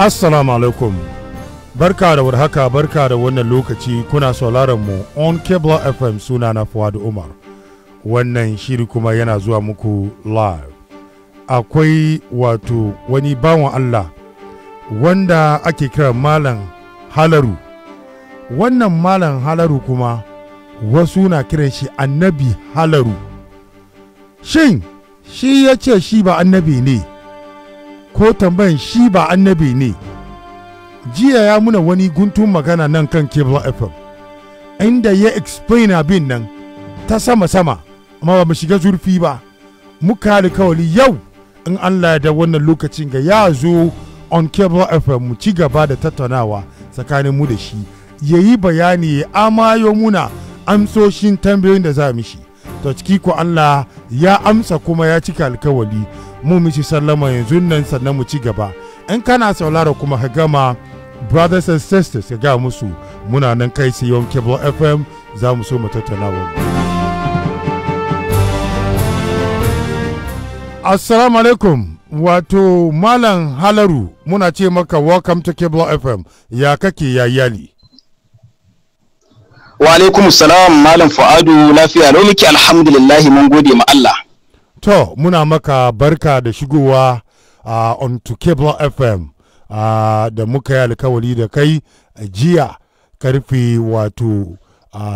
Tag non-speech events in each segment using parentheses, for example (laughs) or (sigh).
Assalamu alaikum. Barka da warhaka barka da wannan lokaci kuna sauraron mu on cable FM suna na Fuad Umar. Wannan shiri kuma yana zuwa muku live. Akwai wato wani bawan Allah wanda ake kira Malam Halaru. Wannan Malam Halaru kuma wasu na kiran shi Annabi Halaru. Shin shi ya ce shi ba annabi ne. ko tambayan shi ba annabi ne jiya ya muna wani guntun magana nan kan cable fm inda ya explain abin nan ta sama-sama amma ba mu shiga zurfi ba muka alkawali yau in allah da wannan lokacin ga ya zo on cable fm mu ci gaba da tattaunawa tsakanin mu da shi ya yi bayani ya amayo muna amsoshin tambayoyin da za mishi to ciki ku allah ya amsa kuma ya cika alkawali mu mishi sallama yanzu nan sannan mu ci gaba in kana saurara kuma ka gama brothers and sisters ka ga musu muna nan kai yawan cable fm za mu so mu tattauna wa assalamu alaikum wato malam halaru muna ce maka welcome to cable fm ya kake ya yali wa alaikum salam malam fa'adu lafiya lau miki alhamdulillahi mun gode ma Allah To, muna maka barka da shigowa a uh, to Cable FM uh, da muka yi alkawari da kai jiya karfe wato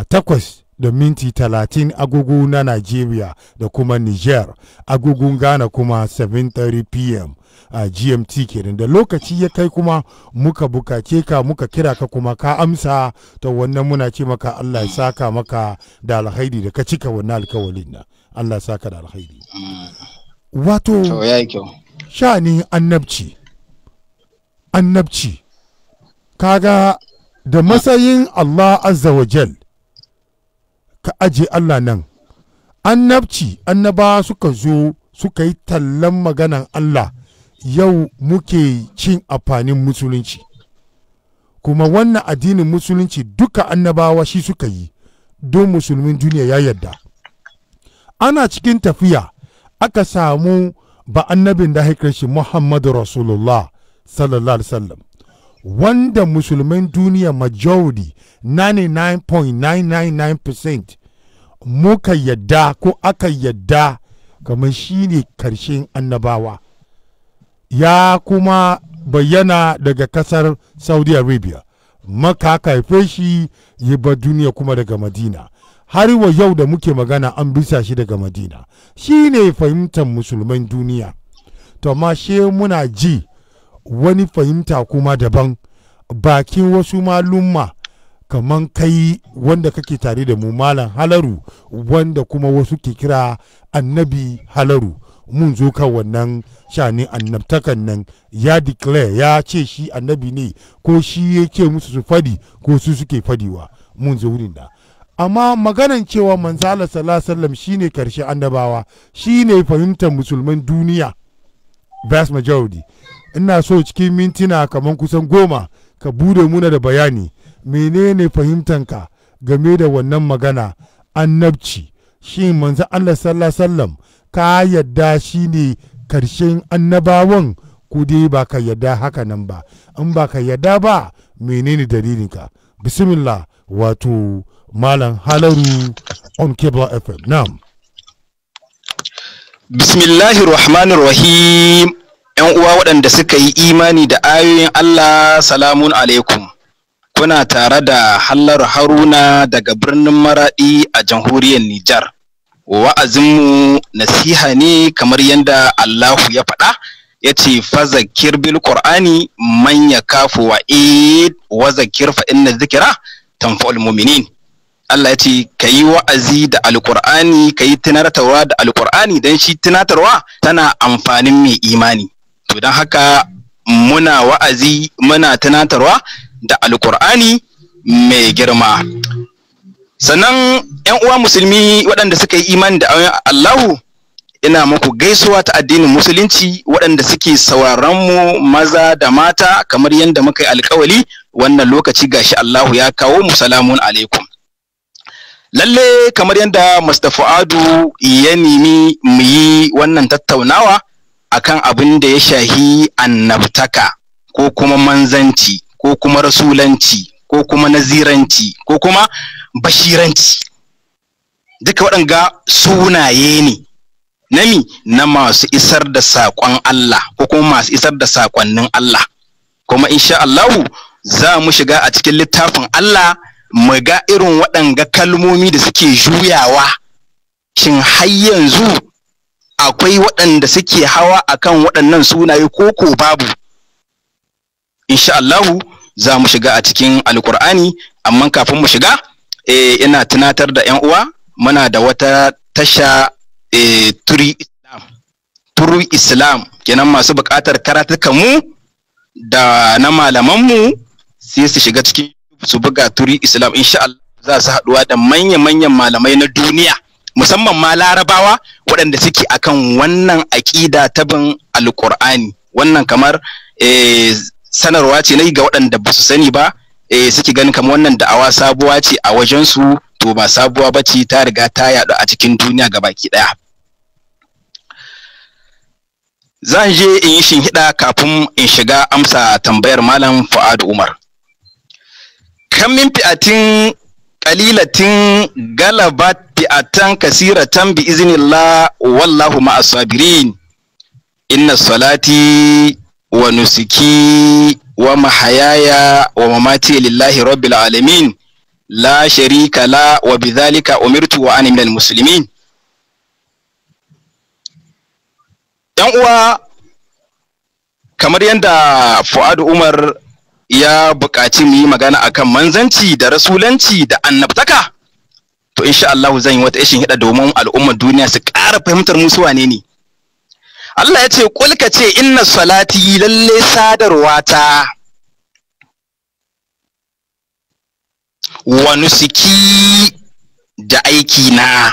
takwas da minti talatin agogo na Nigeria da kuma Niger, agogon Ghana kuma 7:30 p.m. a uh, gmt kenan da lokaci ya kai kuma muka bukace ka muka kira ka kuma ka amsa ta wannan muna ce maka allah ya saka maka da alhaidi da ka cika wannan alkawalin nan Allah saka da alkhairi mm. wato sha'anin annabci annabci kaga da matsayin Allah azza wa jal ka aje Allah nan annabci annaba suka zo suka yi tallan maganan Allah yau muke cin amfanin musulunci kuma wannan addinin musulunci duka annabawa shi suka yi don musulmin duniya ya yarda ana cikin tafiya aka samu ba annabin da shi muhammadu rasulullah sallallahu alaihi wasallam wanda musulmin duniya majority 99.999% muka yadda ko aka yadda kamar shi ne karshen annabawa ya kuma bayyana daga kasar saudi arabia maka haife shi yi ba duniya kuma daga madina har wa yau da muke magana an bisa shi daga madina shi ne fahimtar musulman duniya to amma she muna ji wani fahimta kuma daban bakin wasu malumma kamar kai wanda kake tare da mu malam halaru wanda kuma wasu ke kira annabi halaru mun zo kan wannan shani annabtakan nan ya declare ya ce shi annabi ne ko shi yake musu su fadi ko su suke fadiwa mun zo wurin da amma maganan cewa manzala sallallahu shine karshe annabawa shine fahimtar musulman duniya vast majority ina so cikin mintuna kamar kusan goma ka bude muna da bayani menene fahimtanka game da wannan magana annabci shi manzo Allah sallallahu alaihi ka yadda shine karshen annabawan ko dai ba ka yadda haka nan ba in ba ka yadda ba menene dalilinka bismillah wato Malam Halaru on Cable FM. Na'am. Bismillahirrahmanirrahim. ‘Yan uwa waɗanda suka yi imani da ayoyin Allah salamun alaikum. Kuna tare da Hallar Haruna daga birnin Maraɗi a jamhuriyar Nijar. Wa'azinmu nasiha ne kamar yadda Allahu ya faɗa. ya ce fazakir bil qur'ani manya kafu wa'id, wa zakir fa’in inna zikira tamfa’ul mu'minin Allah ya ce ka yi wa'azi da alkur'ani ka yi tunatarwa da alkur'ani don shi tunatarwa tana amfanin mai imani to don haka muna wa'azi muna tunatarwa da alkur'ani mai girma sannan yan uwa musulmi waɗanda suka yi imani da Allahu ina muku gaisuwa ta addinin musulunci waɗanda suke sauraron mu maza da mata kamar yadda muka yi alƙawali wannan lokaci gashi Allahu ya kawo mu salamun alaikum lalle kamar yadda Mustapha Adu ya nemi mu yi wannan tattaunawa akan abin da ya shahi annabtaka ko kuma manzanci ko kuma rasulanci ko kuma naziranci ko kuma bashiranci duka waɗanga sunaye ne nami na masu isar da saƙon Allah ko kuma masu isar da saƙonnin Allah kuma insha Allahu za mu shiga a cikin littafin Allah mu ga irin waɗanga kalmomi da suke juyawa shin har yanzu akwai waɗanda suke hawa akan waɗannan sunaye ko ko babu insha Allahu za mu shiga a cikin alkur'ani amma kafin mu shiga e, ina tunatar da yan uwa muna da wata tasha eh, turi islam turu islam kenan masu buƙatar karatukan mu da na malaman mu sai su shiga cikin su buga turi islam insha Allah za su haɗuwa da manya-manyan malamai na duniya musamman ma larabawa waɗanda suke akan wannan aƙida ta bin alƙur'ani wannan kamar eh, sanarwa ce na ga waɗanda ba su sani ba eh, suke ganin kamar wannan da'awa sabuwa ce a wajensu to ba sabuwa ba ce ta riga ta yadu a cikin duniya ga baki ɗaya zan je in yi shinhiɗa kafin in shiga amsa tambayar malam fu'adu umar kam min fi'atin qalilatin galabat fi'atan kasiratan bi iznillah wallahu ma'as sabirin inna salati wa nusuki wa mahayaya wa mamati lillahi rabbil alamin la sharika la wa bidhalika umirtu wa ana minal muslimin yan uwa kamar yadda fu'adu umar ya buƙaci mu yi magana akan manzanci da rasulanci da annabtaka to insha Allah zan yi wata ishin hida domin al'ummar duniya su ƙara fahimtar musu su wane ne Allah ya ce kul ce inna salati lalle sadarwa ta wa da aiki na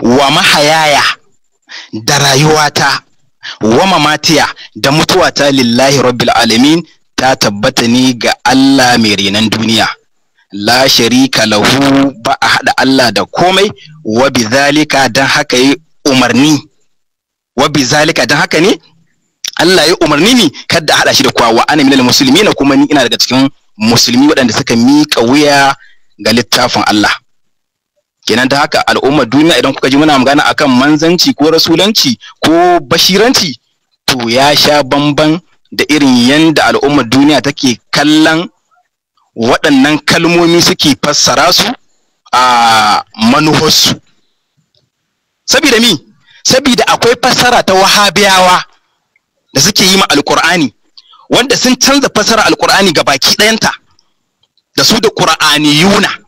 wa mahayaya da rayuwata wa mamatiya da mutuwa ta lillahi rabbil alamin ta tabbata ni ga Allah mai renan duniya la sharika lahu ba a hada Allah da komai wa bizalika dan haka yi umarni wa bizalika dan haka ne Allah ya umarni ni kada haɗa shi da kowa wa ana minal muslimina kuma ni ina daga cikin musulmi waɗanda suka miƙa wuya ga littafin Allah kenan da haka al'ummar duniya idan kuka ji muna magana akan manzanci ko rasulanci ko bashiranci to ya sha bamban da irin yanda al'ummar duniya take kallon waɗannan kalmomi suke fassara su a manuharsu sabida mi sabida akwai fassara ta wahabiyawa da suke yi ma alkur'ani wanda sun canza fassara alkur'ani ga baki ɗayanta da su da yuna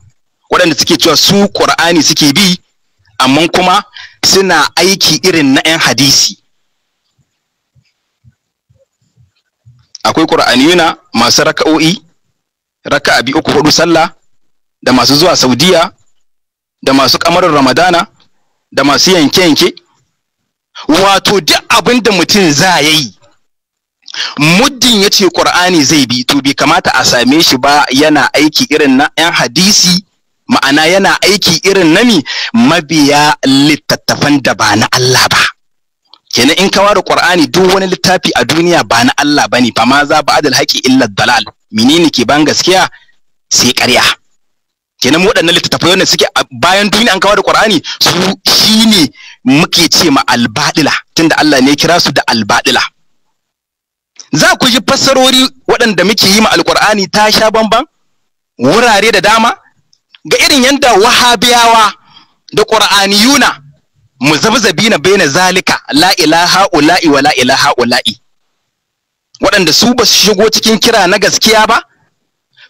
waɗanda suke cewa su ƙur'ani suke bi amma kuma suna aiki irin na 'yan hadisi akwai yuna masu raka'o'i raka'a bi uku hudu sallah da masu zuwa saudiya da masu kamarin ramadana da masu yanke-yanke wato duk abin da mutum za ya yi muddin ya ce ƙur'ani zai bi to bai kamata a same shi ba yana aiki irin na 'yan hadisi ma'ana yana aiki irin nami mabiya littattafan da ba na Allah ba kenan in ka ware qur'ani duk wani littafi a duniya ba na Allah bane fa ma za ba adal haqi illa dalal menene ke ban gaskiya sai ƙarya kenan waɗannan littattafai wannan suke bayan duniya an ka da qur'ani su shine muke ce ma albadila tunda Allah ne kira su da albadila za ku ji fassarori waɗanda muke yi ma alqur'ani ta sha bamban wurare da dama ga irin yadda wahabiyawa da mu na bai na zalika la ilaha ula'i wa la ilaha ula'i waɗanda su ba su shigo cikin kira na gaskiya ba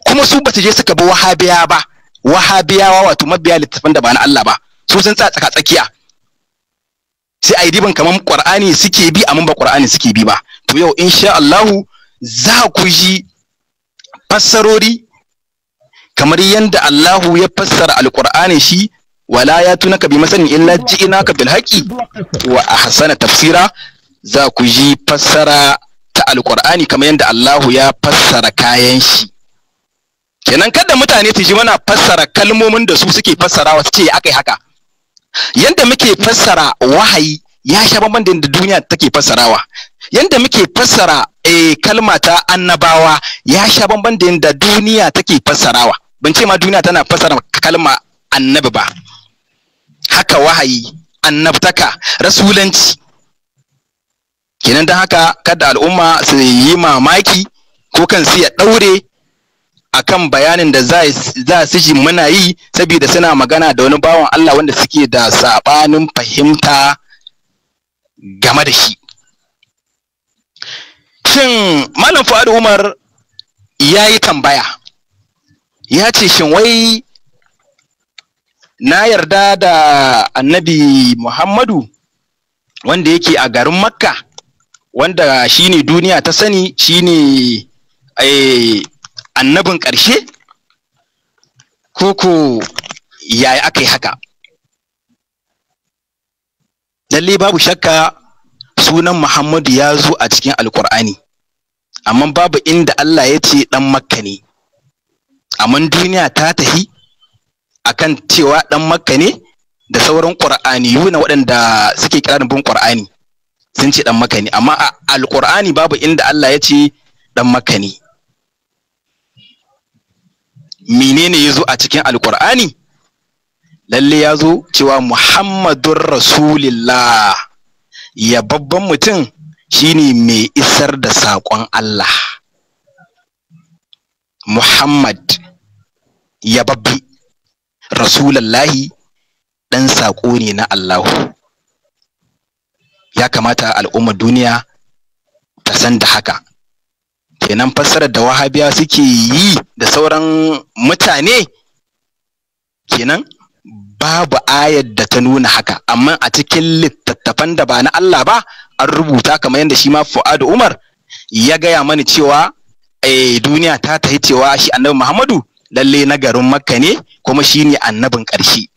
kuma su ba su je suka bi wahabiya ba wahabiyawa wato mabiya littafin da ba na Allah ba su sun tsa tsaka tsakiya sai a yi diban kamar qur'ani suke bi amma ba qur'ani suke bi ba to yau insha Allah za ku ji fassarori kamar yanda Allahu ya fassara alqur'ani shi wala ya tunaka bi masanin illa ji'inaka bil haqi wa ahsana tafsira za ku ji fassara ta alqur'ani kamar yanda Allahu ya fassara kayan shi kenan kada mutane su ji mana fassara kalmomin da su suke fassarawa su ce akai haka yanda muke fassara wahayi ya sha bambam da duniya take fassarawa yanda muke fassara e, kalma ta annabawa ya sha bambam da duniya take fassarawa ban ce ma duniya tana fasara kalma annabi ba haka wahayi annabtaka rasulanci kenan don haka kada al'umma su yi mamaki ko kan su ya ɗaure akan bayanin da za su ji muna yi saboda suna magana da wani bawan Allah wanda suke da saɓanin fahimta game da shi shin malam fa'ad umar ya yi tambaya ya ce shin wai na yarda da annabi Muhammadu wanda yake a garin Makka wanda shine duniya ta sani shine eh, annabin ƙarshe koko yayi aka yi haka lalle babu shakka sunan Muhammadu ya zo a cikin alkur'ani amma babu inda Allah ya ce dan Makka ne amman duniya ta tahi akan cewa dan makka ne da sauran qur'aniyu na waɗanda suke kirarin bin qur'ani sun ce dan makka ne amma a alqur'ani babu inda Allah ya ce dan makka ne menene yazo a cikin alqur'ani lalle ya zo cewa muhammadun rasulillah ya babban mutum shine mai isar da saƙon Allah Muhammad Ya babbi rasulallahi ɗan saƙo ne na Allahu ya kamata al'ummar duniya ta san da haka kenan fassarar da wahabiya suke yi da sauran mutane kenan babu ayar da ta nuna haka amma a cikin littattafan da ba na Allah ba an rubuta kamar yadda shi ma Fu'adu Umar ya gaya mani cewa eh duniya ta tahi cewa shi Annabi Muhammadu lalle na garin makka ne kuma shine annabin ƙarshe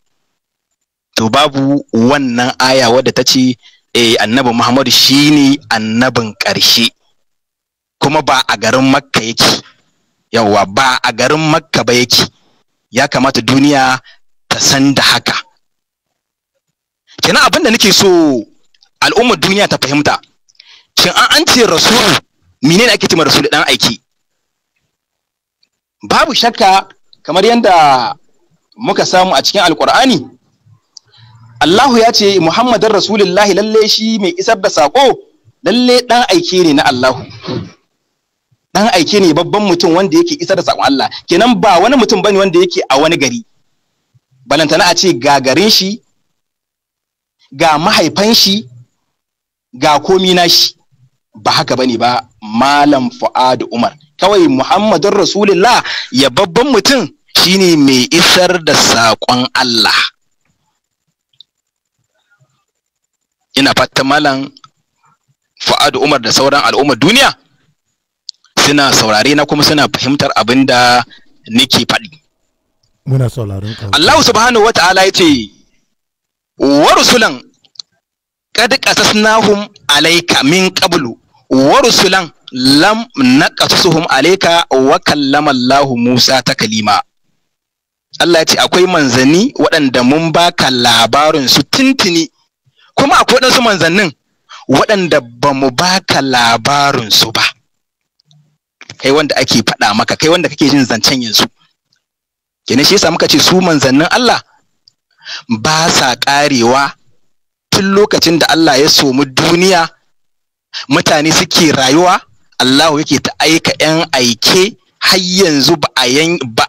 to babu wannan aya wadda ta ce eh, annabi muhammadu shine annabin ƙarshe kuma ba a garin makka yake yawwa ba a garin makka ba yake ya kamata duniya ta san da haka kenan abin da nake so al'ummar duniya ta fahimta shin an an ce rasulu menene ake cewa rasulu dan aiki babu shakka kamar yadda muka samu a cikin alkur'ani Allahu ya ce Muhammadin Rasulullahi lalle shi mai isar da sako lalle dan aike ne na Allahu dan aike ne babban mutum wanda yake isar da sako Allah kenan ba wani mutum bane wanda yake a wani gari balantana a ce ga garin shi ga mahaifan shi ga komi na shi ba haka bane ba malam Fuad Umar kawai muhammadun rasulullah ya babban mutum shine mai isar da saƙon Allah ina fatan malam fa'ad umar da sauran al'ummar duniya suna saurare na kuma suna fahimtar abin da nake faɗi muna sauraron ka Allah subhanahu ya ce wa rusulan na qasasnahum alayka min qablu wa rusulan lam naqasuhum alayka wa kallama Allahu Musa takalima Allah ya ce akwai manzanni waɗanda mun baka labarin su tintini kuma akwai waɗansu manzannin waɗanda ba mu baka labarin su ba kai wanda ake faɗa maka kai wanda kake jin zancen yanzu kenan shi yasa muka ce su manzannin Allah ba sa ƙarewa tun lokacin da Allah ya somi duniya mutane suke rayuwa Allahu yake ta aika 'yan aike har yanzu ba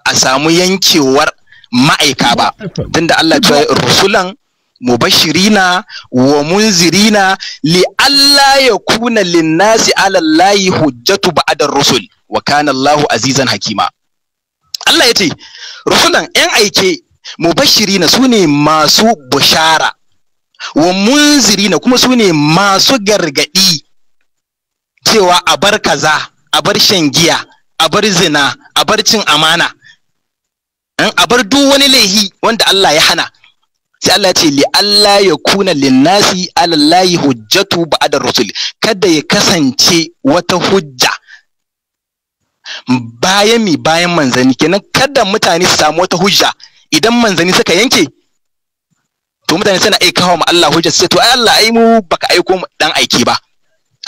a samu yankewar ma'aika ba tunda Allah ce rusulan mubashirina wa munzirina li Allah ya kuna linnasi ala hujjatu ba'da rusul wa kana Allahu azizan hakima Allah ya ce rusulan 'yan aike mubashirina sune masu bushara wa munzirina kuma sune masu gargadi cewa a bar kaza a bar shan giya a bar zina a bar cin amana hmm? a bar duk wani laihi wanda Allah ya hana sai Allah ce li Allah ya kuna linnasi alallahi hujjatu ba'da rusul kada ya kasance wata hujja bayan mi bayan manzani kenan kada mutane su samu wata hujja idan manzani suka yanke to mutane suna aika wa Allah hujja sai to ai Allah ai mu baka aiko mu dan aiki ba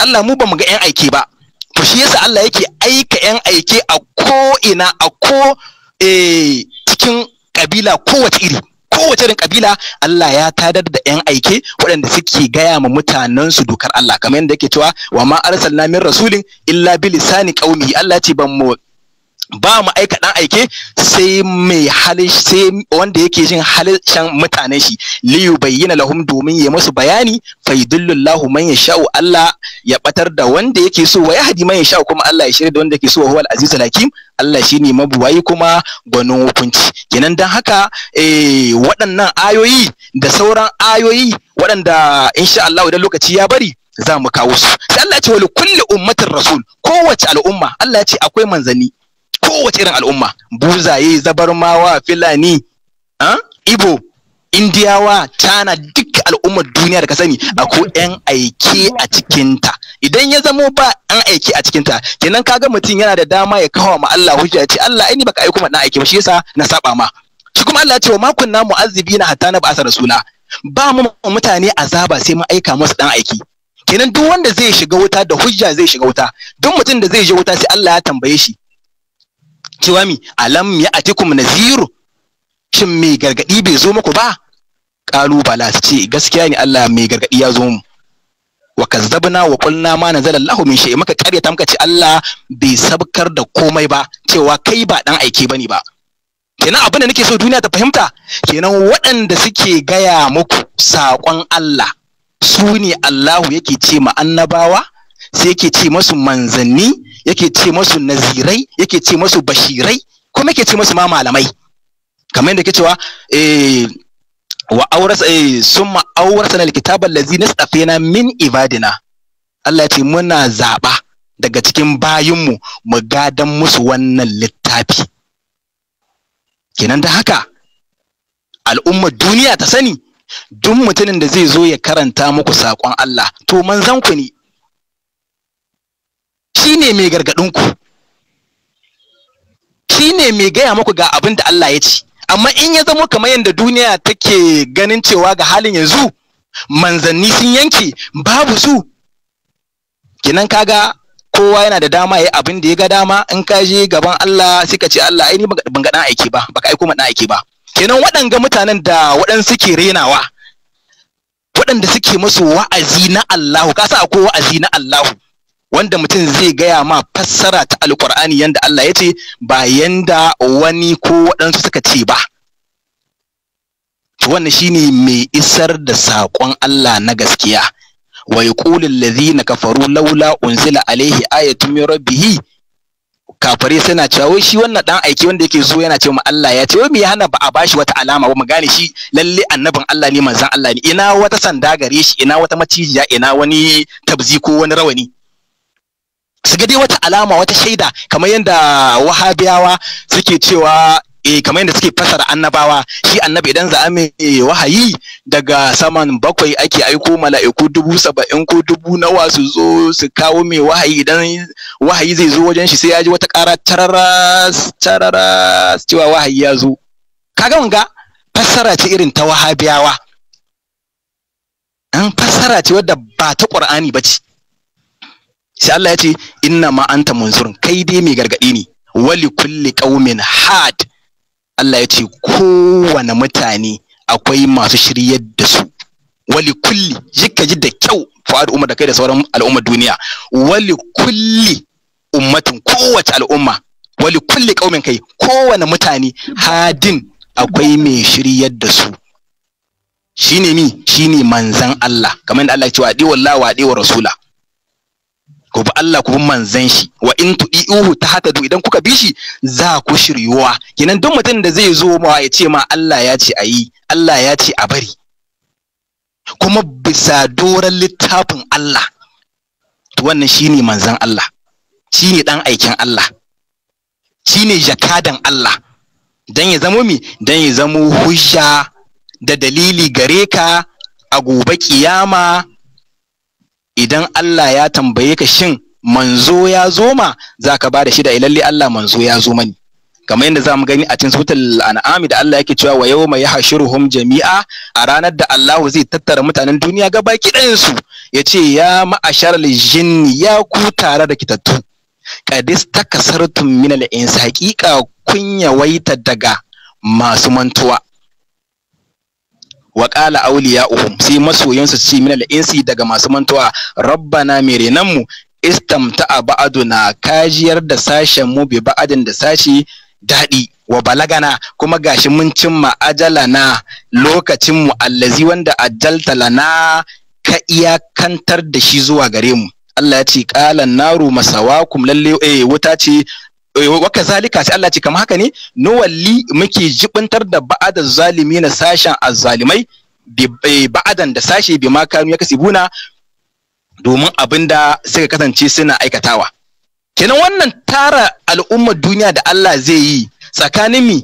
Allah mu ba mu ga yan aike ba to shi yasa Allah yake aika yan aike a ko ina a ko eh, cikin kabila kowace iri kowace irin kabila Allah ya tadar da yan aike waɗanda suke gaya ma mutanen su dokar Allah kamar yadda yake cewa wa ma arsalna min rasulin illa bi lisani qaumihi Allah ce ban mu ba mu aika dan aike sai mai halin sai wanda yake jin halishan mutanen shi li yubayyana lahum domin ya musu bayani fa yudullullahu man yasha'u Allah ya batar da wanda yake so wa yahdi man yasha'u kuma Allah ya shirya da wanda yake so huwal azizul hakim Allah shine mabuwayi kuma gwanin hukunci kenan dan haka eh waɗannan ayoyi da sauran ayoyi waɗanda insha Allah idan lokaci ya bari za mu kawo su sai Allah ya ce wa kulli ummatin rasul kowace al'umma Allah ya ce akwai manzanni kowace irin al'umma buzaye zabarmawa filani ibo indiyawa tana duk al'ummar duniya da ka sani ko 'yan aiki a cikinta idan ya zamo ba 'yan aiki a cikinta kenan kaga mutum yana da dama ya kawo ma Allah hujja ce Allah ai ni baka aiko ma dan aiki ba shi yasa na saba ma shi kuma Allah ya ce wa makun na mu'azzibina hatta na ba'asa rasula ba mu mutane azaba sai mu aika musu dan aiki kenan duk wanda zai shiga wuta da hujja zai shiga wuta duk mutum da zai je wuta sai Allah ya tambaye shi cewa mi alam ya atikum naziru shin mai gargaɗi bai zo muku ba kalu bala su ce gaskiya ne Allah mai gargaɗi ya zo mu wa kazzabna wa qulna ma nazala Allahu min shay'in muka ta muka ce Allah bai sabkar da komai ba cewa kai ba dan aike bane ba kenan abin da nake so duniya ta fahimta kenan waɗanda suke gaya muku saƙon Allah su ne Allahu yake ce ma annabawa sai yake ce masu manzanni yake ce masu nazirai yake ce masu bashirai kuma yake ce masu ma malamai kamar yadda ke cewa eh wa auras eh summa aurasna alkitaba allazi nastafina min ibadina Allah ya ce muna zaba daga cikin bayinmu mu gadan musu wannan littafi kenan da haka al'ummar duniya ta sani duk mutumin da zai zo ya karanta muku saƙon Allah to ku ne shi ne mai gargaɗinku shi ne mai gaya muku ga abin da Allah ya ce amma in ya zama kamar yadda duniya take ganin cewa ga halin yanzu manzanni sun yanke babu su kinan kaga kowa yana da dama ya abin da ya ga dama in ka je gaban Allah sai ka ce Allah ai ni ban ga dan aiki ba baka aiko ma dan aiki ba kenan waɗanga mutanen da waɗan suke renawa waɗanda suke musu wa'azi na Allahu ka sa akwai wa'azi na Allahu wanda mutum zai gaya ma fassara ta alkur'ani yanda Allah ya ce ba yanda wani ko waɗansu suka ce ba wannan ne mai isar da saƙon Allah na gaskiya wa lazi na kafaru laula unzila alaihi ayatu min rabbih kafare suna cewa shi wannan dan aiki wanda yake so yana cewa Allah ya ce wai me ya hana ba a bashi wata alama ba mu gane shi lalle annabin Allah ne manzon Allah ne ina wata sanda gare shi ina wata macijiya ina wani tabzi ko wani rawani su ga dai wata alama wata shaida kamar yadda wahabiyawa suke cewa eh kamar yadda suke fasara annabawa shi annabi idan za a mai wahayi daga saman bakwai ake aiko mala'iku dubu saba'in ko dubu nawa su zo su kawo mai wahayi idan wahayi zai zo wajen shi sai ya ji wata ƙara tararas tararas cewa wahayi ya zo kaga wanga fassara ce irin ta wahabiyawa an fassara ce wadda ba ta ƙur'ani ba ce sai Allah ya ce inna ma anta munzurun kai dai mai gargadi ne wali kulli qaumin had Allah ya ce kowane mutane akwai masu shiryar da su wali kulli jikka ji da kyau fa'ad umma da kai da sauran al'ummar duniya wali kulli ummatin kowace al'umma wali kulli qaumin kai kowane mutane hadin akwai mai shiryar da su shine mi shine manzan Allah kamar da Allah ya ce wa di wallahi wa di wa rasula ku bi Allah ku bi manzan shi wa in tu'iuhu du idan kuka bi shi za ku shiryuwa kenan duk mutum da zai zo ma ya ce ma Allah ya ce ayi Allah ya ce a bari kuma bisa doran littafin Allah to wannan shine manzan Allah shine dan aikin Allah shine jakadan Allah dan ya zamo mi dan ya zamo hujja da dalili gare ka a gobe kiyama idan Allah ya tambaye ka shin manzo ya zo ma za ka ba da shi da eh, lalle Allah manzo ya zo mani kamar yadda za mu gani a cikin sutar an'ami da Allah yake cewa wa yawma yahshuruhum jami'a a ranar da Allah zai tattara mutanen duniya gaba kiɗansu, ya ce ya ma'ashar jinni ya ku tare da kitattu qadis ta min al-insa haqiqa kun yawaita daga masu mantuwa wa qala awliya'uhum sai masoyansa su ce min al-insi daga masu mantuwa rabbana mai renanmu istamta'a ba'aduna kajiyar da sashen mu bi ba'adin da sashi daɗi wa balagana kuma gashi mun cimma ajalana lokacin mu allazi wanda ajalta lana ka iyakantar da shi zuwa gare mu Allah ya ce ƙalan naru masawakum lalle eh wuta ce Eh, waka zalika sai Allah ce kamar haka ne walli muke jibintar da ba'adan zalimi na sashen azzalimai ba'adan da sashe bi ma kanu ya buna domin abin da suka kasance suna aikatawa kenan wannan tara al'ummar duniya da Allah zai yi tsakanin mi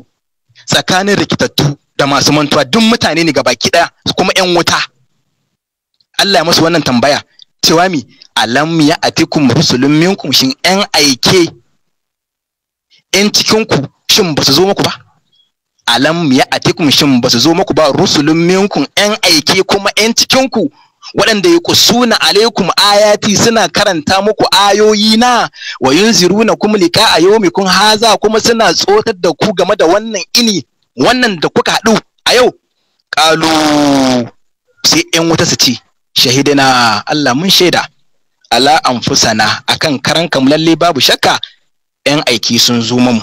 tsakanin rikitattu da masu mantuwa duk mutane ne gaba ɗaya kuma yan wuta Allah ya musu wannan tambaya cewa mi alam ya atikum rusulun minkum shin yan aike Yan cikin ku shin ba su zo muku ba alam ya atikum shin ba su zo muku ba rusulun minkum yan aike kuma yan cikin ku waɗanda ya kusuna alaikum ayati suna karanta muku ayoyi na wa kuma lika ayomi kun haza kuma suna tsotar da ku game da wannan ini wannan da kuka haɗu a yau ƙalu sai ƴan wuta su ce shahidina Allah mun shaida ala anfusana akan karanka mu lalle babu shakka 'yan aiki sun zo mamu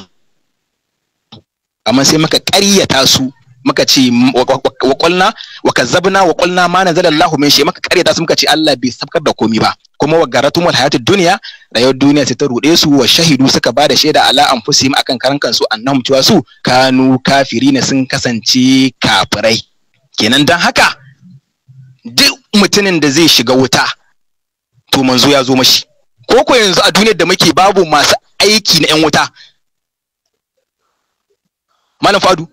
amma sai muka ƙaryata su muka ce wa kulna wa kazzabna wa kulna ma nazala Allahu min shay ƙaryata su muka ce Allah bai sabkar da komi ba kuma wa garatum wal duniya. dunya rayuwar duniya sai ta rude su wa shahidu suka ba da shaida ala anfusihim akan karan kansu annahum cewa su kanu kafirina sun kasance kafirai kenan dan haka duk mutumin da zai shiga wuta to manzo ya zo mashi ko ko yanzu a duniyar da muke babu masu aiki na 'yan wuta malam fadu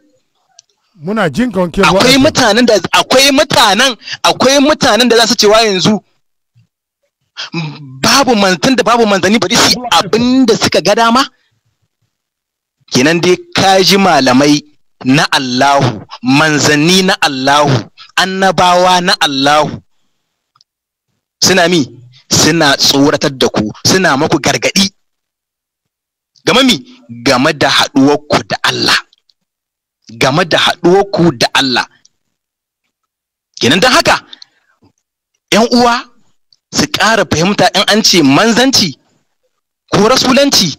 muna jin kanke akwai mutanen da akwai mutanen akwai mutanen da za su cewa yanzu babu mantan da babu manzanni bari su abin da suka ga dama kenan dai kaji malamai na Allahu manzanni na Allahu annabawa na Allahu suna mi suna tsoratar da ku suna maku gargadi game mi game da haɗuwarku da Allah game da haɗuwarku da Allah kenan don haka ‘yan uwa su ƙara fahimta in an ce manzanci ko rasulanci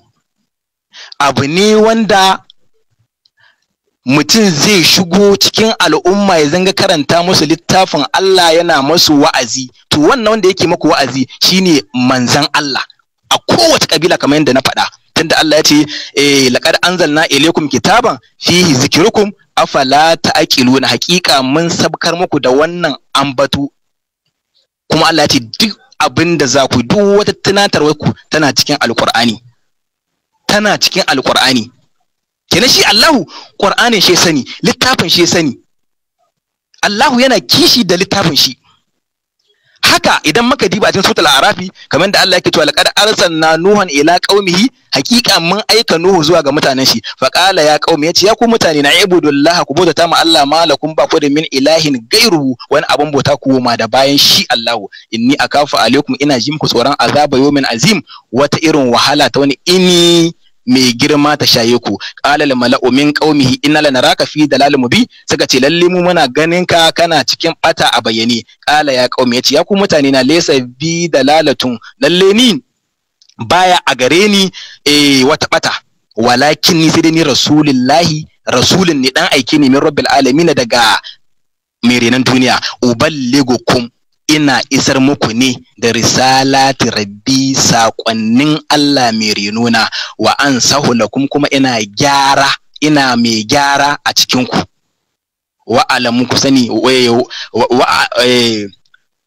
abu ne wanda mutum zai shigo cikin al'umma ya zanga karanta musu littafin Allah yana musu wa'azi to wannan wanda yake maku wa'azi shine manzan Allah a kowace kabila kamar yadda na faɗa tunda Allah ya ce eh laqad anzalna ilaykum kitaban fihi zikrukum afala ta'qiluna haqiqa mun sabkar muku da wannan ambatu kuma Allah ya ce duk abin da za ku duk wata tunatarwar ku tana cikin alqur'ani tana cikin alqur'ani kenan shi Allahu qur'anin shi sani littafin shi sani Allahu yana kishi da littafin shi haka idan muka diba cikin suratul arafi kamar da Allah yake cewa laqad arsalna nuhan ila qaumihi haqiqa mun aika nuhu zuwa ga mutanen shi fa qala ya qaumi yace ya ku mutane na ibudullah ku bauta ma Allah malakum ba ku da min ilahin gairuhu wani abun bauta ku ma da bayan shi Allahu inni akafu alaikum ina ji ku tsoron azaba yawmin azim wata irin wahala ta wani ini mai girma ta shaye ku qalal mala'u min qaumihi inna naraka fi dalal mubi suka ce lalle mu muna ganin ka kana cikin bata a bayyane. qala ya qaumi yace ya ku mutane na laysa bi dalalatun lalle ni baya a gare ni eh wata bata walakin ni sai dai ni rasulullahi rasulun ni dan aike ne min rabbil alamin daga mai renan duniya uballigukum ina isar muku ne da risalati rabbi saƙonnin Allah mai renuna wa an sahulakum kuma ina gyara ina mai gyara a cikinku wa alamu ku sani eh, eh,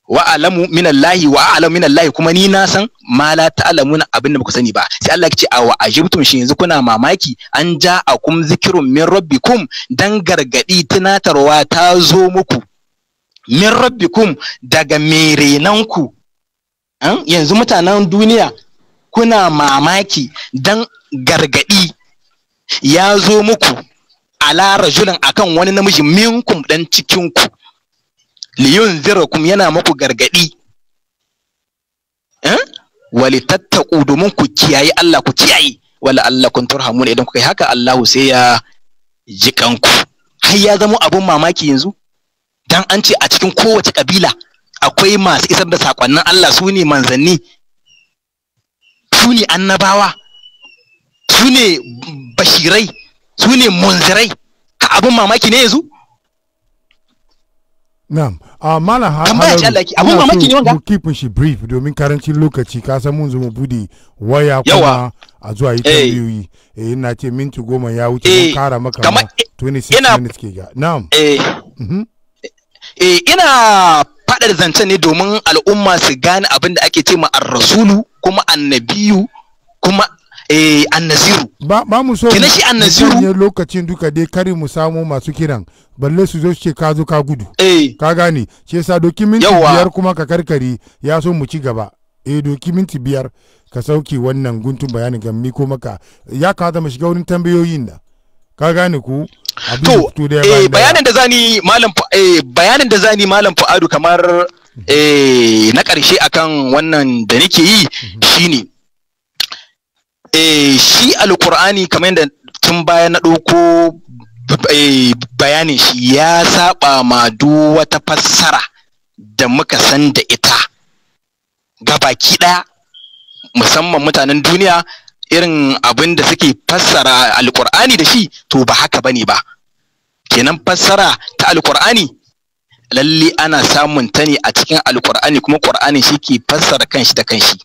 wa alamu minallahi wa alamu minallahi kuma ni na san ma la ta'lamuna abin da ku sani ba sai Allah ya ce a wa ajibtum shi yanzu kuna mamaki an ja akum zikrun min rabbikum dan gargadi tunatarwa ta zo muku min rabbikum daga merenanku yanzu mutanen duniya kuna mamaki dan gargadi ya zo muku ala rajulin akan wani namiji minkum dan cikinku liyun zirakum yana muku gargadi tattaku domin ku kiyaye Allah ku kiyaye wala Allah kun ne idan kuka yi haka Allah sai ya jikanku har ya zama abun mamaki yanzu idan an ce a cikin kowace kabila akwai masu isar da sakonnin Allah su ne manzanni su ne annabawa su ne bashirai su ne munzirai ka abin mamaki ne yanzu Na'am. Uh, Malam Halaru, kifin shi brief domin karancin lokaci ka san mun zo bude waya kuma a zuwa yi eh. tambayoyi. Eh ina ce minti goma ya wuce mun eh, kara maka 26 eh, minutes ke ga. Na'am. Eh. Mm -hmm. e ina faɗar zance ne domin al'umma su gane abin da ake ce ma ar-rasulu kuma annabiyu kuma eh annaziru ba ba mu so kina shi annaziru ne lokacin duka dai kare mu samu masu kiran balle su zo su ce ka zo ka gudu eh ka gane ce sa doki minti biyar kuma ka karkare ya so mu ci gaba eh doki minti biyar ka sauke wannan guntun bayanin mi ko maka ya ka zama shiga wurin tambayoyin da ka gane ku to eh, eh bayanin da zani malam eh bayanin da zani malam Fuadu kamar eh na karshe akan wannan da nake yi mhm. shine eh shi alqur'ani kamar yadda tun baya na ɗauko eh, bayanin shi ya saba ma duk wata fassara da muka san da ita ga baki ɗaya musamman mutanen duniya irin abin da suke fassara alkur'ani da shi to ba haka bane ba kenan fassara ta alkur'ani lalle ana samun ta ne a cikin alkur'ani kuma qur'ani shi ke fassara kanshi da kanshi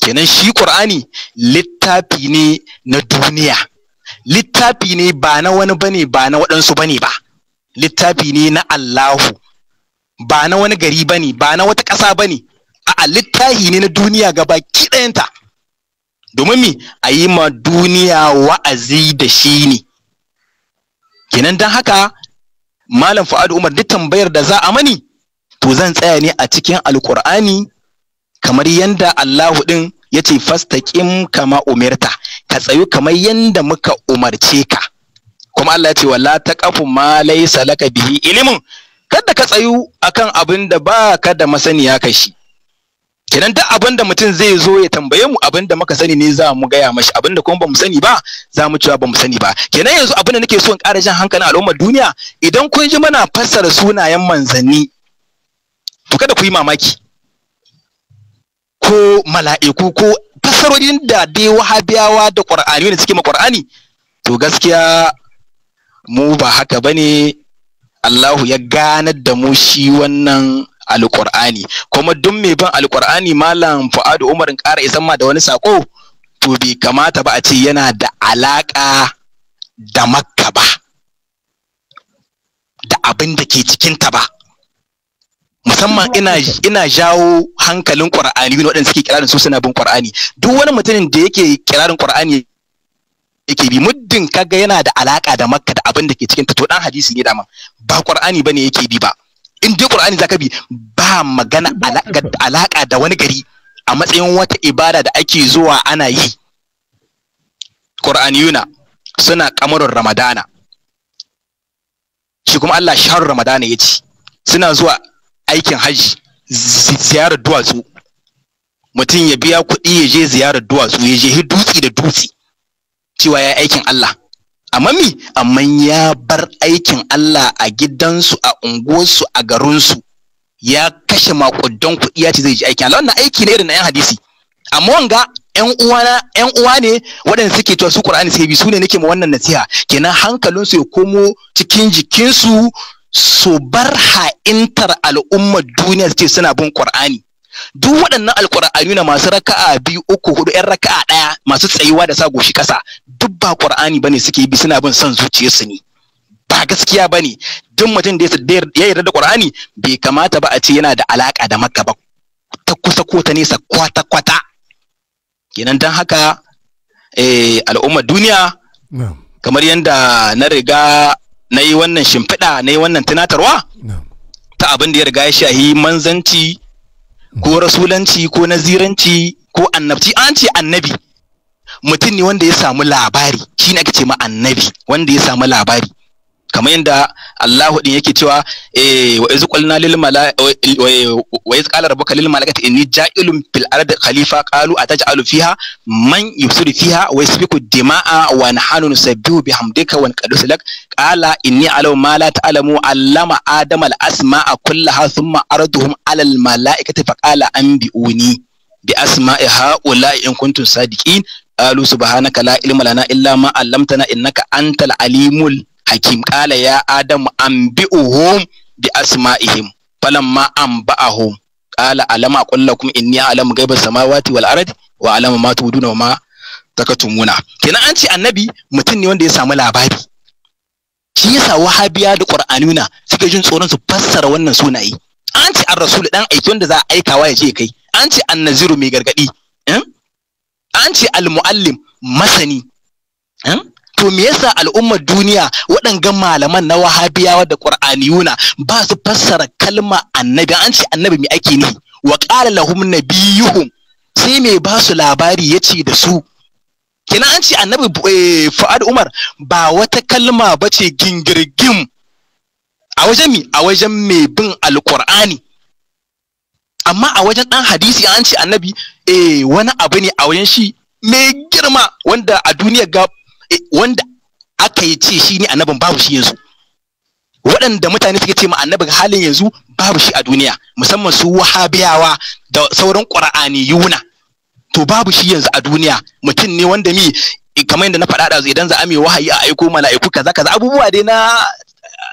kenan shi qur'ani littafi ne na duniya littafi ne ba na wani bane ba na waɗansu bane ba littafi ne na Allahu ba na wani gari bane ba na wata ƙasa bane a'a littafi ne na duniya gaba ki ɗayanta domin mi a yi ma duniya wa'azi da shi ne kenan don haka malam fa'adu umar duk tambayar da za a mani to zan tsaya ne a cikin alkur'ani kamar yanda allahu din ya ce fastaƙim kama umarta ka tsayu kamar yanda muka umarce ka kuma allah ya ce wala ta kafu ma laisa laka bihi ilimin kada ka tsayu akan abin da ba ka da masaniya ka shi kenan duk abin da mutum zai zo ya tambaye mu abin da muka sani ne za mu gaya mashi abin da kuma ba mu sani ba za mu cewa ba mu sani ba kenan yanzu abin da nake so in ƙara jan hankalin al'ummar duniya idan kun ji mana fassara sunayen manzanni to kada ku yi mamaki ko mala'iku ko fassarorin da dai wahabiyawa da qur'ani da suke ma qur'ani to gaskiya mu ba haka bane Allahu ya ganar da mu shi wannan Alƙur'ani, kuma duk mai bin Alƙur'ani, malam fuadu umar in ƙara isan ma da wani sako to bai kamata ba a ce yana da alaka da makka ba da abin da ke cikinta ba musamman ina ina jawo hankalin qur'ani waɗanda suke kirarin su suna bin qur'ani duk wani mutumin da yake kirarin qur'ani yake bi muddin kaga yana da alaka da makka da abin da ke cikinta to dan hadisi ne dama ba qur'ani bane yake bi ba in dai qur'ani zaka bi ba magana alaka da wani gari a matsayin wata ibada da ake zuwa ana yi qur'aniyuna suna kamarin ramadana shi kuma Allah shaharun ramadana ya ce suna zuwa aikin hajji ziyarar duwatsu mutum ya biya kuɗi ya je ziyarar duwatsu ya je dutse da dutse cewa ya aikin Allah amma mi amma ya bar aikin Allah a gidansu a unguwarsu a garinsu ya kashe makudan kuɗi ya ce zai ji aiki Allah wannan aiki ne irin na yan hadisi amma wanga yan uwana yan uwa ne waɗanda suke to su Qur'ani sai bi su ne nake ma wannan nasiha kenan hankalinsu ya komo cikin jikinsu su bar ha'intar al'ummar duniya suke suna bin Qur'ani duk waɗannan alƙur'ani na masu raka'a biyu uku hudu yan raka'a ɗaya masu tsayuwa da sa goshi ƙasa ba qur'ani bane suke bi suna bin son zuciyarsu ne ba gaskiya bane duk mutum da ya yarda da qur'ani bai kamata ba a ce yana da alaka da makka ba ta kusa ko ta nesa kwata kwata kenan dan haka eh al'ummar duniya kamar yadda na riga na yi wannan shimfiɗa na yi wannan tunatarwa ta abin da ya riga ya shahi manzanci ko rasulanci ko naziranci ko annabci an ce annabi mutum ne wanda ya samu labari shi ne ake ce annabi wanda ya samu labari kamar yadda Allahu din yake cewa eh, wa iz qulna lil wa iz qala rabbuka lil malaikati inni ja'ilun fil ardi khalifa qalu ataj'alu fiha man yufsidu fiha wa yasfiku dima'a wa nahnu nusabbihu bihamdika wa nqaddisu lak qala inni alaw ma la ta'lamu allama Adamal al asma'a kullaha thumma arduhum ala al malaikati fa qala anbi'uni bi asma'i ha'ula'i in kuntum sadiqin qalu subhanaka la ilma lana illa ma 'allamtana innaka antal alimul hakim qala ya adam anbi'uhum bi asma'ihim falamma anba'ahum qala alama aqul lakum inni a'lamu ghaiba samawati wal ardi wa a'lamu ma tubduna wa ma takatumuna kenan an ce annabi mutum ne wanda ya samu labari shi wahabiya da qur'anuna suke jin tsoron su fassara wannan sunaye an ce ar-rasul dan aiki wanda za a aikawa ya je kai an ce annaziru mai gargadi an ce almuallim masani hmm? to me yasa al'ummar duniya waɗangan malaman na wahabiyawa da ƙur'aniyuna ba su fassara kalma annabi an ce annabi me ake ni wa qala lahum nabiyuhum sai me ba su labari yace da su kina an ce annabi eh, fa'ad umar ba wata kalma bace gingirgin? a wajen mi a wajen mai bin Alƙur'ani. amma a wajen ɗan hadisi an ce annabi e wani abu ne a wajen shi mai girma wanda a duniya ga eh, wanda aka yi ce shi ne annabin babu shi yanzu waɗanda mutane suke ce ma annabi halin yanzu babu shi a duniya musamman su wahabiyawa da sauran ƙura'ani yuna to babu shi yanzu a duniya mutum ne wanda mi eh, kamar yadda na faɗa da idan za a mai wahayi a aiko mala'iku kaza kaza abubuwa dai na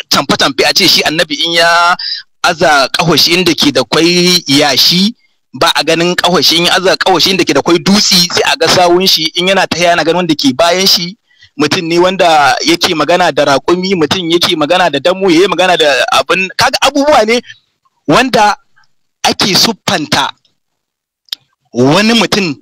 tamfe tamfe a ce shi annabi in ya aza kawashi inda ke da kwai yashi ba a ganin kawashi in aza kawashi inda ke da kwai dutsi sai a ga sawun shi in yana ta yana ganin wanda ke bayan shi mutum ne wanda yake magana da raƙumi mutum yake magana da damu yayi magana da abin kaga abubuwa ne wanda ake suffanta wani mutum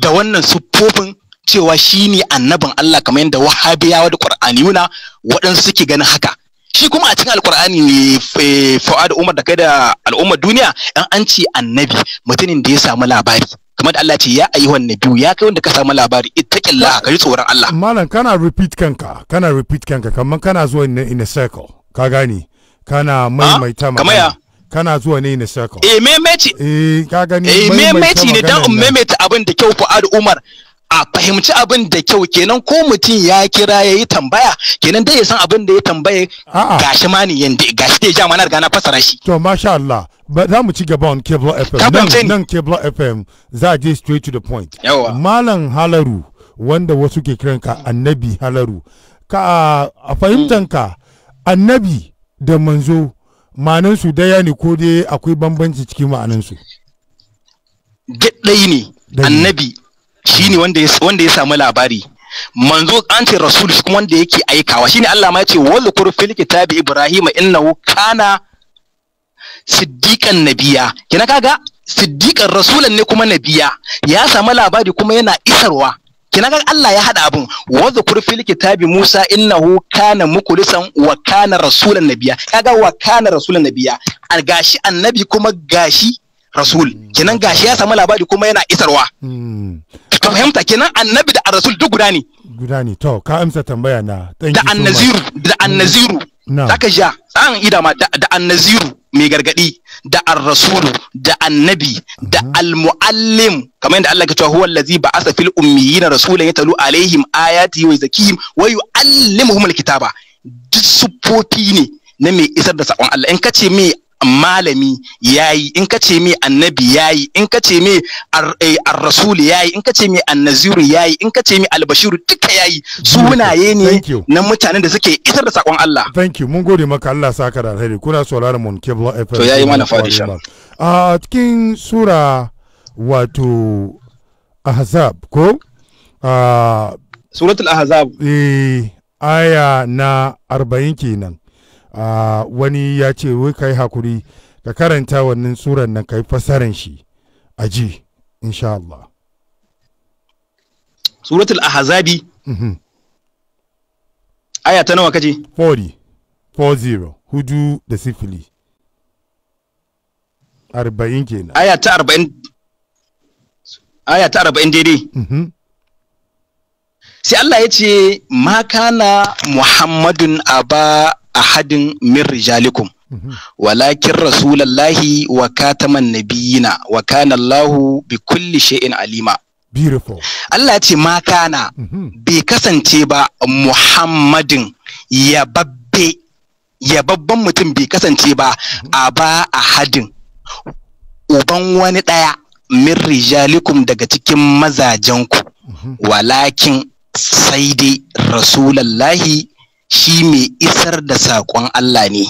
da wannan suffofin cewa shi ne annabin Allah kamar yadda wahabiyawa da ƙur'aniyuna waɗansu suke ganin haka shi kuma a cikin alkur'ani eh, fa'ad umar da kai da al'ummar duniya in an ce annabi mutumin da ya samu labari kamar da Allah ce ya ayi wannan biyu, ya kai wanda ka samu labari ittaqillah ka ji tsoron Allah malam kana repeat kanka kana repeat kanka kamar kana zuwa in a circle ka gani kana ah, maimaita ya kana zuwa ne a circle eh memeci eh ka gani eh memeci ne dan maimaita abin da kyau fa'ad umar a fahimci abin da kyau kenan ko mutum ya kira ya yi tambaya kenan dai ya san abin da ya tambaye gashi ma ni yanda gashi dai ja mana riga na fasara shi to masha Allah ba za mu ci gaba on cable FM nan, nan FM za a je straight to the point malam halaru wanda wasu ke kiran ka annabi halaru ka a ka annabi da manzo ma'anansu daya ne ko dai akwai bambanci cikin ma'anansu ɗaya ne annabi shi wanda ya wanda ya samu labari manzo an ce rasul shi kuma wanda yake aikawa shine Allah ma ya ce wal kurfil kitabi ibrahima innahu kana siddiqan nabiya kina kaga siddiqan rasulan ne kuma nabiya ya samu labari kuma yana isarwa kina ga Allah ya hada abun wa dhukur fil kitabi Musa innahu kana mukulisan wa kana rasulan nabiya kaga wa kana rasulan nabiya al gashi annabi kuma gashi rasul kinan gashi ya samu labari kuma yana isarwa hmm. ka fahimta kenan annabi da arasul duk guda ne guda ne to ka amsa tambaya na da annaziru da annaziru zaka ja an ida ma da annaziru mai gargadi da ar da annabi da mhm. al kamar yadda Allah ya cewa huwa allazi ba'atha fil ummiyina rasulan yatalu alaihim ayati wa zakihim wa yuallimuhum alkitaba kitaba duk sufofi ne na mai isar da sakon Allah in kace mai malami yayi in ka ce mai annabi yayi in ka ce mai eh, ar-rasul yayi in ka ce mai annaziru yayi in ka ce mai albashiru duka yayi sunaye ne na mutanen da suke isar da sakon Allah thank you mun gode maka Allah saka da alheri kuna sauraron mun kebla fm to yayi mana fadi fadisha a cikin sura wato ahzab ko suratul ahzab eh aya na 40 kenan wani ya ce wai ka yi hakuri ka karanta wannan suran nan ka yi fasaran shi a ji insha Allah suratul ahazabi mm aya ta nawa kace 40 40 hudu da sifili arba'in kenan aya ta arba'in aya ta arba'in daidai mhm. sai Allah ya ce ma kana muhammadun aba ahadin min rijalikum mhm. walakin rasulallahi wa kataman nabiyina wa kana Allahu bi kulli shay'in alima Beautiful. Allah ce ma kana mhm. bai kasance ba Muhammadin ya babban mutum bai kasance ba mhm. a ba ahadin uban wani ɗaya min rijalikum daga cikin mazajenku walakin sai dai rasulallahi shi mai isar da saƙon Allah ne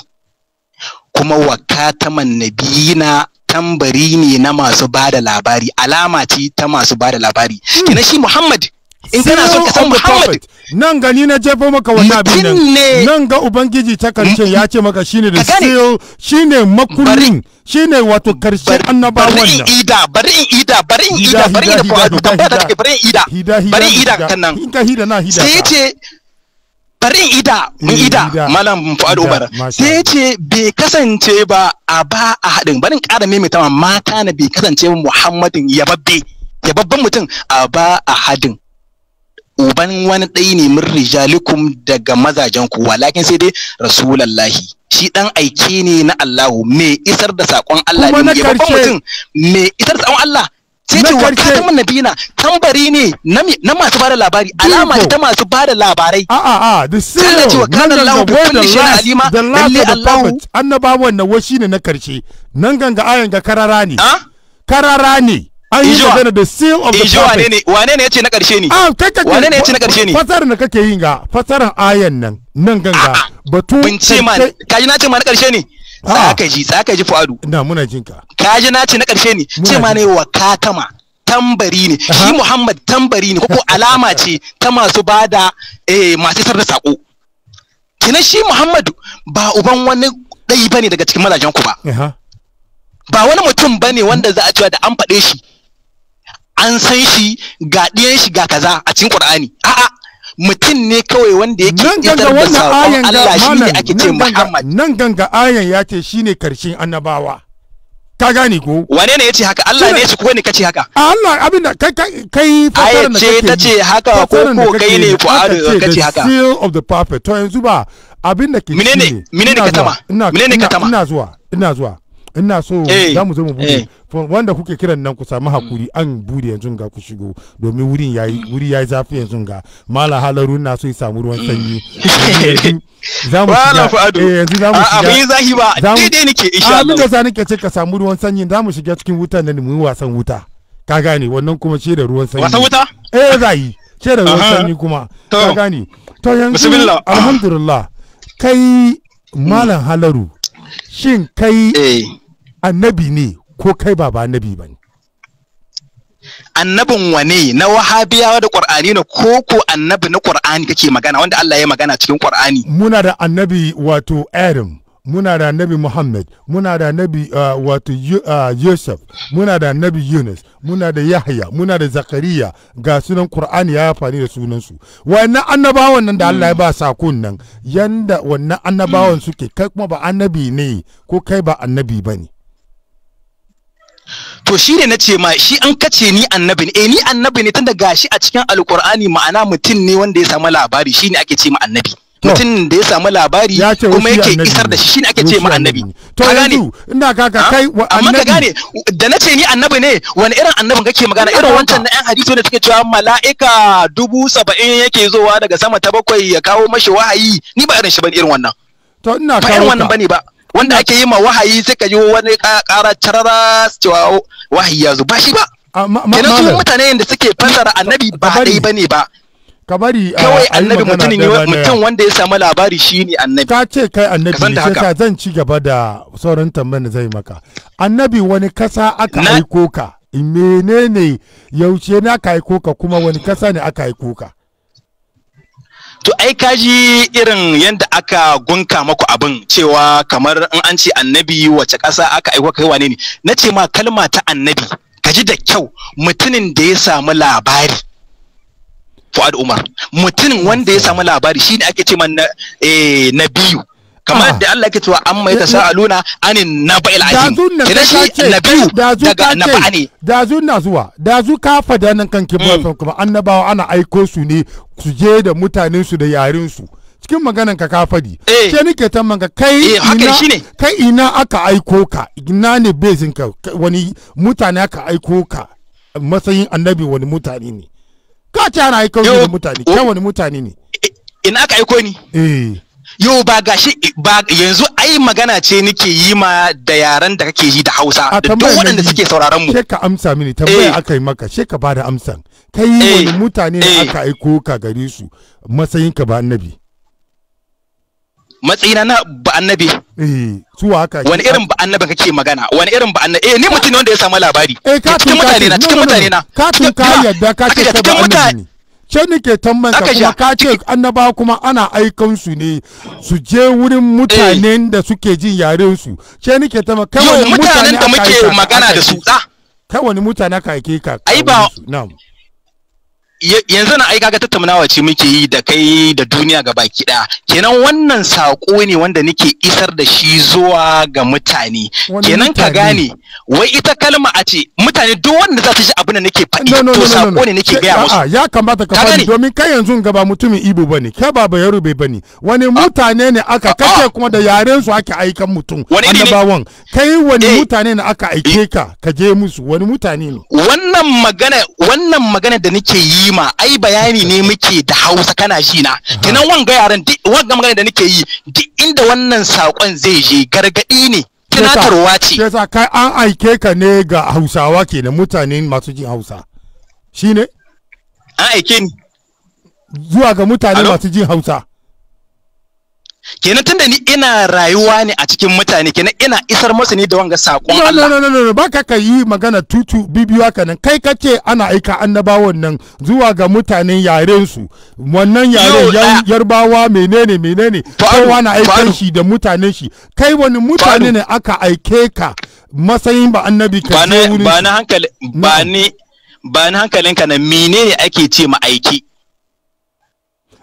kuma wakataman nabiyina tambari ne na masu ba da labari alama ce ta masu ba da labari hmm. kina shi Muhammad in kana so ka san Muhammad nan ni na jefo maka wani abin nan nan ga ubangiji ta karshe hmm. ya ce maka shine da siyo shine makullin shine wato karshen annaba wannan bari ida bari ida bari ida bari ida bari ida bari ida bari ida kan nan ida, bari bari in ida in eh, ida malam fuad umar sai yace ce bai kasance ba a ba a haɗin barin ƙara maimaita ma mata na bai kasance muhammadin ya babban mutum a ba a haɗin uban wani ɗaya ne min rijalikum daga mazajen ku walakin sai dai rasulallahi shi dan aike ne na Allahu me isar da sakon Allah ne babban mutum me isar da sakon Allah ce ce wa katamin tambari ne na masu bada labari alama ta masu bada labarai a ah, a ah, a ah, the seal ce wa kana lahu bi kulli shay'in alima lalle Allah annabawan nan washi ne na karshe nan ganga ayan ga karara ne karara ne an yi magana the seal of the prophet ne wane ne yace na karshe ne ah kai kake wane ne yace na karshe ne fasarar da kake yin ga fasarar ayan nan nan ganga batu bin ce ma kaji na ce ma na karshe ne Ah. tsaka ji tsaka ji fuadu na muna jin ka ka ji na ce na ƙarshe ne ce ma ne wa katama tambari ne shi Muhammad tambari ne ko alama ce ta masu bada da eh, masu sarda sako kina shi muhammad ba uban wani ba bane daga cikin mazajen ku ba ba wani mutum ba ne wanda za a cewa da an faɗe shi an san shi ga ɗiyan shi ga kaza a cikin Qur'ani a'a mutum ne kawai wanda yake idar da sakon Allah shi ne ake ce Muhammad nan ganga ayan ya ce shine karshen annabawa ka gane ko wane ne yace haka Allah ne yace ko ne kace haka ah, Allah abinda kai kai fasara na kake ta ce haka ko ko kai ne fu'adu kace haka seal of the prophet to yanzu ba abinda ke menene menene katama menene tama ina zuwa ina zuwa ina so eh, za mu zo mu bude eh. wanda kuke kiran nan ku samu hakuri an bude yanzu ga ku shigo domin wurin yayi wuri yayi zafi yanzu ga mala halaru ina so ya samu ruwan sanyi (laughs) za mu shiga eh yanzu za mu shiga a bai zahi ba daidai nake insha Allah amma da nake ce ka samu ruwan sanyi za mu shiga cikin wutan nan mu yi wasan wuta ka gane wannan kuma ce da ruwan sanyi wasan wuta eh zai ce da ruwan sanyi kuma ka gane to yanzu alhamdulillah kai malam halaru shin kai eh. annabi ne ko kai ba ba annabi ba ne annabin wane na wahabiyawa da ƙwar'ani na ko ko annabi na qur'ani kake magana wanda Allah ya magana cikin qur'ani muna da annabi wato adam muna da annabi muhammad muna da annabi uh, wato yusuf uh, muna da annabi yunus muna da yahya muna da zakariya ga sunan qur'ani ya fani da sunansu wannan annabawan nan da Allah ya ba sakon nan yanda wannan annabawan suke kai kuma ba annabi ne ko kai ba annabi ne. to shi ne na ce ma shi an kace ni annabi ne eh ni annabi ne tunda gashi a cikin alkur'ani ma'ana mutum ne wanda ya samu labari shi ne ake ce ma annabi mutum da ya samu labari kuma yake isar da shi shi ne ake ce ma annabi to yanzu ina ka kai amma ka gane da na ce ni annabi ne wani irin annabin kake magana irin wancan na yan hadisi ne suke cewa mala'ika dubu saba'in yake zowa daga sama ta bakwai ya kawo mashi wahayi ni ba irin shi bane irin wannan to ina ka ba irin wannan bane ba wanda ake yi ma wahayi sai ka ji wani ƙara carara cewa wahayi ya zo ba shi ba ah, kenan su mutane da suke fassara annabi ba dai ne ba kabari ah, kawai annabi ne mutum wanda ya samu labari ne annabi ka ce kai annabi sai ka zan ci gaba da sauran tambayar da zai maka annabi wani kasa aka aiko ka menene yaushe na aka aiko ka kuma wani kasa ne aka aiko ka To ai kaji irin yadda aka gunka maku abin cewa kamar in an ce annabi wace ƙasa aka aiko kai wane ne na ce ma kalma ta annabi kaji da kyau mutumin da ya samu labari Fuad Umar mutumin wanda ya samu labari shine ake ce ma na eh, biyu kamar ah. da Allah yake cewa an mai ta sa'aluna anin naba'il azim idan shi nabiyu daga naba'a ne zu na zuwa zu ka fada nan ba san hmm. kuma annabawa ana aiko su ne su je da mutanen su da yarin su cikin maganan ka kafadi eh. ke nake ta manga kai eh, ina kai ina aka aiko ka ina ne bezin ka wani mutane aka aiko ka matsayin annabi wani mutane ne ka ce ana aiko wani mutane oh. kai wani mutane ne ina aka aiko ni eh yau ba gashi ba yanzu ai magana ce nake yi ma da yaran da kake yi da Hausa da duk waɗanda suke sauraron mu. Sheka amsa mini tambaya eh. aka yi maka sheka ka bada amsan. Kai wani eh. mutane ne eh. aka aiko ka gare su matsayin ka ba annabi. Matsayina na ba annabi. Eh su haka. Wani irin ba annabi kake magana wani irin ba annabi eh ni mutum ne wanda ya samu labari. Eh cikin mutane na cikin mutane na. Ka tun ka yadda ka ce ka ba annabi ke nike tambansa kuma ka ce annaba kuma ana aikan su ne su je wurin mutanen da suke jin yaren su ce nike tamban kai wani mutanen da muke magana da su kai wani mutane ka aike ka ai ba na'am yanzu na aika ga tattaunawa ce muke yi da kai da duniya ga baki ɗaya kenan wannan saƙo ne wanda nake isar da shi zuwa ga mutane kenan ka gane wai ita kalma a ce mutane duk wanda za su ji abin da nake faɗi to saƙo ne nake gaya musu ya kamata ka faɗi domin kai yanzu ga ba mutumin ibo bane ke ba bai bane wani ah. mutane ne aka ah, ah. kace kuma da yaren su ake aikan mutum annabawan kai wani eh. mutane ne aka aike eh. ka ka je musu wani mutane ne wannan magana wannan magana da nake yi rigima ai bayani ne muke da Hausa kana shi na kenan wanga yaran duk wanga magana da nake yi duk inda wannan sakon zai je gargadi ne tunatarwa ce yasa kai an aike ka ne ga Hausawa kenan mutane masu jin Hausa shine an aike ni zuwa ga mutane masu jin Hausa kenan tunda ni ina rayuwa ne a cikin mutane kenan ina isar musu ne da wanga sakon Allah no no no no baka ka yi magana tutu bibiyu haka nan kai kace ana aika annabawan nan zuwa ga mutanen yaren su wannan yaren ah. yarbawa menene menene kowa na aikan shi da mutanen shi kai wani mutane ne aka aike ka matsayin ba annabi ka ba ni hankali ba ni ba ni hankalinka na menene ake ce ma aiki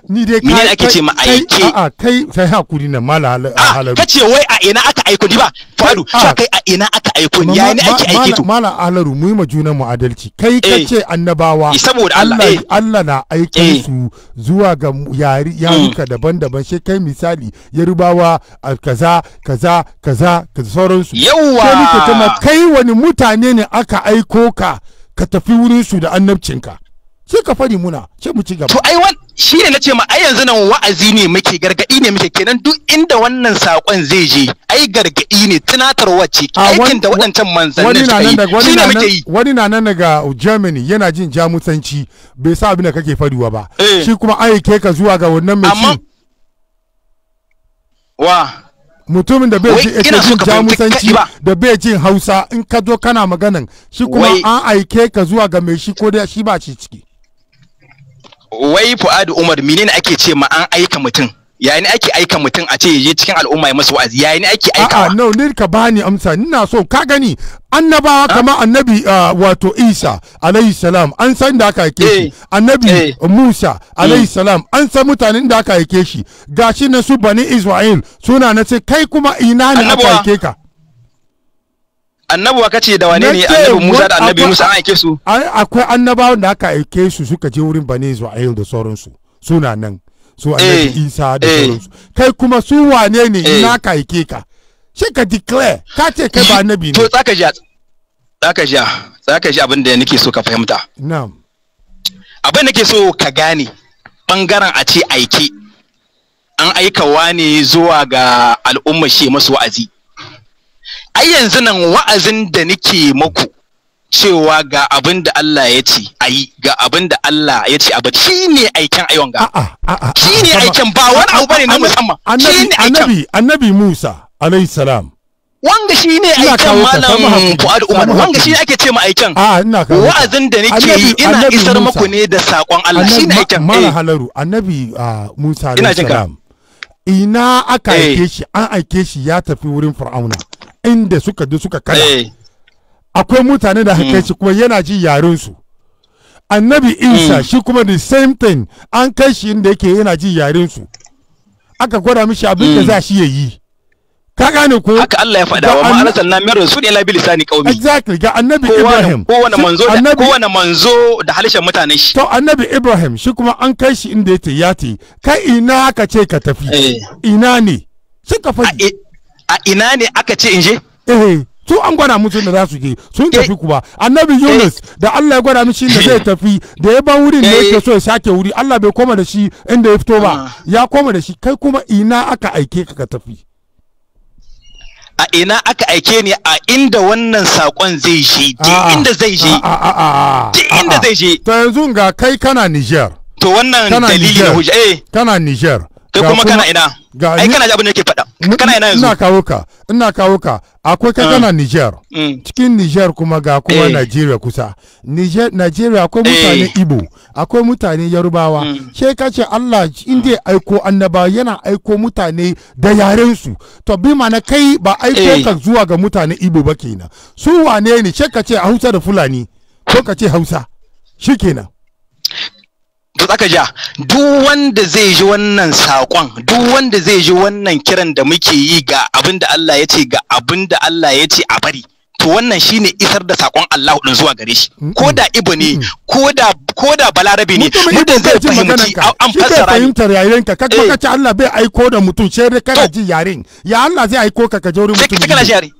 ni dai kai ake ce ma aike a kai sai hakuri na mala ah, halalu ce wai a ina aka aiko ni ba fadu sai kai a ina aka aiko ni yayin ake aike to mala halalu mu yi ma junan mu adalci kai eh. ce annabawa eh, saboda Allah Allah eh. na aike su zuwa ga yari mm. yaruka daban-daban sai kai misali yarubawa kaza kaza kaza kaza sauransu yawa kai wani mutane ne aka aiko ka ka tafi wurin su da annabcinka sai ka fari muna sai mu ci gaba to ai wan shine nace ma ai yanzu nan wa'azi ne muke gargadi ne muke kenan duk inda wannan sakon zai je ai gargadi ne tunatar wacce aikin da waɗancan manzannin suka yi shine muke yi wani na nan daga Germany yana jin jamusanci bai sa abin da kake fariwa ba eh. shi kuma ai ke ka zuwa ga wannan mai shi wa mutumin da bai ji ita jin jamusanci da bai jin hausa in ka zo kana maganan shi kuma an aike ka zuwa ga mai shi ko da shi ba shi ciki wai fu'adu umar menene ake ce ma an aika mutum yayin ake aika mutum a ce je cikin al'umma ya masu wa'azi yayin ake aika a'a no ni ka bani amsa ina so ka gani annabawa ah. kama annabi ah, wato isa alayhi salam an san da aka yake shi eh. annabi eh. musa hmm. alayhi salam an san mutanen da aka yake shi gashi na su bani isra'il suna na ce kai kuma ina ne aka yake ka annabuwa ka ce da wane ne annabi Musa da annabi Musa an aike su akwai annabawan da aka aike su suka je wurin Bani Isra'il da sauransu suna nan su eh, annabi Isa da eh. sauransu kai kuma su wane ne eh. in aka aike ka shi ka declare ka ce kai ba annabi ne to tsaka ji tsaka ji tsaka ji abin da nake so ka fahimta na'am abin da nake so ka gane bangaren a ce aike an aika ne zuwa ga al'ummar shi masu wa'azi ai yanzu nan wa'azin da nake muku cewa ga abin da Allah ya ce a yi ga abin da Allah ya ce abu shi ne aikin ayon ga shi ne aikin ba wani abu bane na musamman shi ne annabi annabi Musa alayhi salam wanda shi ne aikin malam Fuad Umar wanda shi ake ce ma aikin wa'azin da nake yi ina isar muku ne da sakon Allah shi ne aikin mala eh. halaru annabi ah, Musa alayhi salam ina aka eh. aike shi an aike shi ya tafi wurin Fir'auna inda suka je suka kala eh. akwai mutane da haka mm. shi kuma yana ji yaren su annabi isa mm. shi kuma the same thing an kai shi inda yake yana ji yaren su aka gwada mishi abin da mm. za shi ya yi ka gane ko haka Allah ya faɗa wa ma'ana sanna min su ne bi lisani qaumi exactly ga annabi ibrahim wani manzo da wani manzo da halishin mutanen shi to annabi ibrahim shi kuma an kai shi inda yake yati kai ina ka ce ka tafi eh. ina ne suka faɗi a ina ne aka ce in je eh, su an gwada musu da za su je sun eh. tafi kuma annabi yunus eh. da allah ya gwada mishi da zai tafi da ya ban wurin da yake so ya sake wuri allah bai koma da shi inda ya fito ba ah. ya koma da shi kai kuma ina aka aike ka tafi a ina aka aike ni a inda wannan sakon zai je duk ah. inda zai je duk ah, inda zai je to yanzu ga kai kana niger to wannan dalili na hujja eh kana niger kai kuma kana ina ga ai kana abin da yake faɗa kana yana yanzu ina kawo ka ina kawo ka akwai kai mm. kana Niger mm. cikin Niger kuma ga kuma eh. Nigeria kusa Niger Nigeria akwai eh. mutane Igbo akwai mutane Yarubawa mm. she ka ce Allah in aiko annaba yana aiko mutane da yaren su to bi mana kai ba aiko eh. ka zuwa ga mutane ibo ba kenan su wane ne she ka ce Hausa da Fulani ko ka ce Hausa shikenan da tsaka ja duk wanda zai ji wannan saƙon duk wanda zai ji wannan kiran da muke yi ga abin da Allah ya ce ga abin da Allah ya ce a bari to wannan shine isar da sakon Allah din zuwa gare shi ko da ibo ne ko da ko da balarabe ne mutum zai fahimci an fassara shi fahimtar yaren ka kaga eh. kace Allah bai aiko da mutum sai dai kana ji yaren ya Allah zai aiko ka ka jauri mutum kana shi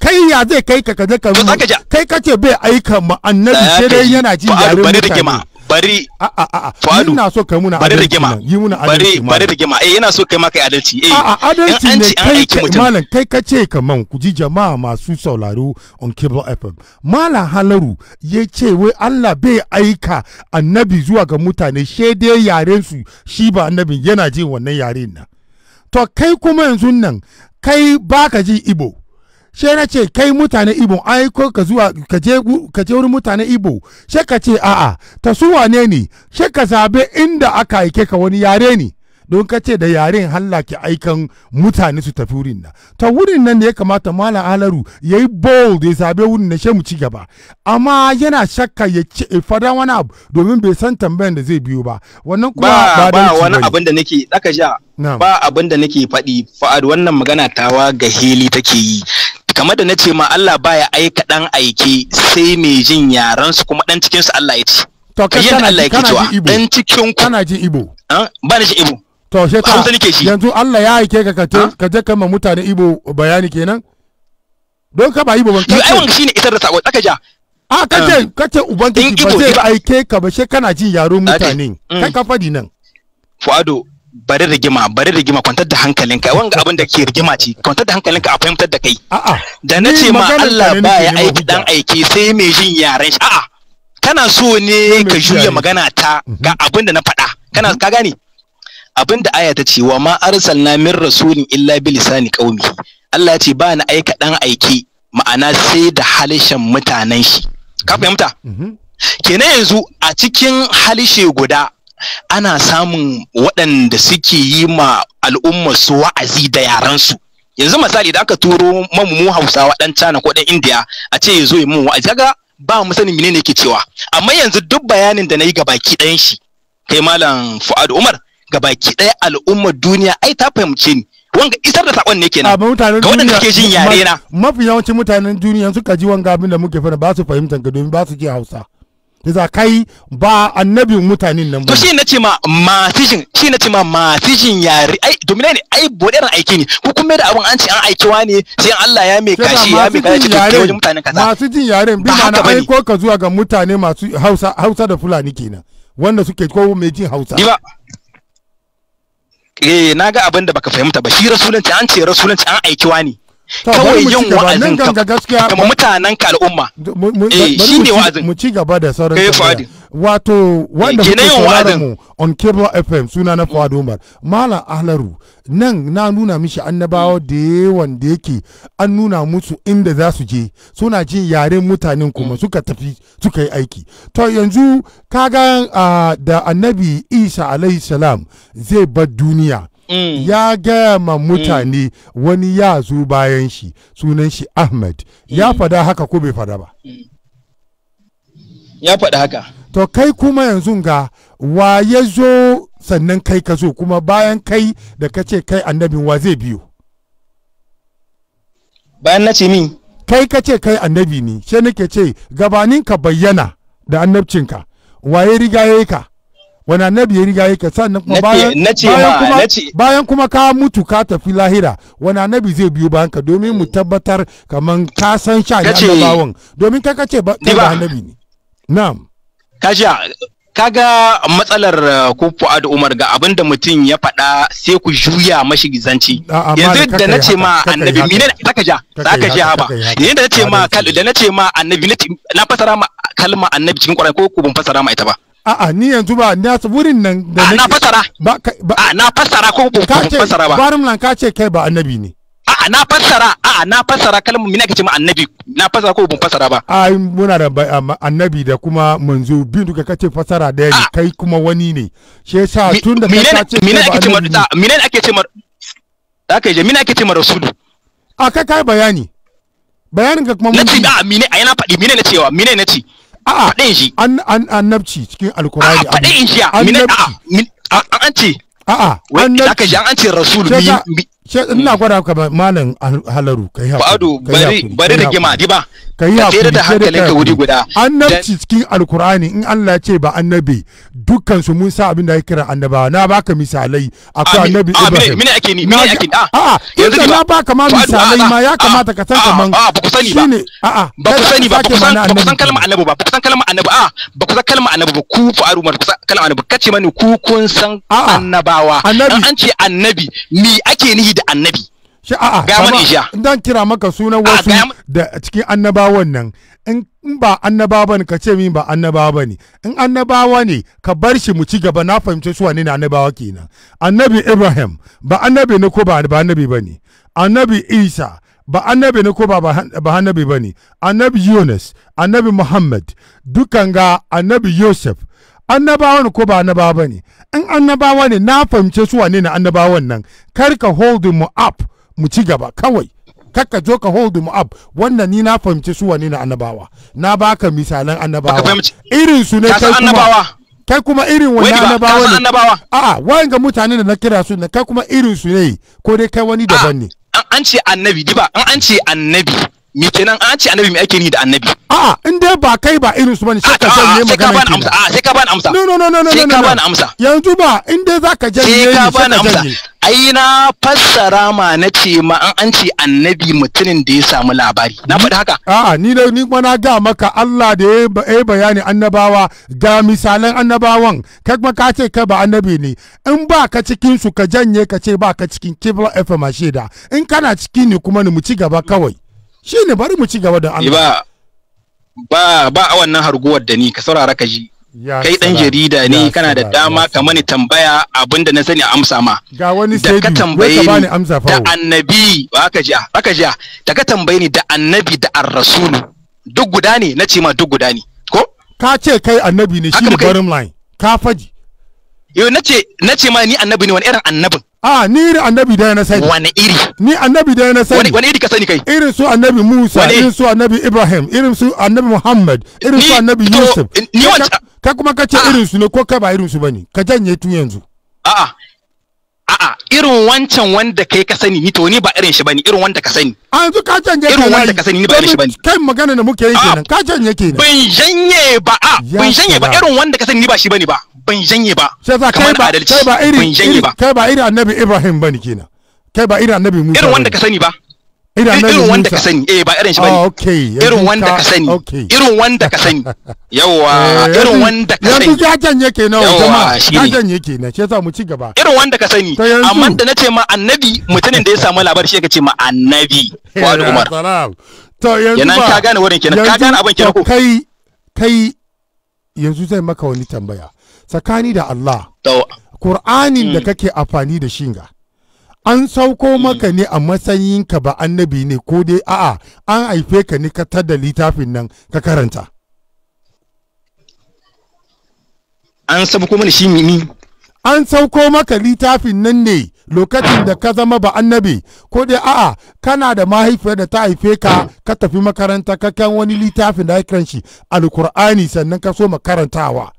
kai ya zai kai ka ka je ka kai kace bai aika mu annabi eh, sai dai yana ji yaren mutane bari fadu ina so kai muna bari rigima yi muna adalci bari rigima eh yana so kai ma kai adalci eh a adalci ne kai malam kai ka ce kaman ku ji jama'a masu sauraro on cable fm malam halaru ya ce wai Allah bai aika annabi zuwa ga mutane shede yaren su shi ba annabin yana jin wannan yaren na to kai kuma yanzu nan kai baka ji ibo she na ce kai mutane ibo ai ko ka zuwa ka je ka je wurin mutane ibo she ka ce a'a ta su wane ne she ka zabe inda aka aike ka wani yare ne don ka ce da yaren halla ke aikan mutane su tafi wurin nan ta wurin nan da ya kamata malam alaru ya yi bold ya zabe wurin na mu ci gaba amma yana shakka ya ce eh, fada wani abu domin bai san tambayan da zai biyo ba wannan kuma ba ba wani abin da nake daka sha ba abin da nake faɗi fa'ad wannan magana tawa ga heli take yi kamar da na ce ma Allah baya aika dan aiki sai mai jin yaran su kuma dan cikin su Allah ya to kai kana Allah yake cewa dan cikin ku kana jin ibo ah, ba ni shi ibo to sai ka yanzu Allah ya aike ka ka je ah? kan mutane ibo bayani kenan don ka ba ibo ban kai ai wannan shine isar da sako tsaka ja a ah, kace kace ubangiji ba zai aike ka ba sai kana jin yaro mutane kai mm. ka fadi nan fuado bari rigima bari rigima kwantar da hankalinka wanga abin da ke rigima ce kwantar da hankalinka a fahimtar da kai da na ce ma Allah ba ya aiki dan aiki sai mai jin yaren shi a'a kana so ne ka juya magana ta mhm. ga abin da na faɗa kana mhm. ka gane abin da aya ta ce wa ma arsalna min rasulin illa bi lisani qaumi Allah ya ce ba na aika dan aiki ma'ana sai da halishin mutanen shi ka mhm. fahimta kenan yanzu a cikin halishe guda ana samun waɗanda suke yi ma al'umma su wa'azi da su yanzu misali da aka turo mamu hausawa ɗan cana ko ɗan indiya a ce ya yi mun wa'azi kaga ba mu sanin menene ke cewa amma yanzu duk bayanin da na yi gabaki ɗayan shi kai malam fu'ad umar gabaki ɗaya al'ummar duniya ai ta fahimce ni wanga isar da sakon ne kenan ga waɗanda suke jin yare na mafi yawancin mutanen duniya suka ji wanga abin da muke fara ba su fahimtar ka domin ba su ji hausa da za kai ba annabin mutanen nan ba to shi na ce ma matijin shi na ce ma matijin yare ai domin ne ai ran aiki ne ku kuma da abun an ce an aikewa ne sai Allah ya mai kashi ya mai kashi cikin wajen mutanen kaza masu jin yaren bi ma na ko ka zuwa ga mutane masu Hausa Hausa da Fulani kenan wanda suke ko mai jin Hausa eh na ga abin da baka fahimta ba shi rasulanci an ce rasulanci an aikiwa ne kawai yin wa'azin ka kama mutanen ka al'umma eh, shi ne wa'azin mu ci gaba da sauran wato wanda muke sauraron mu on cable fm suna na Fuad Umar Malam Ahlaru nan na nuna mishi annabawa da yawan da yake an nuna musu inda za su je suna jin yaren mutanen kuma mm. suka tafi suka yi aiki to yanzu kaga ah, da annabi Isa alaihi salam zai bar duniya Mm. ya gaya ma mm. mutane wani ya zo bayan shi sunan shi ahmed ya mm. fada haka ko bai fada ba ya fada haka to kai kuma yanzu ga wa ya zo sannan kai ka zo kuma bayan kai da ka ce kai annabin wa zai biyo bayan na ce min kai ka ce kai annabi ne shi nake ce gabanin ka bayyana da annabcinka wa ya riga ya yi ka wani annabi ya riga yake sannan kuma bayan kuma bayan kuma ka mutu ka tafi lahira wani annabi zai biyo bayan ka domin mu tabbatar kaman ka san sha ne annabawan domin kai ka ce ba annabi ne na'am kasha kaga matsalar uh, ko Fuad Umar ga abin da mutum ya faɗa sai ku juya mashi gizanci yanzu da na ce ma annabi mine zaka ja zaka ja ba yanzu da na ce ma da na ce ma annabi na fasara ma kalma annabi cikin Qur'ani ko ku ban fasara ma ita ba a'a ni yanzu ba asu wurin nan da na fasara ba a na fasara ko ba fasara ba barin lan ka ce kai ba annabi ne a'a na fasara a'a na fasara kalmar mina kace ma annabi na fasara ko ban fasara ba ai muna da annabi da kuma manzo bin duka kace fasara da ne kai kuma wani ne shi yasa tun da ka ce mina ake ce ma mina ake ce ma kai je mina ake ce ma rasulu a kai kai bayani bayanin ka kuma mun ce a mine ai na faɗi mine na cewa mine na ce a'a faɗin shi an an annabci cikin alkurani a'a faɗin shi annabci an ce a'a annabci aka ji an ce rasul rasulu ina gwada ka malam halaru kai hakuri bari bari da gima di ba ka yi hakuri da hankali ka wuri guda annabci cikin alkur'ani in Allah ce ba annabi dukkan su mun sa abin da ake kira annabawa na baka misalai akwai annabi Ibrahim mene ake ni mene ake ah, a a yanzu na baka ma misalai ma ya ah, kamata ka san ah, kaman a ba ku sani ba a a ba ku sani ba ba ku san ba ku san kalmar annabi ba ku san kalmar annabi a ba ku san kalmar annabi ba ku faru ma ku san kalmar annabi kace mani ku kun san annabawa an ce annabi me ake nihi da annabi shi a'a dan kira maka sunan wasu da cikin annabawan nan in ba annaba ba ka ce min ba annaba ba ne in annabawa ne ka bar shi mu ci gaba na fahimci su wani ne annabawa kenan annabi ibrahim ba annabi ne ko ba ba annabi ba ne annabi isa ba annabi ne ko ba ba annabi ba ne annabi yunus annabi muhammad dukan ga annabi yusuf annabawa ne ko ba annabawa ba ne in annabawa ne na fahimce su wani ne annabawan nan kar ka hold mu up mu ci gaba kawai kakka zo ka hold mu up wannan ni na fahimci su wani na annabawa na baka misalan annabawa irin su ne kai kuma kai kuma irin wani annabawa ne a wayan ga mutane da na kira su ne kai kuma irin su ne ko dai kai wani daban ne an ce annabi diba an ce annabi me kenan an ce annabi me ake ni da annabi a in dai ba kai ba irin su bane sai ka san ne magana kenan a sai ka bani amsa no no no no no sai ka bani amsa yanzu ba in dai zaka janye sai ka bani amsa ai na fassara ma na ce ma an an ce annabi mutumin da ya samu labari na faɗi haka a'a ni da ni kuma na ga maka Allah da ya bayani annabawa ga misalan annabawan kai kuma ka ce kai ba annabi ne in ba ka cikin su ka janye ka ce ba ka cikin kibla fm shida in kana cikin ne kuma ni mu ci gaba kawai shi ne bari mu ci gaba da Allah ba ba a wannan harguwar da ni ka saurara ka ji kai dan jarida ne kana da dama ka mani tambaya abinda na sani a amsa ma ga wani sai ka tambaye ni da annabi ba ka ji ba ka ji da ka tambaye ni da annabi da ar-rasulu duk guda ne na ce ma duk guda ne ko ka ce kai annabi ne shi ne bottom line ka faji yo na ce ma ni annabi ne wani irin annabin a ni iri annabi da na sani wani iri ni annabi da na sani wani iri ka sani kai irin su annabi Musa irin su annabi Ibrahim irin su annabi Muhammad irin su annabi Yusuf ni wancan ka kuma ka ce ah. irin su ne ko ka ba irin su bane ka janye tun yanzu a'a a'a irin wancan wanda kai ka sani ni to ni ba irin shi bane irin wanda ka sani a yanzu ka canje irin wanda ka sani ni ba irin shi bane kai magana da muke yi kenan ka canje kenan ban janye ba a ban janye ba irin wanda ka sani ni ba shi bane ba ban janye ba sai za kai ba kai ba irin kai ba irin annabi Ibrahim bane kenan kai ba irin annabi Musa irin wanda ka sani ba irin wanda ka sani eh ba irin shi bane ah, okay irin wanda ka sani irin wanda ka sani yawa irin wanda ka sani yanzu jajan yake na jama'a jajan yake na shi yasa mu ci gaba irin wanda ka sani amma da nace ma annabi mutumin da ya samu labari shi ka ce ma annabi wa (laughs) Umar to yanzu ba ka gane wurin kenan ka gane abin kenan ko kai kai yanzu zai maka wani tambaya tsakani da Allah Qur'anin da mm. kake amfani da shinga an sauko maka ne a ka ba annabi ne ko dai a'a an haife ka ne ka tada littafin nan ka karanta an sauko mana shi mini an sauko maka littafin nan ne lokacin da ka zama ba annabi ko dai a'a kana da mahaifiyar da ta haife ka ka tafi makaranta ka kan wani littafin da kiran shi alkur'ani sannan ka so makarantawa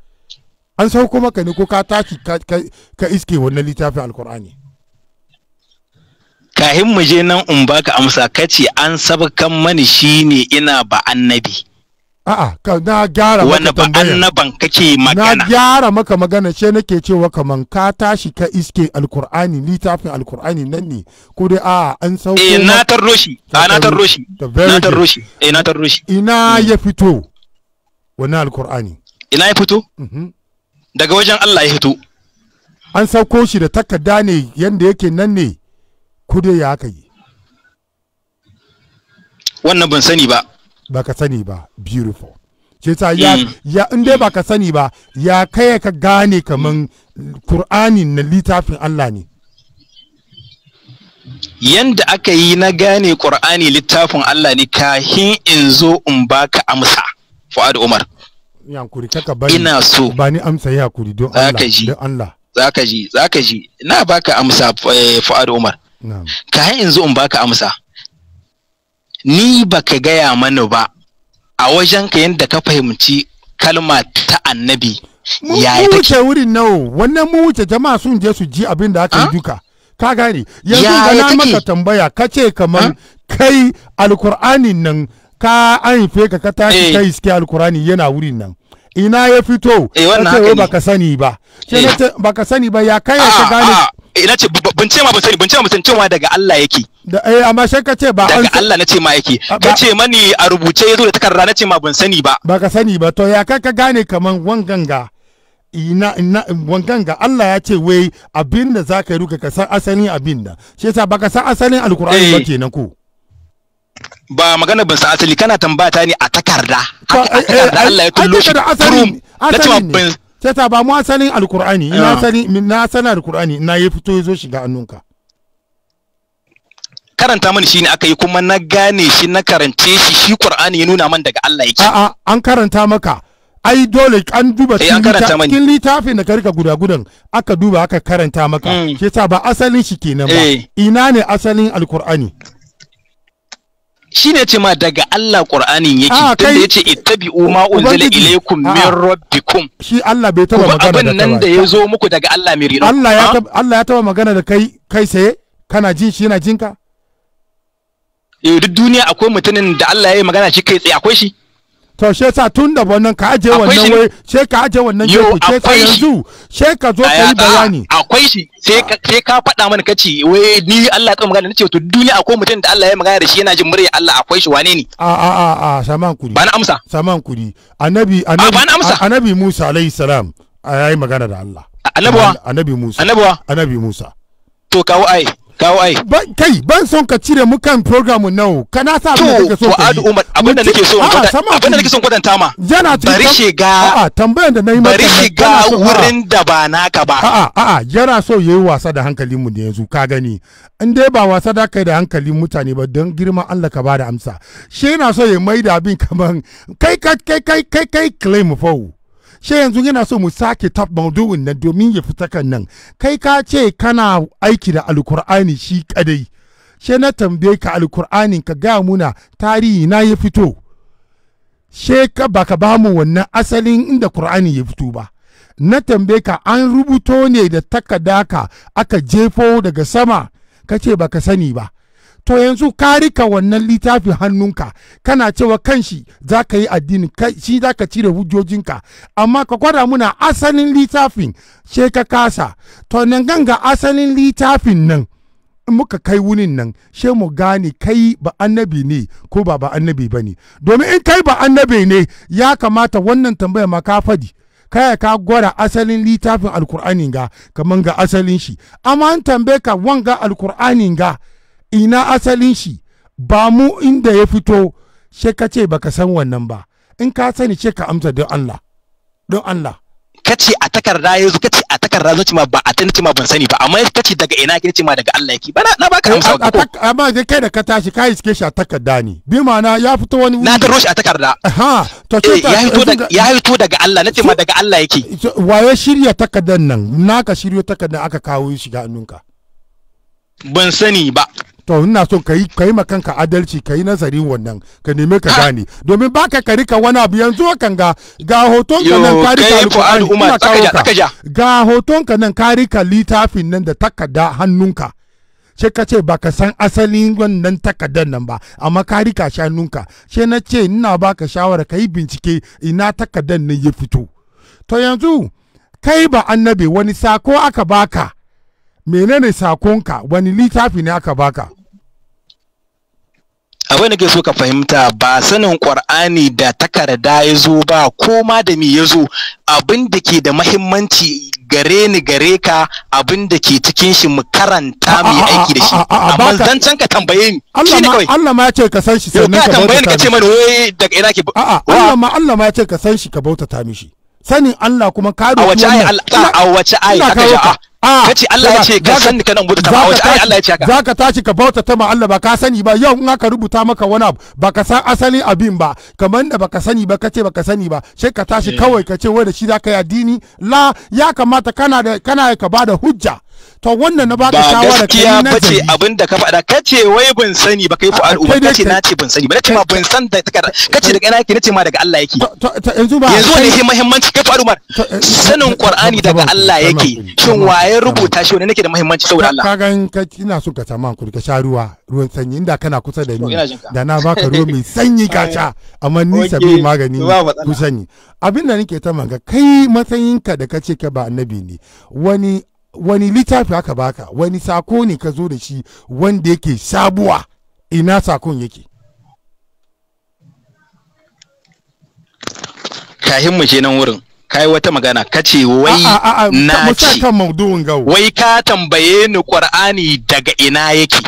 an sauko maka ne ko ka tashi ka iske wannan littafin alkur'ani kahin mu je nan in baka amsa kace an sabakan mani shine ina ba annabi a'a ka na gyara maka tambaya ba annaban kake magana na gyara maka magana ce nake cewa kaman ka tashi ka iske alkur'ani littafin alkur'ani nan ne ko dai a an sauko eh na tarro shi ah, na tarro shi na tarro shi eh na tarro shi ina hmm. ya fito wannan alkur'ani ina ya fito mhm. daga wajen Allah ya fito an sauko shi da takarda ne yanda yake nan ne ko dai ya aka yi wannan ban sani ba Ba ka sani ba beautiful ce ta ya mm. ya in dai ka sani ba ya kai ka gane kaman eh, Qur'ani na littafin Allah ne yanda aka yi na gane Qur'ani littafin Allah ne kahin in zo in baka amsa Fuad Umar yankuri kaka bari ina so ba ni amsa ya kuri don Allah don Allah zaka ji zaka ji na baka amsa eh, Fuad Umar ka yanzu in baka amsa ni baka gaya mana ba a wajen ka yadda ka fahimci kalma ta annabi ya yi wuce wurin nawo wannan mu wuce jama'a sun je su ji abin da aka yi ah? duka ka gane yanzu da na maka tambaya ka ce kamar ah? kai alkur'ani nan ka an ka ka tashi eh. kai iske alkur'ani yana wurin nan ina ya fito eh, kace wai baka sani ba sai eh. baka sani ba ya kai ka ah, gane ina ce ban ce ma ban sani ban ce ma ban sani cewa daga Allah yake da eh amma sai ka ce ba daga Allah na ce ma yake ka ce mani a rubuce yazo da takarda na ce ma ban sani ba ba ka sani ba to ya kai ka gane kaman wanganga ina ina wanganga Allah ya ce wai abinda da zaka yi ruka ka san asalin abinda da shi yasa baka san asalin alkur'ani ba kenan ko ba magana ban san asali kana tambata ni a takarda a takarda Allah ya tullo shi asali asali ne sai ta ba mu asalin alkur'ani na sani na sani alkur'ani na ya fito ya zo shiga hannunka karanta mani shine aka yi kuma na gane shi na karance shi shi qur'ani ya nuna man daga Allah yake a'a an karanta maka ai dole an duba eh, cikin littafin da ka rika guda-gudan aka duba aka karanta maka ke hmm. sa ba asalin shi kenan ba eh. ina ne asalin alkur'ani shine ce ma daga Allah Qur'anin yake ah, tunda yace ittabi'u ma unzila ah. ilaykum min rabbikum shi Allah bai taba magana da abin nan da yazo muku daga Allah mai rino Allah ya ah? taba Allah ya taba magana da kai kai sai kana jin shi yana jinka eh duk duniya akwai mutumin da Allah ya yi magana shi kai tsaye akwai shi to she sa tun da wannan ka aje wannan wai she ka aje wannan gefe she sa yanzu she ka zo ka yi bayani akwai shi sai ka faɗa mana kace wai ni Allah ya magana nace to duniya akwai mutum da Allah ya magana da shi yana jin murya Allah akwai shi wane ne a a a a saman kuri bana amsa saman kuri annabi annabi annabi Musa alayhi salam ayi magana da Allah annabawa annabi Musa annabawa annabi Musa to kawo ai kawo ai kai ban son ka cire mu kan program nawo kana sa abin da kake so to yi Umar abin da nake so abin da nake so kwatanta ma yana bari shiga a'a tambayar da nayi maka bari shiga wurin da ba naka ba a'a a'a yana so yayi wasa da hankalin mu ne yanzu ka gani in dai ba wasa da kai da hankalin mutane ba don girma Allah ka bada amsa shi yana so ya maida abin kaman kai kai kai kai kai claim fau shi yanzu yana so mu sake tab maudu'in nan domin ya fita kan nan kai ka ce kana aiki da alkur'ani shi kadai Shi na tambaye ka alkur'anin ka gaya muna tarihi na ya fito Shi ka baka ba mu wannan asalin inda kur'ani ya fito ba na tambaye ka an rubuto ne da takadaka aka jefo daga sama ka ce baka sani ba to yanzu ka rika wannan littafin hannunka kana cewa kanshi za ka yi addini shi za ka cire hujjojinka amma ka gwada muna asalin littafin she ka kasa to nan ganga asalin littafin nan muka kai wunin nan she mu gane kai ba annabi ne ko ba ba annabi ba ne domin in kai ba annabi ne ya kamata wannan tambaya ma ka fadi kaya ka gwada asalin littafin alkur'ani ga kaman ga asalin shi amma an tambaye ka wanga alkur'ani ga ina asalin shi ba mu inda ya fito sai ka ce baka san wannan ba in ka sani ce ka amsa don Allah don Allah kace a takarda yanzu kace a takarda zo ma ba a tana ma ban sani ba amma kace daga ina kace ma daga Allah yake bana na baka amsa eh, ko amma dai kai da ka tashi kai ke shi a takarda ne bi ma'ana ya fito wani na ta roshi a takarda ha to ce eh, ya fito daga ya fito daga Allah nace ma daga Allah yake waye shirya takardan nan naka shiryo takardan aka kawo shi ga annunka ban sani ba to ina so ka yi ka kanka adalci ka yi nazarin wannan ka nemi ka ah! gane domin baka ka rika wani abu yanzu kan ga ga hoton ka nan ka rika alƙur'ani ka ga hoton ka nan ka rika littafin nan da takarda hannunka ce ka ce baka san asalin wannan takardar nan ba amma ka rika shanunka ce na ce ina baka shawara ka yi bincike ina takardar nan ya fito to yanzu kai ba annabi wani sako aka baka menene sakonka wani littafi ne aka baka abin da ke so ka fahimta ba sanin ƙwar'ani da takarda ya zo ba ko ma da me ya zo abin da ke da mahimmanci gare ni gare ka abin da ke cikin shi mu karanta mu yi aiki da shi amma zancen ka tambaye ni shi ne kawai Allah ma ya ce ka san shi sannan ka tambaye ni ka ce mana wai daga ina ke Allah ma Allah ma ya ce ka san shi ka bauta ta mishi sanin Allah kuma ka a wace ayi a wace ayi haka a kace Allah ya ce ka sani kana bauta ta wace Allah ya ce haka zaka tashi ka bauta ta ma Allah ba ka sani ba yau in aka rubuta maka wani abu baka san asalin abin ba kamar da ka sani ba ba baka sani ba sai ka tashi mm. kawai ka ce wai da shi ka yi addini la ya kamata kana da kana ka bada hujja to wannan na baka shawara kai na bace abin da ka faɗa kace wai ban sani ba kai fa al'umma kace na ce ban sani ba nace ma ban san da takarda kace daga ina yake nace ma daga Allah yake yanzu ba yanzu ne shi muhimmanci kai fa al'umma eh, sanin qur'ani daga Allah yake shin waye rubuta shi wani nake da muhimmanci saboda Allah kaga ka ina so ka samu ku ka sha ruwa ruwan sanyi inda kana kusa da ni da na baka ruwa mai sanyi ka sha amma ni sabi magani ku sanyi abin da nake ta manga kai matsayinka da kace ka ba annabi ne wani wani littafi aka baka wani sako ne ka zo da shi wanda yake sabuwa ina sakon yake kahinmu ke je nan wurin kai wata magana kace wai na ci wai ka tambaye ni qur'ani daga ina yake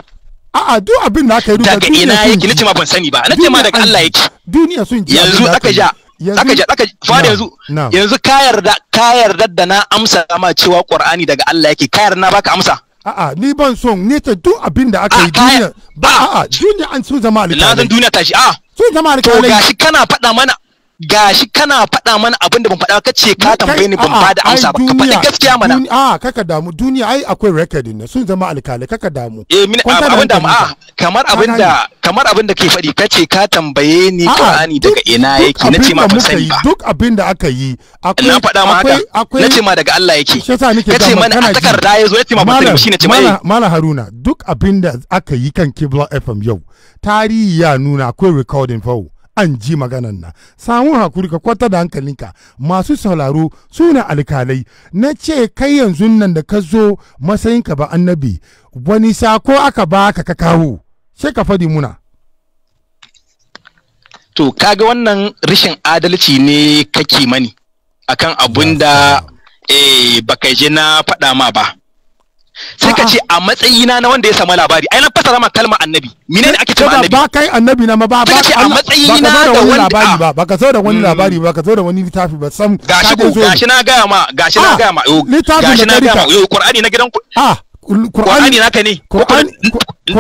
a'a duk abin da aka yi daga ina yake nace ma ban sani ba na ce ma daga Allah yake duniya sun ji yanzu aka ja zaka ji zaka fara yanzu yanzu ka yarda ka yarda da na amsa ma cewa qur'ani daga Allah yake ka yarda na baka amsa a'a ni ban son ni ta duk abin da aka yi duniya ba a'a duniya an su zama alƙalai na duniya tashi a'a sun zama alƙalai to gashi kana faɗa mana gashi kana faɗa mana abin da ban faɗa ka ce ka tambaye ni ban ba da amsa ba ka faɗi gaskiya mana a kaka damu duniya ai akwai ne sun zama alkali kaka damu eh min abin da kamar abin da kamar abin da ke faɗi ka ce ka tambaye ni Qur'ani daga ina yake na ce ma ban sani ba duk abin da aka yi akwai na faɗa ma haka na ce ma daga Allah yake ka ce mana a takarda ya zo ya ce ma ban sani shi na ce ma mala haruna duk abin da aka yi kan kibla fm yau tarihi ya nuna akwai recording fa an ji maganan nan samu hakuri ka kwata da hankalinka masu sauraro suna ne alkalai na ce kai yanzu nan da ka zo matsayinka ba annabi wani ko aka ba ka kawo sai ka fadi muna to kaga wannan rashin adalci ne kake mani akan abun da eh baka je na faɗa ma ba sai ka ce a matsayina na wanda ya samu labari ai na fasara ma kalma annabi mine ne ake cewa annabi ba kai annabi na ma ba ba ce a matsayina da wani labari ba ba ka zo da wani hmm. labari ba ka zo da wani littafi ba sam gashi ko gashi na ga ma gashi na ah, ga ma gashi na ga ma yo qur'ani na gidan ku a ah, Qur'ani ka ne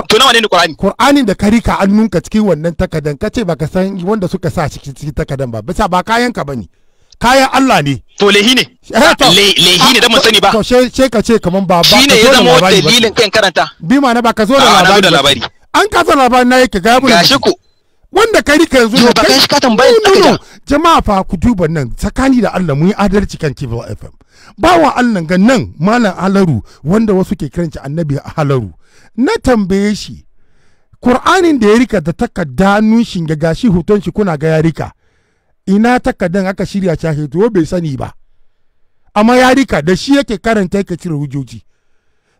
to nawa ne Qur'ani Qur'ani da karika an nunka cikin wannan takadan kace baka san wanda suka sa cikin takadan ba bisa ba kayan ka bane kayan Allah ne to lehi ne eh, lehi ne da mun ah, sani ba to she ka ce kaman ba ba shine ya zama dalilin kan karanta bi ma na ba ka zo da labari an kasa labari na yake ga gashi ku wanda kai rika yanzu ba kai shi ka tambaye no jama'a fa ku duba nan tsakani da Allah mun yi adalci kan Kibla FM bawa Allah ga nan malam Halaru wanda wasu ke kiranci annabi Halaru na tambaye shi Kur'anin da ya rika da takarda nun shi ga gashi hoton shi kuna ga ya rika ina takardan aka shirya ta to bai sani ba amma ya rika da shi yake karanta yake cire hujjoji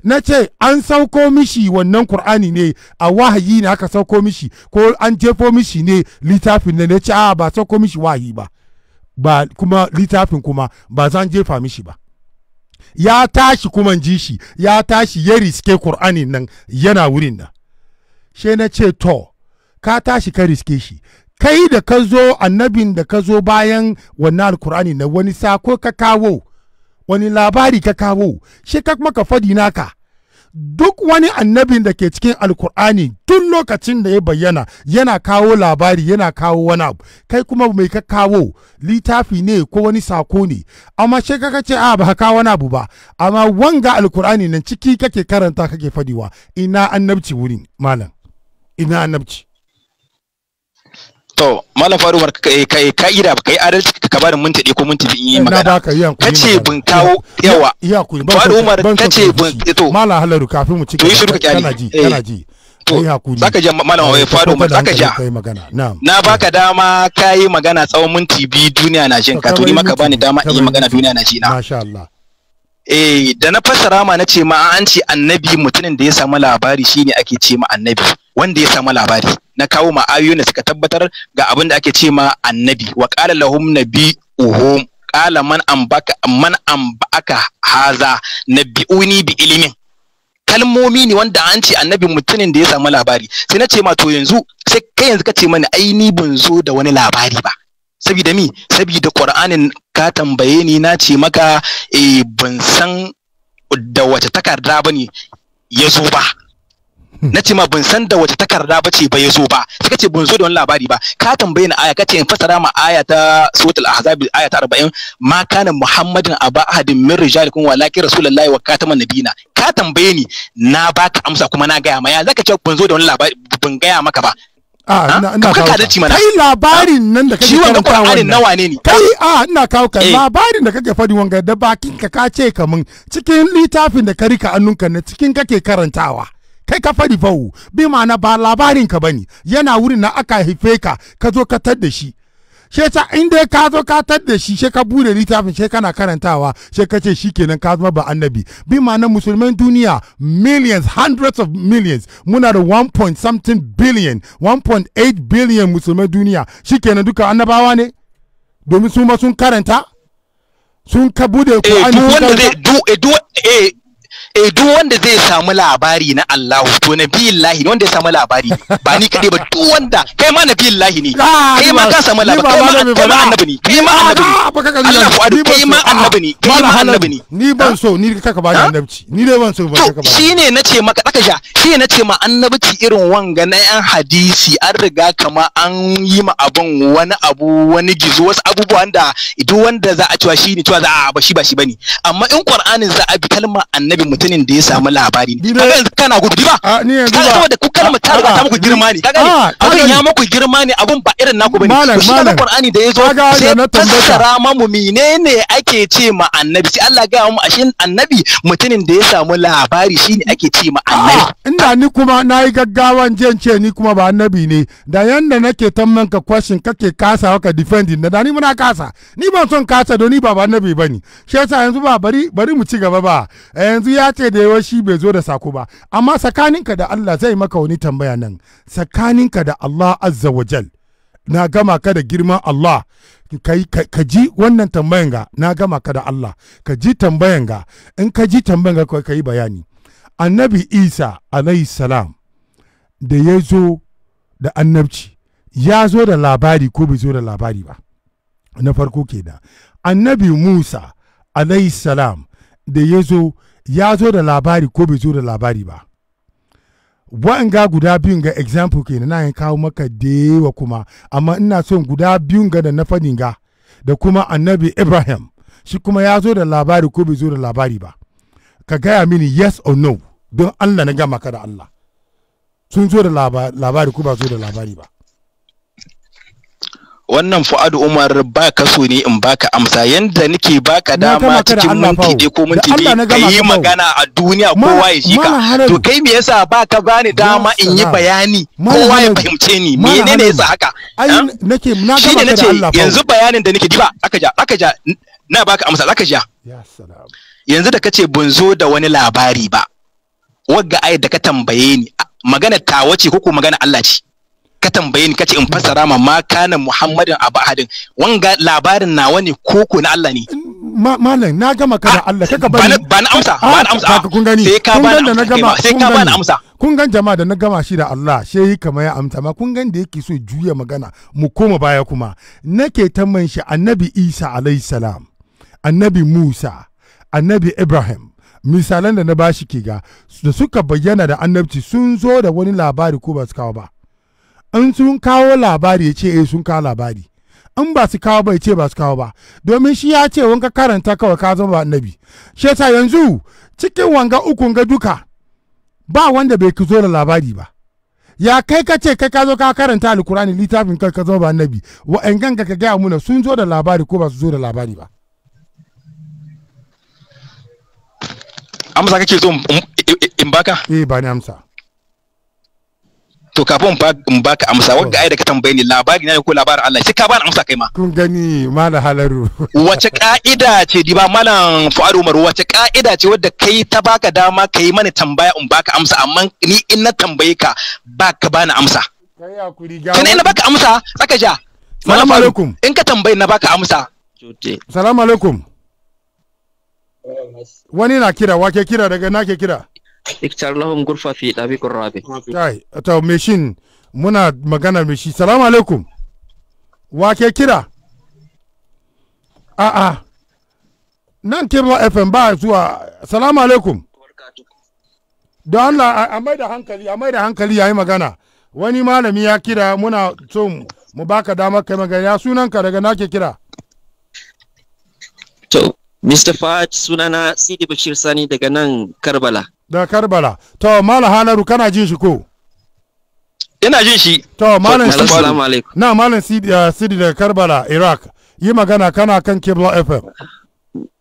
na ce an sauko mishi wannan kur'ani ne a wahayi ne aka sauko mishi ko an jefo mishi ne littafin ne na ce a ba sauko mishi wahayi ba ba kuma littafin kuma ba zan jefa mishi ba ya tashi kuma ji shi ya tashi ya riske kur'anin nan yana wurin nan she na ce to ka tashi ka riske shi kai da ka zo annabin da ka zo bayan wannan alkur'ani na wani sako ka kawo wani labari ka kawo shi ka kuma fadi naka duk wani annabin da ke cikin alkur'ani tun lokacin da ya bayyana yana kawo labari yana kawo wani abu kai kuma mai ka kawo littafi ne ko wani sako ne amma shi ka ce a ah, ba kawo wani abu ba amma wanga alkur'ani nan ciki kake karanta kake fadiwa ina annabci wurin malam ina annabci to malam faru mar kai kai eh, ka'ida ba eh, kai adalci ka ba da minti ɗaya ko minti biyu in eh, magana kace bin kawo yawa iya kuri ban faru mar kace bin to malam halaru kafin mu ci to yi shiru ka kyale kana ji kana ji to zaka ji malam wai faru mar zaka ji na baka dama kai magana tsawon minti biyu duniya na jin ka to ni maka bani dama in yi magana duniya na jina. masha Allah eh da na fassara ma na ce ma an ce annabi mutumin da ya samu labari shine ake ce ma annabi wanda ya samu labari na kawo ma da suka tabbatar ga abin da ake ce ma annabi wa qala lahum uhum qala man ambaka man ambaka haza nabi'uni bi ilimin kalmomi ne wanda an ce annabi mutumin da ya samu labari sai na ce ma to yanzu sai kai yanzu ka ce mani ai ni ban zo da wani labari ba sabida mi sabida qur'anin ka tambaye ni na ce maka eh ban san da wace takarda bane ya zo ba na ce ma ban san da wace takarda ba ce ba ya zo ba sai kace ban zo da wani labari ba ka tambaye ni aya kace in fasara ma aya ta suratul ahzab aya ta 40 ma kana muhammadin aba ahadin min rijalikum walakin rasulullahi wa kataman nabina ka tambaye ni na baka amsa kuma na gaya ma ya zaka ce ban zo da wani labari ban gaya maka ba kai labarin nan da kake karanta wannan nawa ne ni kai a ina kawo kai eh. labarin da kake fadi wanga da bakin ka ka ce kamin cikin littafin da ka rika annunka ne cikin kake karantawa kai ka fari fawo bi ma'ana ba labarin ka bane yana wurin na aka haife ka ka zo ka tar da shi she ta inda ka zo ka tar da shi she ka bude littafin she kana karantawa she ka ce shikenan ka zama ba annabi bi ma'ana musulman duniya millions hundreds of millions muna da 1 point something billion 1.8 billion musulman duniya shikenan duka annabawa ne domin su ma sun karanta sun ka bude ku eh, an duk wanda zai duk eh, eh, eh duk wanda zai samu labari na Allahu to nabiyillahi ne wanda ya samu labari ba ni kadai ba duk wanda kai ma nabiyillahi ne kai ma ka samu labari kai ma annabi ne kai ma annabi ne Allah ku adu kai ma annabi ne kai ma annabi ne ni ban so ni kaka ba annabci ni dai ban so ba kaka ba shine nace maka daka sha shine nace ma annabci irin wanga na yan hadisi an riga kama an yi ma abun wani abu wani gizo wasu abubuwan da duk wanda za a cewa shi ne cewa za a ba shi ba shi bane amma in Qur'anin za a bi kalmar annabi wannan mutumin da ya samu labari ne kaga yanzu kana gudu ba kaga saboda ku kalmar ta riga ta muku girma ne kaga abin ya muku girma ne abin ba irin naku bane malam malam qur'ani da yazo sai fassara mamu menene ake ce ma annabi sai Allah ga mu ashin annabi mutumin da ya samu labari shine ake ce ma annabi ah, inda ni kuma nayi gaggawan jin ce ni kuma ba annabi ne da yanda nake tamman ka question kake kasa ka defending da ni muna kasa ni ban son kasa don ni ba annabi bane shi yasa yanzu ba bari bari mu ci gaba ba eh, yanzu ya ce da yawa shi bai zo da sako ba amma tsakaninka da Allah zai maka wani tambaya nan tsakaninka da Allah azza wa jal na gama ka da girman Allah ka ji wannan tambayan ga na gama ka da Allah ka ji tambayan ga in ka ji tambayan ga ka yi bayani annabi Isa alayhi salam da ya zo da annabci ya zo da labari ko bai zo da labari ba na farko kenan annabi Musa alayhi salam da ya zo ya zo da labari ko bai zo da labari ba wa'anga guda biyun ga example ke na yin kawo maka da yawa kuma amma ina son guda biyun ga da na fadin ga da kuma annabi ibrahim shi kuma ya zo da labari ko bai zo da labari ba ka gaya mini yes or no don allah na gama ka da allah sun zo da labari ko ba zo da labari ba wannan fu'adu umar ba ka so ne in baka amsa yanda nake baka dama cikin minti dai ko minti biyu ka yi magana a duniya kowa ya shika to kai me yasa ba ka bani dama in yi bayani kowa ya fahimce ni menene yasa haka nake na gama da Allah yanzu bayanin da nake diba aka ja aka ja na baka amsa aka ja yanzu da kace ban zo da wani labari ba wagga ai da ka tambaye ni magana tawace ko ko magana Allah ce ka tambaye ni kace in fassara ma ma kana Muhammadin abu hadin wanga labarin nawa ne koko na Allah ne malam na gama ka da ah, Allah kaka bani ba na amsa ba na amsa ah, kun gani sai ka ba na amsa sai ka ba na amsa kun gan jama'a da na gama shi da Allah yi kamar ya amsa ma kun gan da yake so juya magana mu koma baya kuma nake tamman shi annabi Isa alayhi salam annabi Musa annabi Ibrahim misalan da na bashi ke ga da suka bayyana da annabci sun zo da wani labari ko ba su kawo ba in sun kawo labari ya ce eh sun kawo labari in ba su kawo ba ya ce ba su kawo ba domin shi ya ce wanka karanta kawai ka zama annabi shi yasa yanzu cikin wanga uku ga duka ba wanda bai ki zo da labari ba ya kai ka ce kai ka zo ka karanta alkurani littafin kai ka zama ba annabi wa'en ganga ka gaya muna sun zo da labari ko ba su zo da labari ba amsa kake so in baka eh ba ni amsa to kafin in baka amsa wanda ai da ka tambaye ni labari na ko labarin Allah shi ka bani amsa kai ma kun gani malam halaru (laughs) wace ka'ida ce di ba malam fuad umar wace ka'ida ce wadda kai ta baka dama kai mani tambaya in baka amsa amma ni in na tambaye ka baka bani amsa kai kana ina baka amsa tsaka ja malam alaikum in ka tambaye na baka amsa salamu alaikum wani na kira wake kira daga na ke kira iktar lahum gurfa fi dabiqur rabi kai ta me muna magana me salamu alaikum wa ke kira a a nan kebla fm ba zuwa salamu alaikum don allah a mai da hankali a mai da hankali yayi magana wani malami ya kira muna so mu baka damar kai magana ya sunan ka daga nake kira to Mr. Fahad sunana Sidi Bashir Sani daga nan Karbala. Da Karbala. To Malam Halaru kana jin shi ko? Ina jin shi. To Malam Sidi. Assalamu alaikum. Na Malam Sidi, uh, Sidi daga Karbala, Iraq. Yi magana kana kan Kibla FM.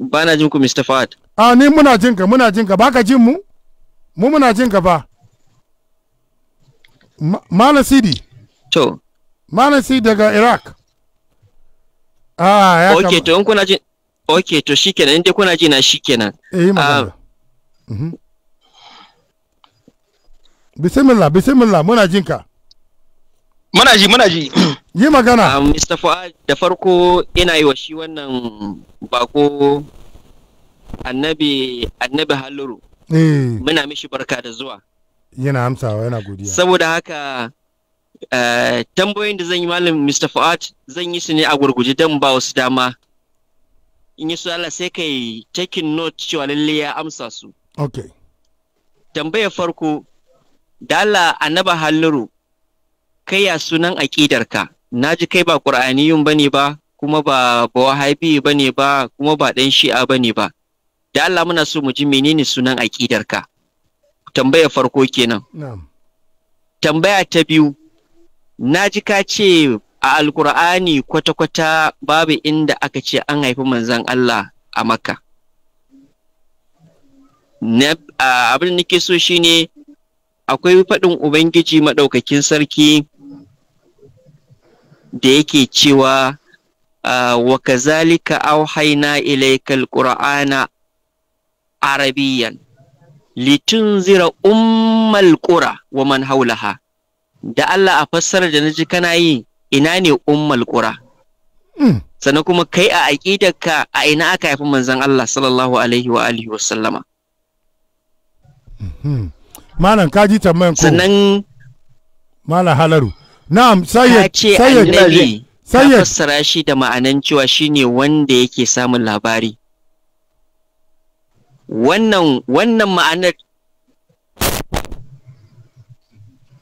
Ba na jin ku Mr. Fahad. Ah ni muna jin ka muna jin ka baka jin mu? Mu muna jin ka ba. Ma Malam Sidi. To. Malam Sidi daga Iraq. Ah ya okay, kama. to in kuna jin Ok, to shikenan inda kuna ji na shikenan. Eh magana. Ah. Mhm. Bismillah, bismillah muna jin ka. Muna ji, muna ji. (clears throat) Yi magana. Um, Mr. Fuad, da farko ina yi wa shi wannan bako annabi annabi halluru Eh. Muna mishi barka da zuwa. Yana amsawa yana godiya. Saboda haka Uh, tambayoyin da zan yi malam Mr. Fuad zan yi su ne a gurguje don ba wasu dama in yi su Allah sai ka yi taking note cewa lalle ya amsa su. Ok. Tambayar farko, da Allah annaba halliru, kai ya sunan aƙidarka, na ji kai ba ƙur'aniyun ba ne ba, kuma ba ba wahabi ba ne ba, kuma ba ɗan shi'a ba ne ba. Da Allah muna so mu ji menene sunan aƙidarka. Tambayar farko kenan. Tambaya ta biyu, na ji ka ce a alkur'ani kwata-kwata babu inda aka ce an haifi manzan Allah a maka Abin da nake so shine akwai faɗin Ubangiji maɗaukakin sarki da yake cewa wa kazalika auhaina ilaikal qur'ana arabiyan litunzira ummal qura wa man haulaha da Allah a fassara da naji kana yi ina ne ummal qura hmm. sannan kuma kai a aqidarka a ina aka haifi manzon Allah sallallahu alaihi wa alihi wa sallama hmm. malam ka ji tambayan ko sannan malam halaru na'am sayyid sayyid annabi ta fassara shi da ma'anan cewa shi ne wanda yake samun labari wannan wannan ma'anar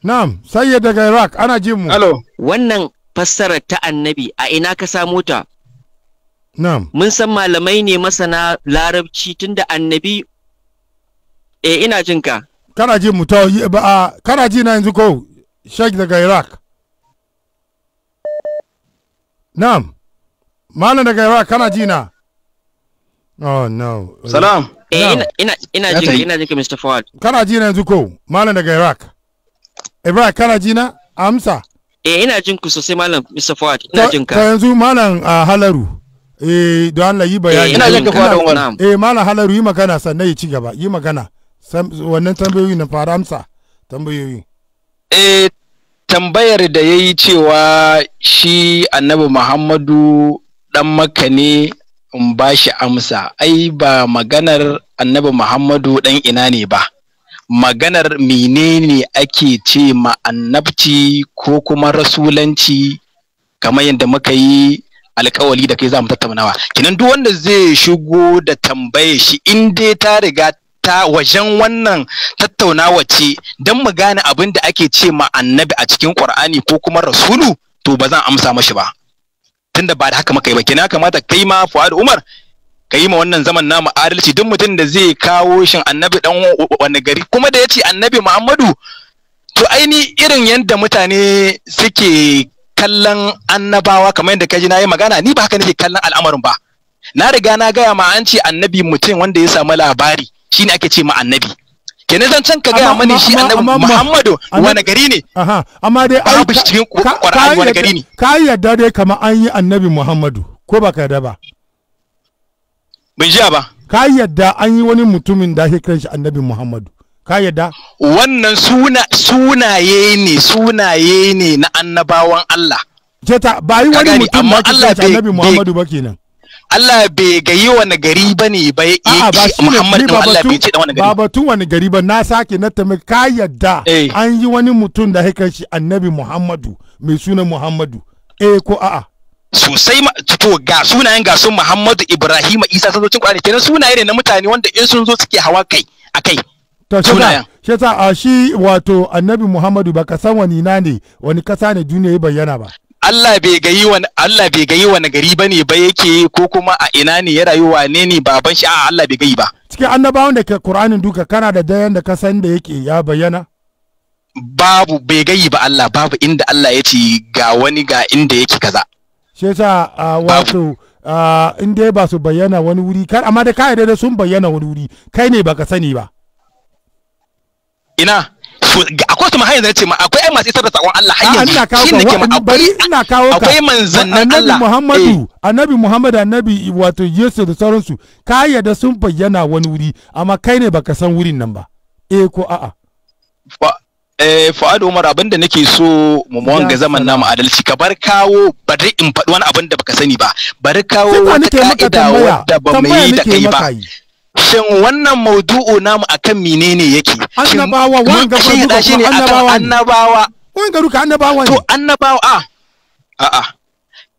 Na'am, sai daga Iraq ana jin mu. Alo. Wannan fassarar ta annabi a ina ka samo ta mun san malamai ne masana larabci tunda annabi E, ina jin ka kana ji mu eh, ba kana ji na yanzu ko sheikh daga iraq na'am malam daga iraq kana ji na oh no salam e ina ina jin ina jin ka mr fawad kana ji na yanzu ko malam daga iraq iraq kana ji na amsa eh ina jin ku sosai malam Mr. Fuad ina jin ka yanzu malam ah, Halaru eh don Allah yi bayani eh, ina jin ka Fuad wannan eh malam Halaru yi magana sannan ya ci gaba yi magana wannan tambayoyi na fara amsa tambayoyi eh tambayar da yayi cewa shi Annabi Muhammadu dan Makka ne in ba shi amsa ai ba maganar Annabi Muhammadu dan ina ne ba maganar menene ake ce ma ko kuma rasulanci kamar yadda muka yi alkawali da kai za mu tattaunawa kinan duk wanda zai shigo da tambaye shi in dai ta riga ta wajen wannan tattaunawa ce don mu gane abin da ake ce ma'annabi a cikin ƙwar'ani ko kuma rasulu to ba zan amsa mashi ba tunda ba da haka muka yi ba kina kamata kai ma fuad umar ka yi ma wannan zaman namu adalci duk mutum da zai kawo shin annabi dan wani gari kuma da ya ce annabi muhammadu to aini irin yadda mutane suke kallon annabawa kamar yadda ka ji na yi magana ni ba haka nake kallon al'amarin ba na riga na gaya ma an ce annabi mutum wanda ya samu labari shine ake ce ma annabi kenan zan can ka gaya mani shi annabi Muhammadu wani gari ne amma dai ai cikin Qur'ani wani gari ne ka dai kamar an yi annabi Muhammadu ko ba ka yarda ba ban jiya ba ka yadda an yi wani mutumin da ake kiran shi annabi muhammadu ka yadda wannan suna sunaye ne sunaye ne na annabawan Allah jeta ba yi wani mutum ba ake kiran shi annabi muhammadu ba kenan Allah bai yi wani gari ba ne ba ya ki Muhammad Allah bai ce da wani gari. Ba batun wani gari ba na sake na tame ka yadda eh. an yi wani mutum da kiran shi annabi Muhammadu mai suna Muhammadu. Eh ko a'a. sosai to ga sunayen ga sun Muhammadu Ibrahim Isa sazocin Qur'ani kenan sunaye ne na mutane wanda in sun zo suke hawa kai akai to shi yasa a shi wato Annabi Muhammadu ba ka san wani na ne wani kasa ne duniya ya bayyana ba Allah bai gayi wani Allah bai gayi wani gari bane ba yake ko kuma a ina ne ya rayu wane ne baban shi a Allah bai gayi ba cikin annabawan da ke Qur'anin duka kana da dayan da ka san da yake ya bayyana babu bai gayi ba Allah babu inda Allah ya ce ga wani ga inda yake kaza shi yasa wato in dai ba su bayyana wani wuri kar amma da ka da sun bayyana wani wuri kai ne baka sani ba ina akwai su mahayar zai ce ma akwai masu isar da sakon Allah hanyar shi ne ke ma akwai ina kawo ka manzannin Allah Muhammadu eh. annabi Muhammadu annabi wato Yesu da sauransu ka yarda sun bayyana wani wuri amma kai ne baka san wurin nan ba eh ko a'a Eh, fa'ad Umar abin da nake so mu wanga zaman namu adalci ka bar kawo bari in faɗi wani abin da baka sani ba bari kawo wata ka'ida wadda ba mu yi da kai ba shin wannan maudu'u namu akan menene yake annabawa wanga shi ne akan annabawa wanga ruka annabawa to annabawa ah, a a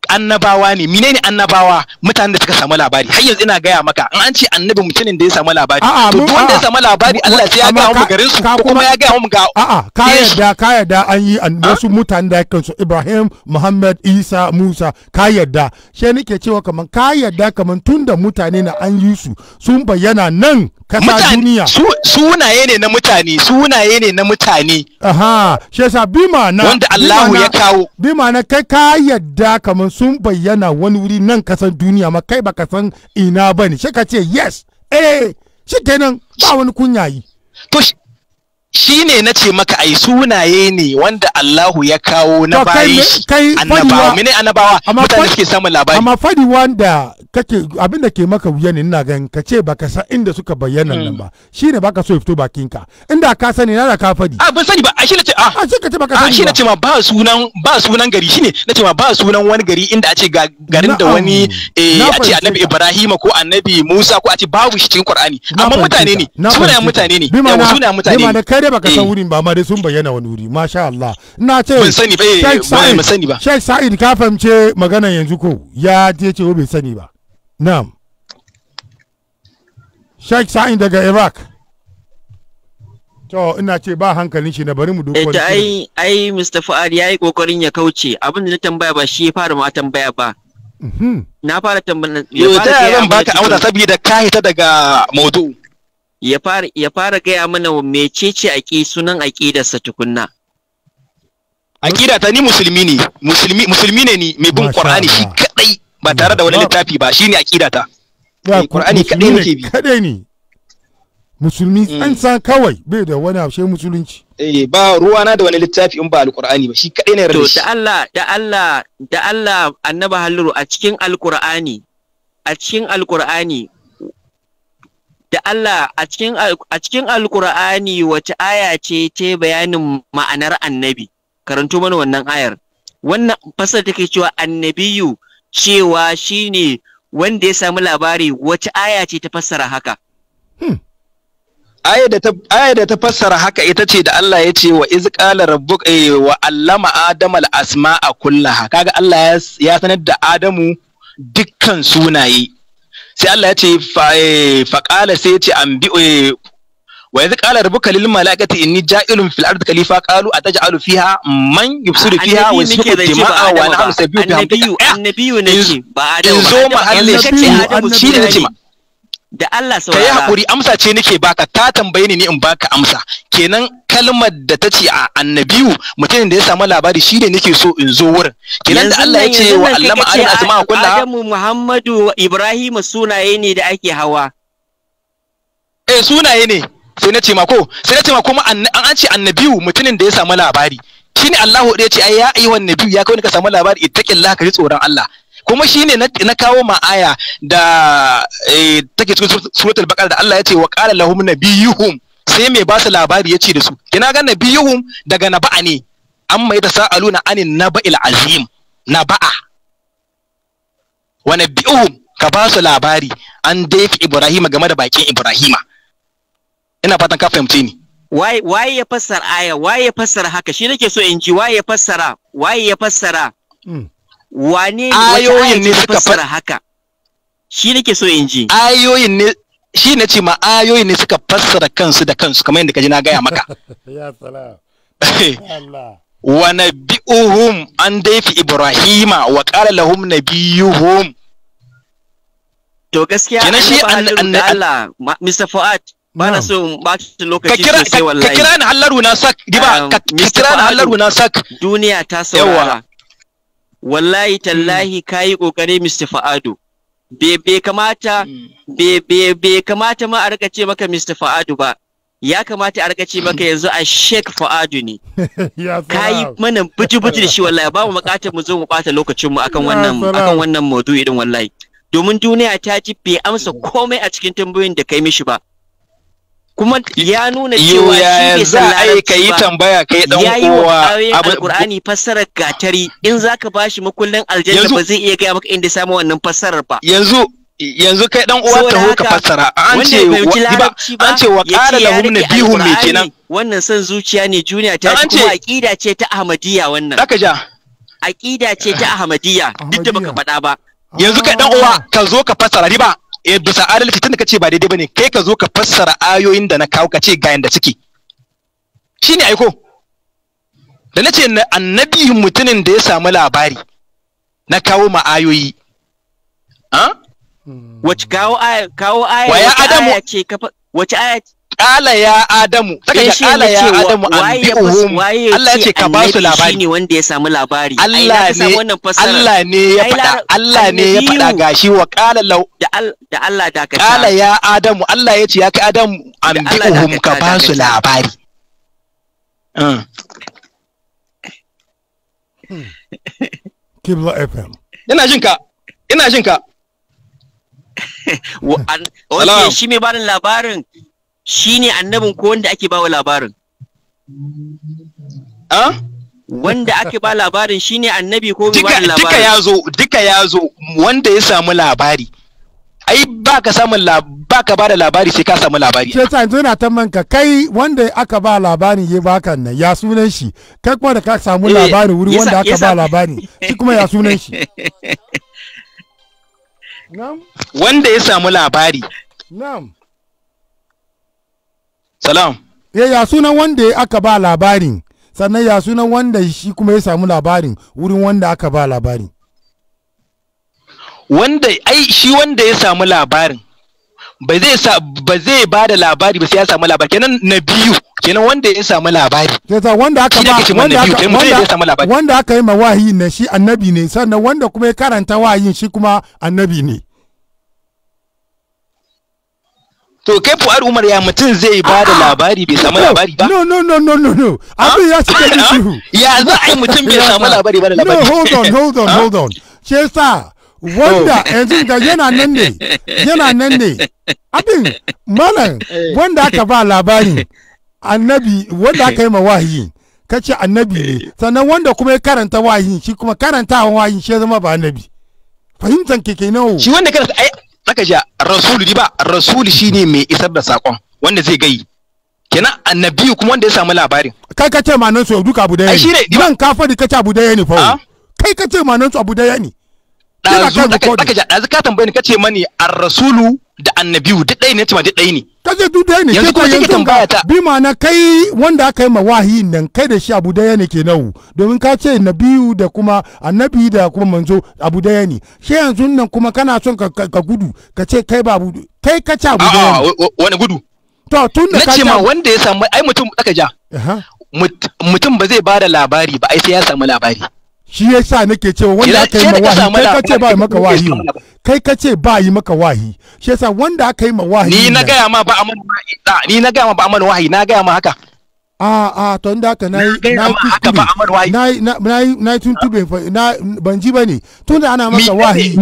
annabawa ne ne annabawa mutanen da suka samu labari har yanzu ina gaya maka in an ce annabi mutumin da ya samu labari to duk wanda ya samu labari Allah sai ya gaya mu garin su kuma ya gaya mu ga a'a ka yarda ka yarda an yi wasu mutanen da kansu Ibrahim Muhammad Isa Musa ka yarda she nake cewa kaman ka yarda kaman tunda mutane na an yi su sun bayyana nan kasa duniya sunaye ne na mutane sunaye ne na mutane aha she yasa bima na wanda Allah ya kawo bima na kai ka yarda kaman sun bayyana wani wuri nan kasan duniya ma kai baka san ina bane shi ka ce yes eh shi kenan ba wani kunya yi shi ne na ce maka ai sunaye ne wanda Allahu ya kawo na bayi annabawa mene annabawa mutane suke samun labari amma fadi wanda kake abin da ke maka wuya ne ina gan ka ce baka san inda suka bayyana nan hmm. ba shine baka so ya fito bakin ka inda ka sani na da ka fadi a ah, ban sani ba a ah, shi nace a ah. a shi ka ce baka sani a shi ma ba sunan ba sunan gari na ce ma ba sunan wani gari inda a ce garin da wani eh, a ce annabi Ibrahim ko annabi Musa ko a ce babu shi cikin Qur'ani amma mutane ne sunayen mutane ne sunayen mutane ne dai baka san eh. wurin ba ma dai sun bayyana wani wuri masha Allah ina ce ban sani ba eh, ban sani ba Sheikh Sa'id ka fahimce magana yanzu ko ya je ce oh, bai sani ba na'am Sheikh Sa'id daga Iraq To ina ce ba hankalin shi na bari mu duk eh, wani. ai ai Mr. Fuad yayi kokarin ya kauce abin da na tambaya ba shi ya fara ma tambaya ba. Mhm. Na fara tambayar Yo ta zan baka auna saboda ka hita daga maudu'u. ya fara ya fara gaya mana mecece aqi sunan aqidarsa tukunna aqida ta ni musulmi ne musulmi musulmi ne ni mai bin ƙur'ani shi kadai ba tare da wani littafi ba shi ne ta eh, qur'ani kadai nake ne musulmi mm. an san kawai bai da wani abu musulunci eh ba ruwa na da wani littafi in ba Alƙur'ani ba shi kadai ne to da Allah da Allah da Allah annabi halluru a cikin Alƙur'ani. a cikin alqur'ani da Allah a cikin alkur'ani wace aya ce ce bayanin ma'anar annabi karanto mana wannan ayar wannan fasar take cewa annabiyu cewa shine wanda ya samu labari wace aya ce ta fassara haka hmm. aya da ta fassara haka ita ce da Allah ya ce wa iz qala rabbuk eh, wa allama adama al asma'a kullaha kaga Allah ya sanar da Adamu dukkan sunaye sai Allah ya ce faƙala eh, sai ya ce an bi eh, wa yanzu ƙala rabbuka lil mala'ikati inni ja'ilun fil ardi khalifa qalu ataj'alu fiha man yufsidu fiha wa yasfiku dima'a wa nahnu sabbihu bi hamdika eh, annabiyu nake ba adam ba zo mahallin shi ne nake ma da Allah saurara kai hakuri amsa ce nake baka ta tambaye ni in baka amsa kenan kalmar da ta ce a annabiyu mutumin da ya samu labari shi ne nake so in zo wurin kenan da Allah ya ce wa allama adam asma kullu adamu muhammadu ibrahim sunaye ne da ake hawa eh sunaye ne sai na ce ma ko sai na ce ma kuma an ce annabiyu mutumin da ya samu labari shine Allahu ya ce ai ya ayyuhan nabiyyu ya kai ka samu labari ittaqillaha ka ji tsoron Allah kuma shine na kawo ma aya da eh, take cikin suratul baqara da Allah ya ce wa qala lahum nabiyuhum sai mai ba su labari ya ce da su kina ganna biyuhum daga naba'a ne an mai da sa'aluna anin naba'il azim naba'a wa biyuhum ka ba su labari an daifi ibrahima game da bakin ibrahima ina fatan ka fahimce ni waye waye ya fassara aya waye ya fassara haka shi nake so in ji waye ya fassara waye ya fassara hmm. wane ayoyin ne suka fassara haka shi nake so in ji ayoyin ne shi na ce ma'ayoyi ne suka fassara kansu da kansu kamar yadda kaji na gaya maka (laughs) eh. wa nabi'uhum an daifi ibrahima wa qala lahum nabiyuhum to gaskiya Kina shi Allah Mr Fuad ba na so ɓata lokaci sosai wallahi ka kira ni hallaru na sak diba ka kira ni hallaru na sak duniya ta saurara wallahi tallahi kayi kokari Mr Fuadu bebe kamata hmm. kamata ma a rika ce maka Mr. Fa'adu ba ya kamata a rika ce maka hmm. yanzu a Sheikh Fa'adu ne (laughs) Ka yi mana buji-buji da shi wallahi ba mu bukatar mu zo mu bata lokacin mu akan wannan akan wannan wallahi domin duniya ta ji bai amsa komai a cikin tambayoyin da ka yi mishi ba kuma ya nuna cewa shi bai san larabci ba tambaya kai dan uwa yayi wa ayoyin alqur'ani fassarar gatari in zaka bashi makullin aljanna ba zai iya gaya maka inda samu wannan fassarar ba yanzu yanzu kai dan uwa ta hoka fassara an ce an ce wa qala lahum nabihu me kenan wannan san zuciya ne Juniya ta kuma aqida ce ta ahmadiyya wannan zaka ja aqida ce ta ahmadiyya duk da baka faɗa ba ah, yanzu kai dan uwa ka zo ka fassara riba eh bisa adalci da kace ba daidai bane kai ka zo ka fassara ayoyin da na kawo kace ga yanda suke shine aiko da nace annabi mutumin da ya samu labari na kawo ma ayoyi ah wace kawo aya kawo aya wace aya ce wace aya kala ya adamu daga kala ya adamu an bi'uhum Allah ya ce ka ba su labari shine wanda ya samu labari Allah ne Allah ne ya faɗa Allah ne ya faɗa gashi wa kala law da Allah da ka kala ya adamu Allah ya ce ya kai adamu an bi'uhum ka ba su labari hmm. Kibla FM. Ina jin ka. Ina jin ka. (laughs) Wa Wannan shi mai bada labarin Shi ne annabin ko wanda ake bawa labarin a ah? wanda ake ba labarin shi ne annabi ko mai ba labarin duka yazo duka zo wanda ya samu labari ai ba ka samun ba ka ba da labari sai ka samu labari ke ta yanzu na ta manka kai wanda aka ba labari ya ka nan ya sunan shi kai kuma da ka samu eh, labari wuri wanda aka ba labari shi kuma ya sunan shi (laughs) wanda ya samu labari na'am salam ya ya sunan wanda aka ba labarin sannan ya sunan wanda shi kuma ya samu labarin wurin wanda aka ba labarin wanda ai shi wanda ya samu labarin ba zai sa ba zai ba da labari ba sai ya samu labari kenan na biyu kenan wanda ya samu labari yasa wanda aka ba wanda aka wanda aka yi ma wahayi ne shi annabi ne sannan wanda kuma ya karanta wahayin shi kuma annabi ne to kai fu'ad umar ya mutum zai ba da labari bai samu labari ba no no no no no no abin ya cika ah, ah, ihu ah. ya za a yi mutum bai samu labari ba da labari no hold on hold on hold on ce sa wanda oh. yanzu ga yana nan ne yana nan ne abin malam wanda aka ba labari annabi wanda aka yi ma wahayi kace annabi ne sannan wanda kuma ya karanta wahayi shi kuma karanta wahayi shi zama ba annabi fahimtan keke nawa? shi wanda karanta ai aka ja rasulu ba rasulu shine mai isar da sakon wanda zai gai kenan annabi kuma wanda ya samu labarin kai ka ce manan su duka abu daya ne ban ka fadi ka abu daya ne fa ah? kai ka ce manan su abu daya ne dazu aka ja dazu ka tambaye ni ka ce mani ar-rasulu da annabiyu duk ɗaya ne ta duk ɗaya ne kaje duk ɗaya ne yanzu kuma yanzu tambaya ta bi ma'ana kai wanda aka yi mawahi nan kai da shi abu daya ne ke nawu domin ka ce nabiyu da kuma annabi da kuma manzo abu daya ne shi yanzu nan kuma kana son ka, gudu ka ce kai ba abu kai ka ce abu daya ne wani gudu to tun da ka ce ma wanda ya samu ai mutum ɗaka ja mutum ba zai ba da labari ba ai sai ya samu labari shi ya sa nake cewa wanda aka yi mawahi kai ka ce ba yi maka wahi kai ka ce ba yi maka wahi shi ya sa wanda aka yi mawahi ah, ni na gaya ma ba da ni na gaya ma ba mana wahi na gaya ma haka a ah, a ah, to inda haka na yi na yi na yi na yi tuntube ban ji ba ne tun da ana maka wahi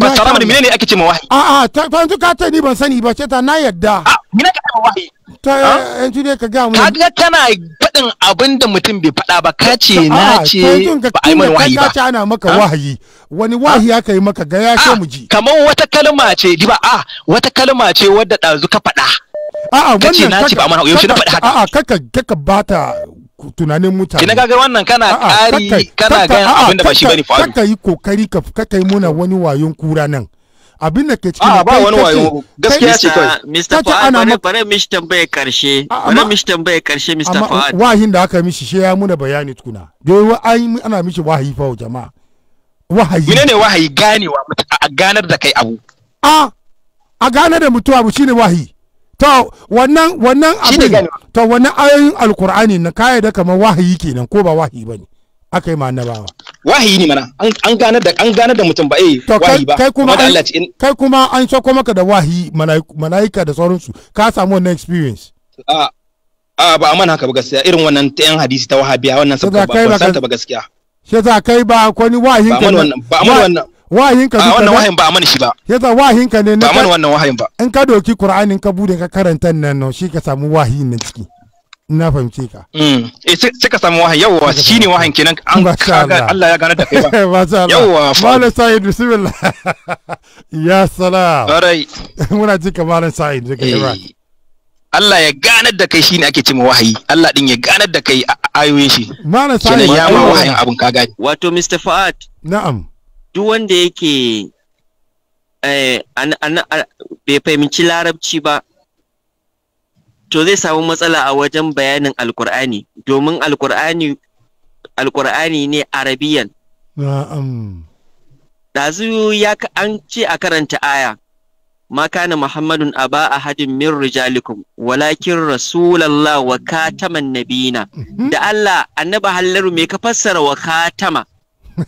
ba tsara mini ne ake ce ma wahi a a ta ka ce ni ban sani ba ce ta na yadda ni na gaya ma wahi ta ah? eh, ka kana faɗin abin da mutum bai faɗa ba ka ce ah, ba a yi ba kamar wata kalma ce di a ah, wata kalma ce wadda ɗazu ka faɗa a'a wannan na ce ba kaka bata tunanin mutane kina wannan kana kari kana abin da ba bane faru yi kokari ka kaka yi muna wani wayon kura nan abin da ke cikin a ah, ba wani wayo gaskiya ce kai Mr. Fa'ad bare mishi tambaye karshe bare mishi tambaye karshe Mr. Fa'ad wahin da aka mishi shi ya muna bayani tukuna dai ana mishi wahayi fa jama'a wahayi ne wahayi ganewa a ganar da kai abu a a ganar da mutuwa abu shine wahayi to wannan wannan abin to wannan ayoyin Alqur'ani na kai da kamar wahayi kenan ko ba wahayi bane aka yi ma annabawa wahayi ne mana an gane da an gane da mutum ba eh wahayi ba kai kuma kai kuma an sako maka da wahayi malaika da sauransu ka samu wannan experience a a ba amana haka ba gaskiya irin wannan ta yan hadisi ta wahabiya wannan sabon ba san ta ba gaskiya shi za kai ba ko ni wahayin ka ba amana wannan wahayin ka a wannan wahayin ba amana shi ba shi za wahayin ka ne ba amana wannan wahayin ba in ka doki qur'anin ka bude ka karanta nan shi ka samu wahayin nan ciki na fahimce ka mm. eh, sai ka samu yawwa shi shine wahayi kenan an kaga Allah ya gane da kai ba (laughs) yawwa fa. malam sa'id bismillah (laughs) ya salam barai (laughs) muna ji ka malam sa'id daga ba. Eh. Allah ya gane da kai shine ake cewa wahayi Allah din ya gane da kai a ayoyin shi malam sa'id kenan ya ma wahayin abun ka gani. wato Mr Fa'ad na'am duk wanda yake eh bai fahimci larabci ba to zai samu matsala a wajen bayanin alkur'ani domin alkur'ani alkur'ani ne arabiyan na'am dazu ya an ce a karanta aya ma kana muhammadun aba ahadin min rijalikum walakin rasulallah wa kataman nabiyina mhm. da Allah annaba hallaru me ka fassara wa katama (laughs)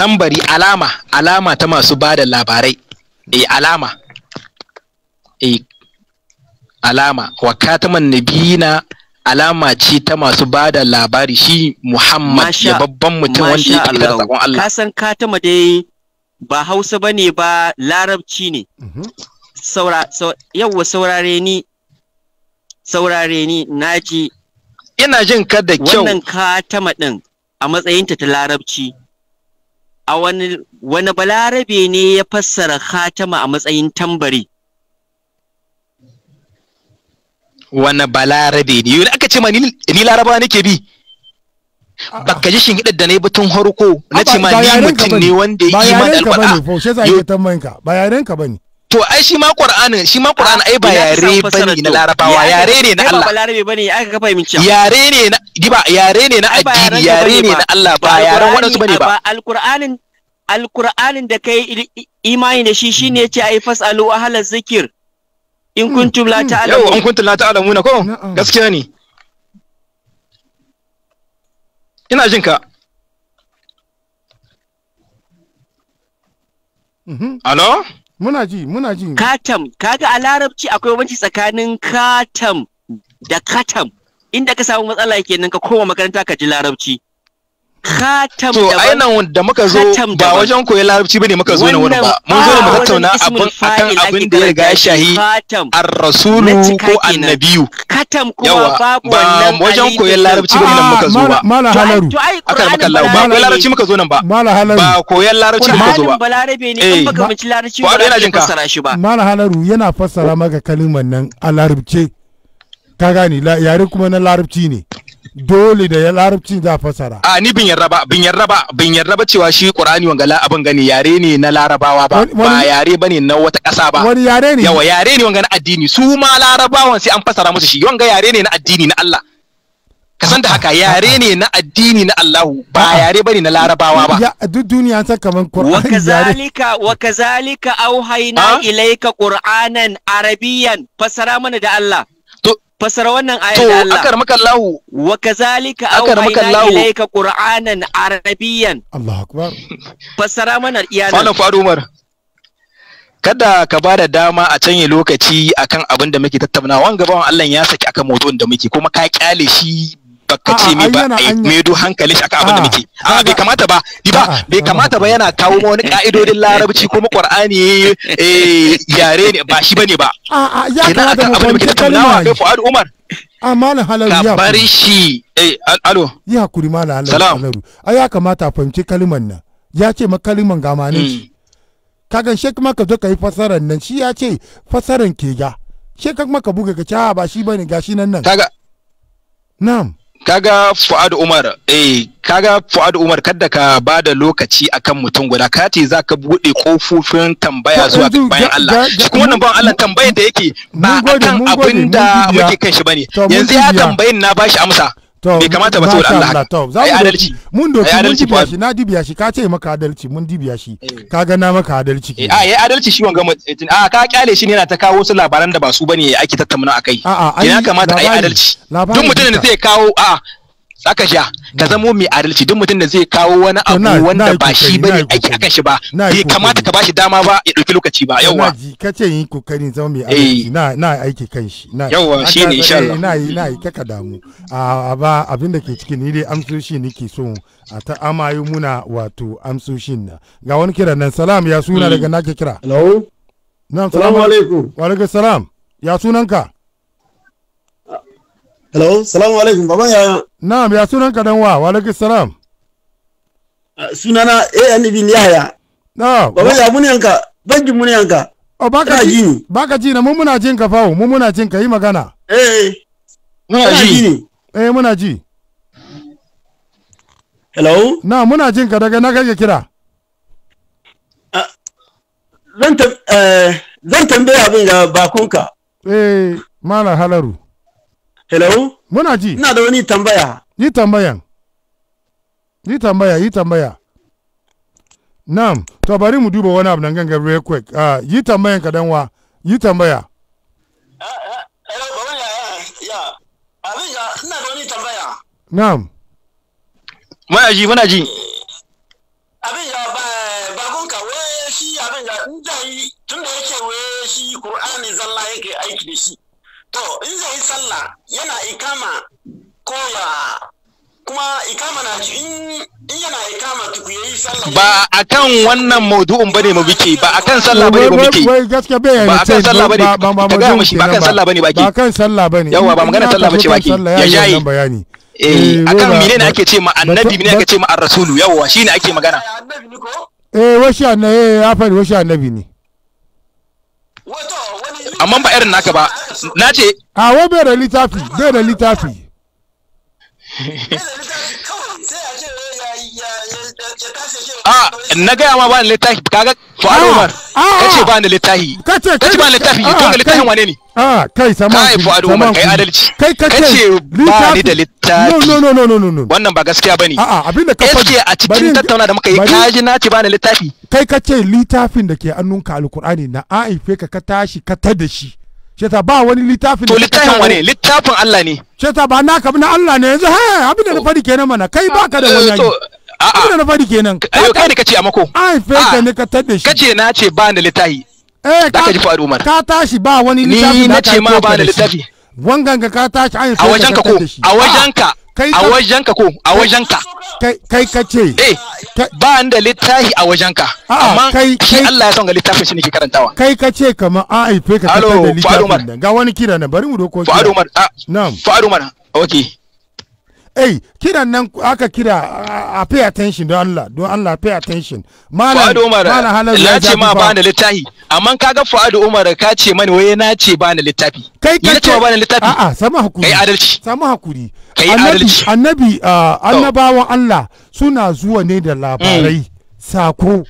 tambari alama alama ta masu ba da labarai eh alama eh alama wa kataman nabiyina alama ce ta masu ba da labari shi Muhammad ya babban mutum wanda yake da sakon Allah. Ka san katama dai ba Hausa ba ne ba Larabci ne. Mhm. Saura, yawwa saurare ni, saurare ni naji. Ina jin ka da kyau. Wannan katama ɗin a matsayinta ta Larabci. A wani, wani balarabe ne ya fassara katama a matsayin tambari. wani balarabe ne yau aka ce ma ni laraba nake bi baka ji shin da na yi batun harko na ce ma ni mutum ne wanda ya yi iman alfaɗa ba yaren ka bane to ai shi ma qur'anin shi ma qur'an ai ba yare bane na larabawa yare ne na Allah ba larabe yare ne na giba yare ne na addini yare ne na Allah ba yaren wadansu bane ba alqur'anin alqur'anin da kai imani da shi shine yace ai fasalu ahla zikir in mm. kuntum la mm. ta yau in kuntum la ta'lamuna ko gaskiya ne ina jin ka mm-hmm. alo muna ji muna ji katam kaga a larabci akwai wanci tsakanin katam da katam inda ka samu matsala kenan ka koma makaranta ka ji larabci khatam to ai nan da muka zo ba wajen koyi larabci bane muka zo na wani ba mun zo mu tattauna abin akan abin da ya ga shahi ar-rasulu ko annabiyu khatam kuma babu wannan ba wajen koyi larabci bane nan muka zo ah, ba mala halaru akan muka lawo ba koyi larabci muka zo nan ba mala halaru ba koyi larabci muka zo ba balarabe ne in eh. baka muci larabci ba yana jin ka mala halaru yana fassara maka kalmar nan a larabce ka gani yare kuma na larabci ne dole da ya larabci za fasara a ni bin yarraba bin yarraba bin yarraba cewa shi qur'ani wangala abin gani yare ne na larabawa ba ba yare bane na wata ƙasa ba wani yare ne yawa yare ne na addini su ma larabawan sai an fasara musu shi wanga yare ne na addini na Allah ka san da haka yare ne na addini na Allahu ba yare bane na larabawa ba ya duk duniya san kaman qur'ani wa kazalika wa kazalika auhayna ilayka qur'anan Arabiyan, fasara mana da Allah fasara wannan ayar da Allah. To akar maka lahu. Wa kazalika auhayna ilayka Qur'anan Arabiyyan. Allahu akbar. Fasara mana iyana. Malam Faru Umar. Kada ka ba da dama a canye lokaci akan abin da muke tattaunawa. Wanga bawan Allah ya saki akan maudu'in da muke kuma ka kyale shi baka ce mi ba me do hankali shi akan abin da muke a bai kamata ba di ba bai kamata ba yana kawo ma wani ka'idodin larabci kuma qur'ani eh, yare ne ba shi bane ba a ya kamata abin da muke tattaunawa kai fuad umar a ah, malam halalu ya bari shi eh alo yi hakuri malam halalu a ya kamata fahimci kaliman nan ya ce ma kalmar gamanin hmm. kagan shi kuma ka zo ka yi fasarar nan shi ya ce fasarar ke ga shi kuma ka buga ka ci ba shi bane gashi nan nan kaga na'am kaga Fuad Umar eh kaga Fuad Umar kada ka ba da lokaci akan mutum guda ka ce za ka buɗe kofofin tambaya zuwa bayan Allah shi kuma wannan bayan Allah tambayar da yake ba akan abin da muke kan shi bane yanzu ya tambayin na bashi amsa bai kamata ba saboda Allah to za mu adalci mun doki mun dibiya shi na dibiya shi ka ce maka adalci mun dibiya shi eh. ka ga na maka adalci eh a ah, yayi adalci shi wanga mutin eh, a ah, ka kyale shi ne yana ta kawo su labaran da ba su bane ake tattauna akai a a ya ayi adalci duk mutum da zai kawo a ah, aka sha ka zamo mai adalci duk mutum da zai kawo wani abu wanda ba shi bane aiki aka shi ba bai kamata ka ba shi dama ba ya dauki lokaci ba yawa ka ce yin kokari zama mai adalci eh. na na aiki kan shi na yawa shine insha Allah eh, na yi na yi kaka damu a ba abin da ke cikin ni dai amsoshi nake so a ta amayu muna wato amsoshin na ga wani kira nan salam ya suna hmm. daga nake kira hello na'am salamu alaikum wa alaikum salam ya sunanka Hello, salamu alaikum, baban ya. Na'am, ya sunan kadan wa, wa alaikum salam. Ah, sunana AN Ibn Yahya. Na'am. Baban ya mun yanka, banki mun yanka. O oh, baka ji, baka ji na mun muna jin ka fawo, mun muna jin ka yi magana. Eh. Muna ji. Eh, muna ji. Hello? Na muna jin ka daga na kake kira. Ah, eh, zan tambaya abin ga bakonka. Eh, mana halaru. Hello? Muna ji. Ina da wani tambaya. Yi tambayan. Yi tambaya, yi tambaya. Nam, to bari mu duba wani abu nan ganga real quick. Uh, yi tambayan ka danwa, yi tambaya. Ah, ah, abin ga, ina da wani tambaya. Na'am. Muna ji, muna ji. Abin ga ka wai shi abin ga, tun da yake wai shi Qur'ani zalla yake aiki da shi. to in zai yi sallah yana ikama ko ya kuma ikama na in yana ikama tuku yayi sallah ba a kan wannan maudu'un bane mu biki ba a kan sallah bane mu bike wai gaskiya bai ba sallah bane kan ga ba sallah bane ba ba kan sallah bane ba magana sallah bace ba ki ya jayi eh, eh kan mine ne ake ce ma annabi mine ake ce ma ar-rasulu yawa shine ake magana eh wasu annabi eh, ya faɗi wasu annabi ne wato amma ba irin naka ba na ce a ah, wai bai da littafi bai da littafi a ah, na gaya ma ba ni littafi kaga fuad umar ah, ce ba ni littafi ce ba ni littafi to ga littafin wane ne a kai sama kai fuad umar kai adalci ce ba ni da littafi littafi no wannan ba gaskiya bane a'a abin da ka faɗi a cikin tattauna da muka yi kaji na ci bani littafi kai ka ce littafin da ke hannunka alkur'ani na aife ka ka tashi ka ta da shi sheta ba wani littafin to littafin wani littafin Allah ne sheta ba naka na Allah ne yanzu ha abin da na faɗi kenan mana kai baka da wani eh, abin da na faɗi kenan kai ne ka ce a mako aife ka ne ka ta da shi kace na ce ba ni littafi eh ka ji faɗo mana ka tashi ba wani littafi ni na ce ma ba ni littafi wangan ga ka tashi an a wajenka ka ko a wajenka ah, kai a wajenka ko a wajenka kai kai ka ce eh ba da littafi a wajenka ah, amma kai shi Allah ya son ga littafin shi ne ke karantawa kai ka ce kamar a haife ka kasar da littafin nan ga wani kira na bari mu doko shi Fuad Umar ah, na'am Fuad Umar okay eh kiran nan aka kira a pay attention don Allah don Allah pay attention malam malam halar ya ce ma ba da littafi amma kaga fa'adu Umar ka ce mani wai na ce ba ni littafi kai ka ce ba ni littafi a'a samu hakuri kai adalci samu hakuri kai adalci annabi uh, annabawan Allah suna zuwa ne da labarai mm. sako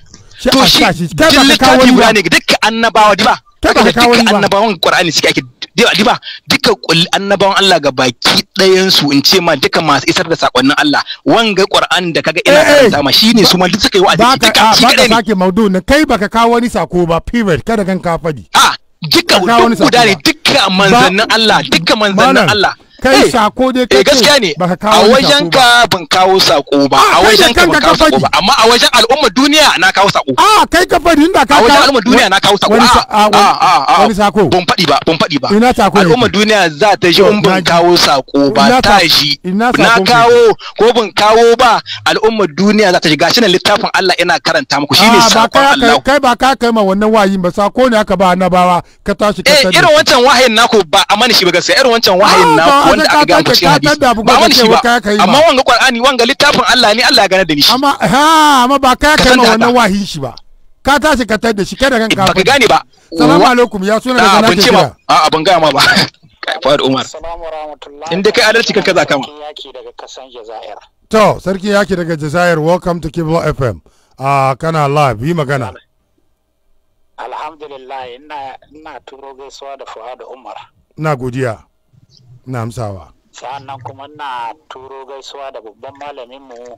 shi a shi kai ba ka kawo ne ba dukkan annabawa diba kai ba ka kawo ni ba annabawan Qur'ani suke ake diba duka annabawan Allah ga baki ɗayan su in ce ma duka masu isar da sakonnin Allah wanga Qur'an da kaga ina eh, eh. karanta ma shine su ma duk suka yi wa'azi duka shi ah, kadai ne baka sake maudu ne kai baka kawo wani sako ba period kada kan ka fadi a duka guda ne duka manzannin Allah duka manzannin Allah kai eh, sako dai kai eh, gaskiya ne a wajen ka ban kawo sako ba a wajen ka ban kawo sako ba amma a wajen al'umma duniya na kawo sako a ah, kai ka fadi inda ka a wajen al'umma duniya na kawo sako a a ah, ah, wani sako bon fadi ba bon fadi ba ina sako al'umma duniya za ta ji in ban kawo sako ba ta ji na kawo ko ban kawo ba al'umma duniya za ta ji gashi nan littafin Allah ina karanta muku shine sako Allah kai ba ka kai ma wannan wayin ba sako ne aka ba annabawa ka tashi ka eh, sani eh irin wancan wahayin nako ba amana shi ba gaskiya irin wancan wahayin nako wanda aka ga mutum hadisi ba wani shi ba amma wanga qur'ani wanga littafin Allah ne Allah ya gane da ni shi amma ha amma ba kai kai ma wannan wahin shi ba ka tashi ka tar da shi kada kanka ba ka gane ba salamu alaikum ya suna da nake kira a abun ga ma ba (laughs) kai fa Umar in dai kai adalci kanka za kama to sarki yaki daga Jazair welcome to Kibla FM a ah, kana live yi magana alhamdulillah ina ina turo gaisuwa da Fuad Umar na godiya na amsawa sa'annan kuma na turo gaisuwa da babban malamin mu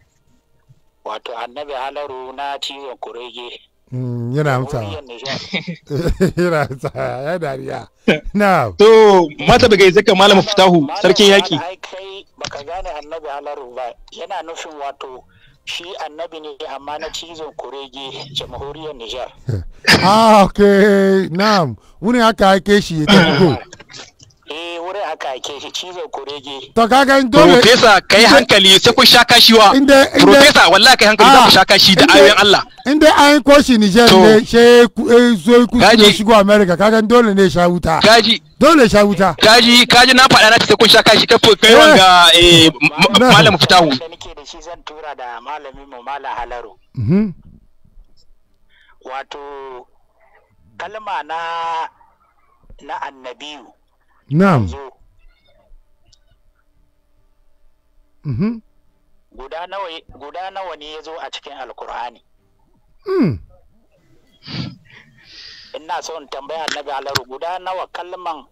wato annabi halaru na cizon kurege mm, yana amsawa (laughs) yana amsawa ya dariya na to mata daga zaka malam fitahu sarkin yaki kai baka gane annabi halaru ba yana nufin wato shi annabi ne amma na cizon kurege jamhuriyar Nijar. (laughs) ah ok na wuni aka haike shi ya tafi eh wurin haka ake shi cizon kurege to kaga in dole profesa kai hankali sai kun sha kashiwa inda profesa wallahi kai hankali za ku sha ah, kashi da ayoyin Allah Inde ayin koshi Niger ne ku eh, zo ku shigo America kaga dole ne sha wuta kaji dole sha wuta kaji kaji na faɗa na sai kun sha kashi kai kai eh. wanga eh malamin fitahu nake da shi zan tura da malamin mu mala halaro mhm. wato kalma na na annabiyu na'am mm-hmm. guda nawa guda nawa ne yazo a cikin alkur'ani mm. ina so in tambaya annabi alaru guda nawa kalman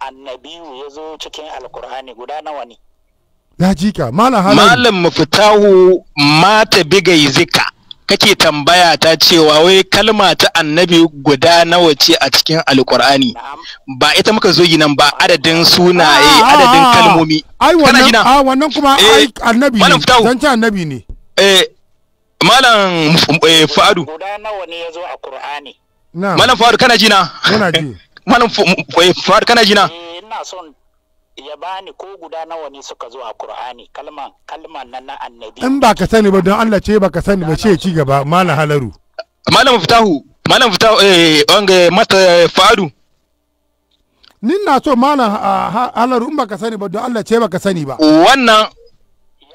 annabiyu ya zo cikin alkur'ani guda nawa ne ya jika malam fitahu mata bigai zika kake tambaya ta cewa wai kalma ta annabi guda nawa ce a cikin alkur'ani ba ita muka zo ginan ba adadin sunaye ah, ah, adadin ah. kalmomi ai wannan a wannan kuma ai eh, annabi ne don ta annabi ne eh malam eh, Fadu. guda nawa ne yazo a qur'ani malam Fadu kana jina kana ji malam fa'adu kana jina (laughs) eh, ina son ya bani ko guda nawa ne suka zo a Qur'ani kalman kalman nan na annabi in ba ka sani ba don Allah ce ba ka sani ba ce ci gaba malam halaru malam fitahu malam fitahu eh onge mata eh, faru nin na so malam ah, halaru in ba ka sani ba don Allah ce ba ka sani ba wannan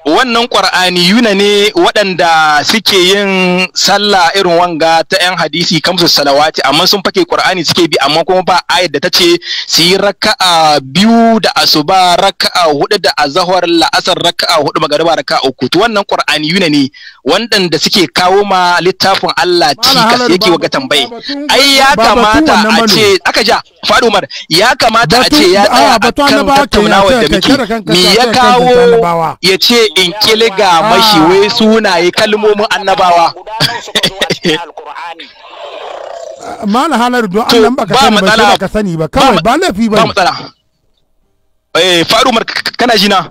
wannan ƙwar'ani yuna ne waɗanda suke yin sallah irin wanga ta 'yan hadisi kamsu salawati amma sun fake ƙwar'ani suke bi amma kuma ba ayat da ta ce su yi raka'a biyu da asuba raka'a hudu da azahar la'asar raka'a hudu magariba raka'a uku to wannan ƙwar'ani yuna ne waɗanda suke kawo ma littafin Allah cikas yake waga tambaye ai ya kamata a ce aka ja faɗo mar ya kamata a ce ya tsaya kan tattaunawar da muke me ya kawo ya ce in kilga mashi wai sunaye kalmomin annabawa na (laughs) halar don Allah baka sani ba baka sani ba kawai ba laifi ba ba matsala eh faru mar kana ji na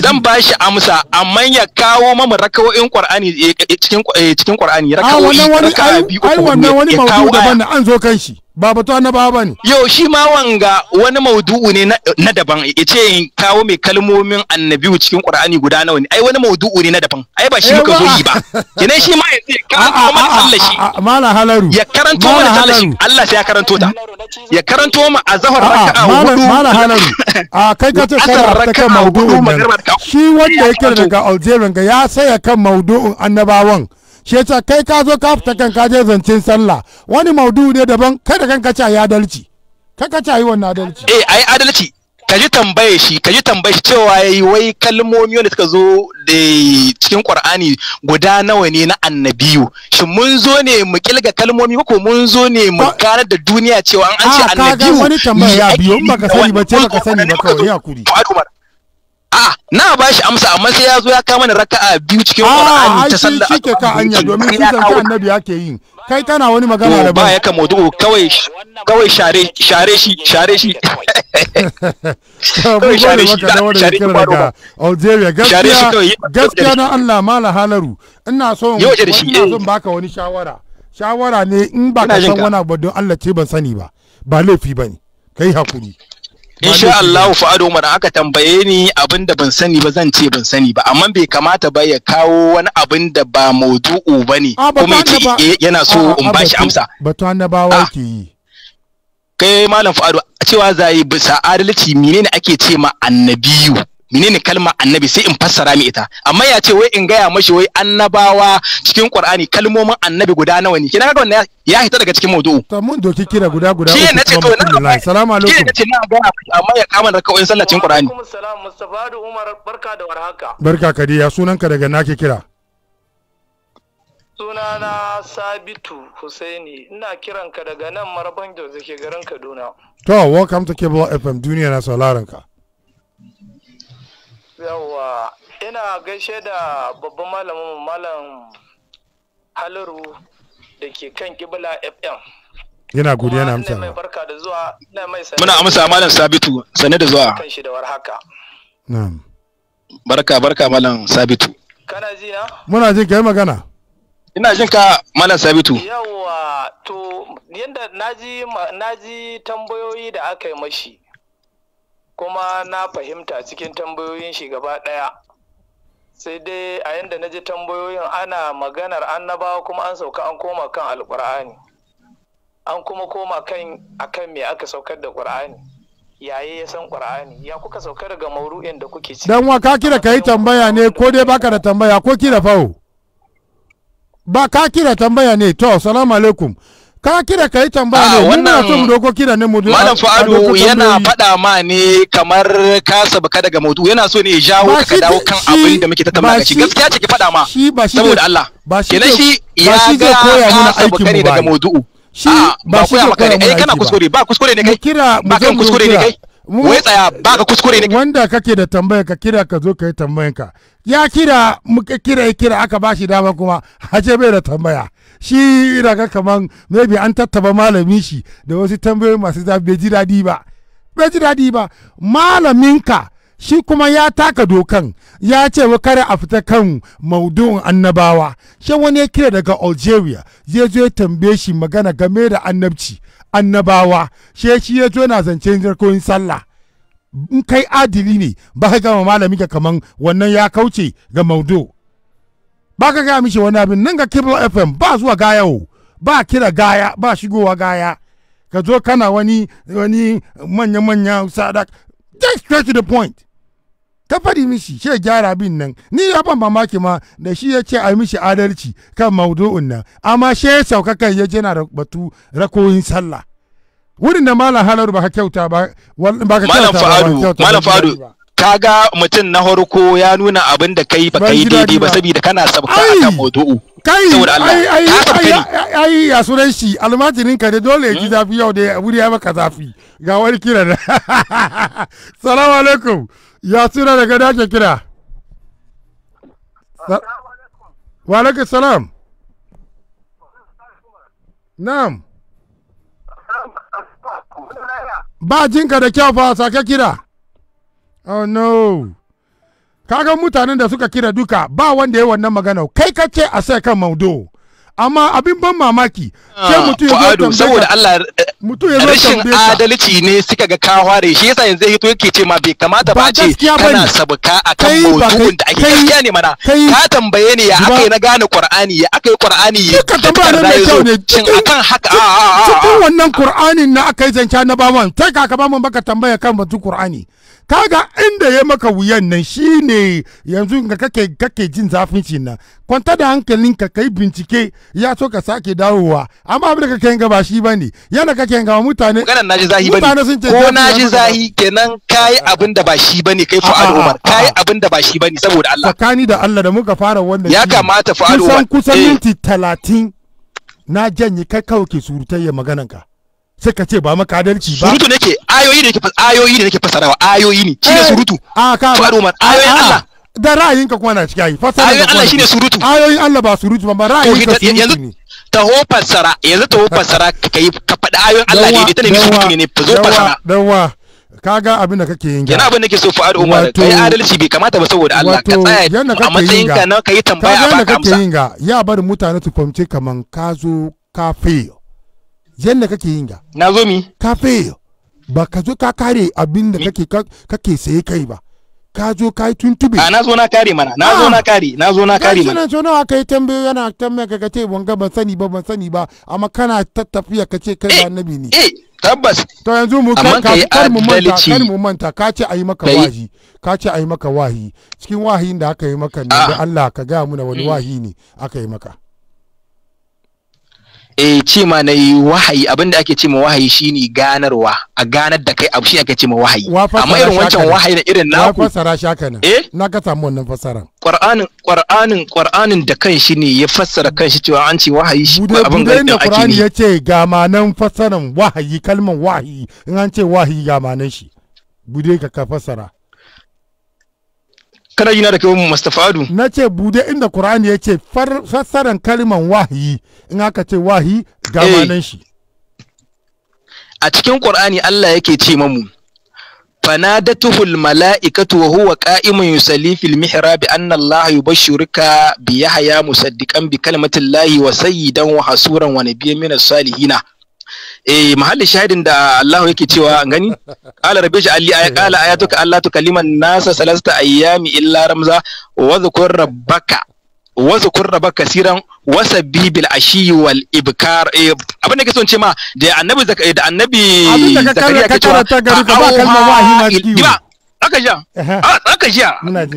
zan ba shi amsa amma ya kawo mamu rakawoyin qur'ani eh, cikin eh, cikin qur'ani ah, rakawoyi ai wannan wani mawdu daban an zo kan shi ba batu annabawa ba ne yo shi ma wanga wani maudu'u ne na daban ya ce in kawo mai kalmomin annabi cikin qur'ani guda nawa ne ai wani maudu'u ne na daban ai ba shi eh, muka zo yi ba kenan shi ma ya ce (laughs) ah, ah, karanto mana sallah ah, shi mala halaru ya karanto mana sallah Allah sai ya karanto ta ya karanto ma a zahar raka'a hudu mala halaru a (laughs) kai ka ce sai ka maudu'u shi wanda yake daga Algeria ga ya saya kan maudu'un annabawan shi kai ka zo ka fita kan ka je zancen sallah wani maudu ne daban kai da kanka ca ya adalci kai ka ca yi wannan adalci eh ai adalci ka ji tambaye shi ka ji tambaye shi cewa yayi wai kalmomi wanda suka zo da cikin Qur'ani guda nawa ne na annabiyu shin mun zo ne mu kilga kalmomi ko mun zo ne mu karar da duniya cewa an ce ah, annabiyu wani tambaya ya biyo baka sani ba ce baka sani ba kawai ya kuri a na ba shi amsa amma sai ya zo ya kama ni raka'a biyu cikin Qur'ani ta sallah shi ke ka anya domin shi kan annabi yake yi kai kana wani magana da ba ya ka maudu kawai kawai share share shi share shi (laughs) (laughs) kawai share shi da shi daga Algeria gaskiya gaskiya na Allah mala halaru ina so wani eh. son baka wani shawara shawara ne in ba ka san wani abu don Allah ce ban sani ba ba laifi bane kai hakuri In insha Allah ado mana aka tambaye ni abin da ban sani ba zan ce ban sani ba amma bai kamata ba ya kawo wani abin da ba maudu'u bane ah, kuma yake eh, yana so ah, in bashi amsa batu annabawa ah. ke yi kai malam Fuad cewa zai bisa adalci menene ake ce ma annabiyu menene kalma annabi sai in fassara mi ita amma ya ce wai in gaya mashi wai annabawa cikin qur'ani kalmomin annabi guda nawa ne kina ga wannan ya hita daga cikin maudu'u to mun doki kira guda guda shi ne ce to na assalamu alaikum shi ne ce na ga amma ya kama da kawai sallah cikin qur'ani assalamu mustafa da umar barka da warhaka barka ka ya sunanka daga nake kira sunana sabitu husaini ina kiranka daga nan marban da ke garin kaduna to welcome to cable fm duniya na sauraron ka Yawwa ina gaishe da babban malamin malam halaru da ke kan kibla fm yana godiya na amsa mai barka da zuwa ina mai sani muna amsa malam sabitu sane da zuwa kan shi da warhaka na'am barka barka malam sabitu kana ji na muna jin kai magana ina jin ka malam sabitu Yawwa to yanda naji naji tambayoyi da aka yi mashi kuma na fahimta cikin tambayoyin shi gaba ɗaya sai dai a yadda na ji tambayoyin ana maganar annabawa kuma an sauka an koma kan alƙur'ani an kuma koma kan akan me aka saukar da ƙur'ani yaye ya san ƙur'ani ya kuka saukar daga mauru'in da kuke ci dan wa ka kira kai tambaya ne ko dai baka da tambaya ko kira fawo ba ka kira tambaya ne to salamu alaikum ka kira ka yi tambaya ah, ne wannan so mu doko kira ne mu malam fa'adu yana faɗa ma ne kamar ka ka daga mutu yana so ne ya jawo ka dawo kan abin da muke tattauna da shi gaskiya ce ki faɗa ma saboda Allah kenan shi ya ga ka sabaka ne daga mutu shi ah, ba ku ya koya ai eh, kana kuskure ba kuskure ne kai kira ba kan kuskure ne kai wai tsaya ba ka kuskure ne wanda kake da tambaya ka kira ka zo ka yi tambayanka ya kira muka kira ya kira aka bashi dama kuma hace bai da tambaya shi ina ga kaman maybe an tattaba malamin shi da wasu tambayoyi masu zafi bai ji daɗi ba bai ji daɗi ba malaminka shi kuma ya taka dokan ya ce wa kare a fita kan maudu'in annabawa shi wani ya kira daga algeria zai zo ya tambaye shi magana game da annabci annabawa shi shi ya zo zance zancen jirgin sallah in kai adili ne ba ka gama malamin ka kaman wannan ya kauce ga maudo. ba ka gaya mishi wani abin nan ga cable fm ba zuwa gaya o ba kira gaya ba shigowa gaya ka zo kana wani manya-manya sadak just straight to the point ta faɗi mishi shi ya gyara bin nan ni ya ban mamaki ma da shi ya ce a mishi adalci kan maudu'un nan amma shi ya sauka kan ya jana batu rakoyin sallah wurin da malam halaru ba ka kyauta ba ba ka kyauta ba ka malam fa'adu kaga mutum na harko ya nuna abin da kai ba kai daidai ba saboda kana sabka akan mudu'u kai ai ai ya sunan shi almajirin ka da dole ji hmm? zafi yau da wuri ya maka zafi ga wani kira da (laughs) salamu alaikum ya suna daga dake kira wa alaikum salam na'am ba jinka da kyau fa sake kira Oh no. Kaga mutanen da suka kira duka ba wanda ya wannan magana kai kace a sai kan maudo. amma abin ban mamaki sai ah, mutum ya zo tambaya saboda Allah mutum ya zo rashin adalci ne suka ga ka ware shi yasa yanzu hito yake ce ma bai kamata ba ce kana sabuka akan mawdu'in da ake gaskiya ne mana ka tambaye ni ya aka yi na gane Qur'ani ya aka yi Qur'ani ya ka tambaya ne mai kyau ne Cin akan haka cikin ah, ah, wannan Qur'anin na aka yi zanca na bawan sai ka ka bamu baka tambaya kan batun Qur'ani kaga inda ya maka wuyan nan shine yanzu ga kake kake jin zafin shi nan kwanta da hankalinka kai bincike ya so ka sake dawowa amma abin da kake ga ba shi bane yana kake ga mutane maganar naji zahi bane ko naji zahi kenan kai abin da ba shi bane kai Fuad Umar kai abin da ba shi bane saboda Allah tsakani da Allah da muka fara wannan ya kamata Fuad Umar kusan kusan eh. minti 30 na janye kai kawai ke surutayya ya ka sai ka ce ba maka adalci ba surutu nake ayoyi ne nake ayoyi da nake fasarawa ayoyi ne shine eh, surutu a ka ba man ayoyin Allah da ra'ayin ka kuma na cikin fasara ayoyin Allah shine surutu ayoyin Allah ba surutu ba ra'ayin ka yanzu ne taho fasara yanzu taho fasara ka yi ka faɗi ayoyin Allah ne ta nemi surutu ne zo fassara danwa kaga abin da kake yin ga yana abin da ke so fa'ad umar kai adalci bai kamata ba saboda Allah ka tsaya a matsayin ka na kai tambaya a baka amsa kaga yin ga ya bari mutane su fahimce kaman ka zo ka fail yadda kake yin ga na zo mi ka fail ba ka zo ka kare abin da kake kake saye kai ba ka zo ka yi tuntube a na zo na kare mana na zo na ah! kare na zo na kare mana so nawa kai tambayo yana tambaya ka ce ban ga ban sani ba ban sani ba amma kana tattafiya ka ce kai eh, ba annabi ne eh tabbas to yanzu mu ka kar mu manta kar mu manta ka ce ayi maka wahi ka ce ayi maka wahi cikin wahin da aka yi maka ne ah. da Allah ka ga mu wani mm. wahi ne aka yi maka eh ce ma na yi wahayi abinda ake ce ma wahayi shine ganarwa a ganar da kai abu shi ake ce ma wahayi amma irin wancan wahayi na irin naku na fasara shaka ne eh na ka samu wannan fasara qur'anin qur'anin qur'anin da kan shi ne ya fassara kan shi cewa an ce wahayi shi abin da ake ne qur'ani yace ga manan fasaran wahayi kalman wahayi in an ce wahayi ga manan shi bude ka ka fasara kana yi na da kawai Mustapha Adu na ce bude inda ya ce fassaran kalman wahiyi in aka ce wahi ga eh. manan shi a cikin Qur'ani Allah yake ce mamu فنادته الملائكة وهو قائم يصلي في المحراب أن الله يبشرك بيحيى مصدقا بكلمة الله وسيدا وحسورا ونبيا من الصالحين eh mahallin shahidin da Allah yake cewa an gani qala rabbi Ali, ay qala ayatuka Allah tukalliman nasa salasta ayyami illa ramza wa zkur rabbaka wa zkur rabbaka siran wa sabbi bil ashi wal ibkar eh, abin da ke son ce ma da annabi da annabi zakariya ke cewa ta gari ba kalma wahima ba aka ja aka ja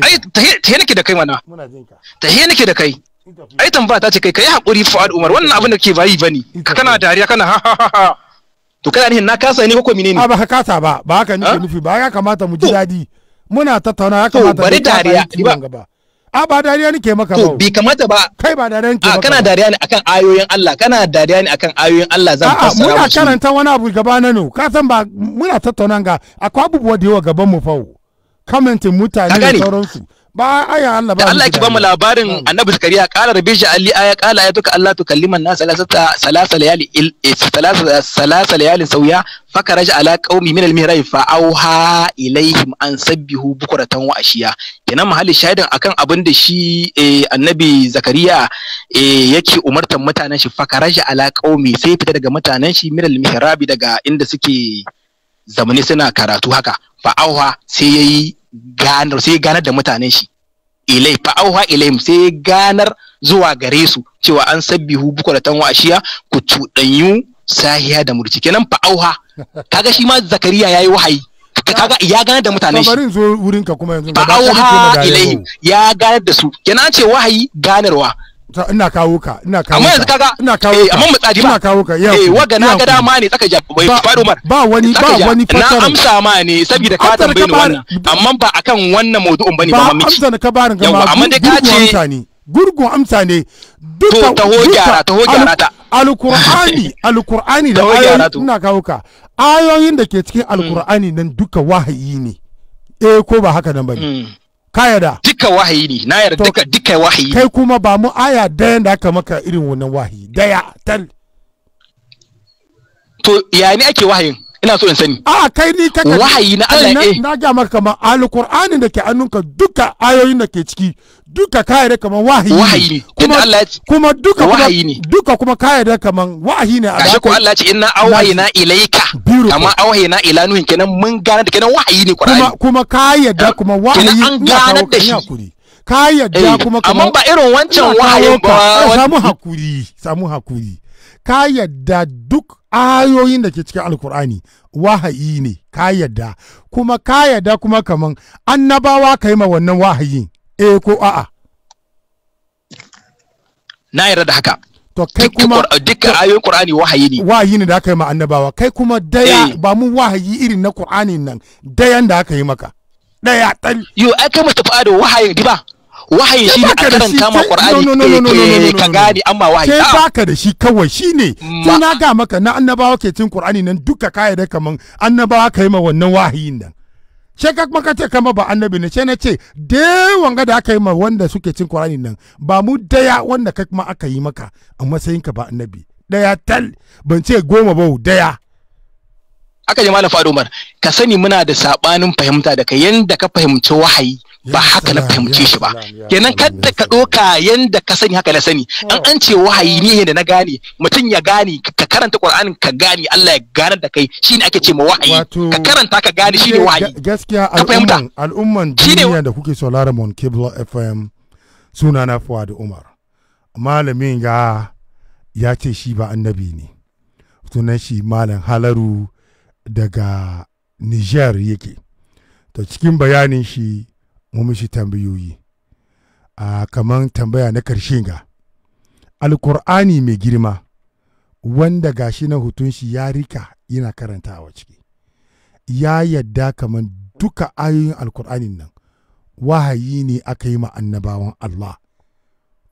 ai nake da kai mana tahe nake da kai ai tambaya ta ce kai kai hakuri Fuad Umar wannan abin da kake bayi bane kana dariya kana ha ha ha to kana nihin na kasa ne ko ko menene a ah, ba ka kasa ba ba haka nake ah? nufi ba ya kamata mu ji dadi muna tattauna ya kamata bari dariya ba a ah, ba dariya nake maka ba to bi kamata ba kai ba dariya nake maka kana dariya ne akan ayoyin Allah kana dariya ne akan ayoyin Allah zan fassara muna karanta wani abu gaba na no ka san ba muna tattauna ga akwai abubuwa da yawa gaban mu fa commenting mutane da sauransu ba aya Allah ba Allah ki ba mu labarin Annabi Zakariya qala rabbi ja'alli aya qala ya Allah tukalliman nas salasata salasa layali eh, salasa salasa layali sawiya fakaraja ala qaumi min al-mihrabi fa auha ilaihim an sabbihu bukratan wa ashiya kenan mahalli shahidin akan abin da shi eh, Annabi Zakariya eh, yake umartan mutanen shi fakaraja ala qaumi sai fita daga mutanen shi min al-mihrabi daga inda suke zamani suna karatu haka fa auha sai yayi ganar sai ganar da mutanen shi ilai fa auha ilaim sai ganar zuwa gare su cewa an sabbihu bukuratan wa ashiya ku cuɗanyu sahiya da murci kenan fa auha (laughs) kaga shi ma zakariya yayi wahayi kaga ya ganar da mutanen shi bari zo wurin ka kuma yanzu fa auha ya ganar da su kenan ce wahayi ganarwa ina kawo ka ina kawo amma yanzu kaga ina kawo eh, ka amma mutsadi ba ina kawo ka eh waga na ga dama ne tsaka jabu bai faru mar ba wani ba wani na amsa ma ne saboda ka tambaye ni wannan amma ba akan wannan maudu'in bane ba ba amsa da ka bani ga ma amma dai ka ce gurgun amsa ne duka taho gyara (laughs) gyara ta alkur'ani da ayoyi ina kawo ka ayoyin da ke cikin hmm. alkur'ani nan duka wahayi ne eh ko ba haka nan bane hmm. ka yarda duka wahayi ne na yarda duka duka wahayi kai kuma ba mu aya daya da aka maka irin wannan wahayi daya tal to ya ne ake wahayin ina so in sani a kai ni kaka wahayi na Allah eh na ga marka ma alqur'ani da ke annunka duka ayoyin da ke ciki duka kai da kaman wahayi wahayi kuma Allah kuma duka wahayi ne duka kuma kai da kaman wahayi ne gashi ko Allah ce inna awhayna ilayka amma awhayna ila nuhin kenan mun gane da kenan wahayi ne qur'ani kuma kuma kai da kuma wahayi an gane da shi ka yadda eh, kuma amma ba irin wancan wahayin ba eh, samu hakuri samu hakuri ka yadda duk ayoyin da ke cikin alkur'ani wahayi ne ka yadda kuma ka yadda kuma kaman annabawa ka yi ma wannan wahayin eh ko a'a na yarda da haka to kai kuma duka ayoyin qur'ani wahayi ne wahayi ne da aka yi ma annabawa kai kuma daya eh. ba mu wahayi irin na qur'ani nan dayan da aka yi maka daya tal yo ai kai mutafa da wahayi di ba wahayi shi ne a karanta ma qur'ani ka gane amma wahayi ke ah. ba ka da shi kawai shi ne tun na ga maka na annabawa ke cin qur'ani nan duka kaya da kaman annabawa yi ma wannan wahayin nan sai ka kuma ce kama ba annabi ne sai na ce da wanga da aka yi ma wanda suke cin qur'ani nan ba mu daya wanda ka kuma aka yi maka a matsayin ka ba annabi daya tal ban ce goma ba daya aka jama'a malam Fado Umar ka sani muna da sabanin fahimta da ka yanda ka fahimci wahayi ba haka na fahimce shi ba kenan kada ka doka yanda ka sani haka na sani an hmm. an ce wahayi ne da na gane mutum ya gane ka karanta qur'anin ka gane Allah ya gane da kai shine ake ce ma wahayi ka karanta ka gane shine wahayi gaskiya al'umman al'umman duniya da kuke sauraron mon cable fm suna na Fuad Umar malamin ga ya ce shi ba annabi ne sunan shi malam Halaru daga Niger yake to cikin bayanin shi mu mishi tambayoyi a kaman tambaya na karshe ga alkur'ani mai girma wanda gashi na hutun shi ya rika yana karanta karantawa ciki ya yadda kaman duka ayoyin alkur'anin nan wahayi ne aka yi ma annabawan Allah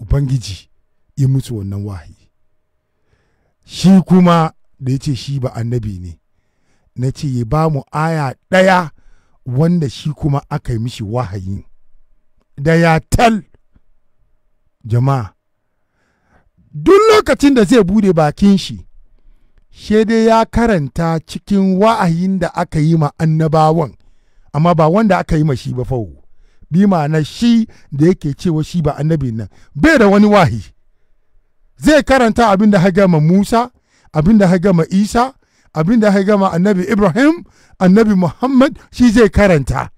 Ubangiji ya mutu wannan wahayi shi kuma da ya ce shi ba annabi ne na ce ya ba mu aya ɗaya wanda shi kuma aka yi mishi wahayi da ya tal jama'a duk lokacin da zai bude bakin shi dai ya karanta cikin wa'ayin da aka yi ma annabawan amma ba wanda aka yi ma shi ba fawo bi ma'ana shi da yake cewa shi ba annabi nan bai da wani wahi zai karanta abin da haga ma musa abin da haga ma isa abin da aka gama annabi ibrahim annabi muhammad shi zai karanta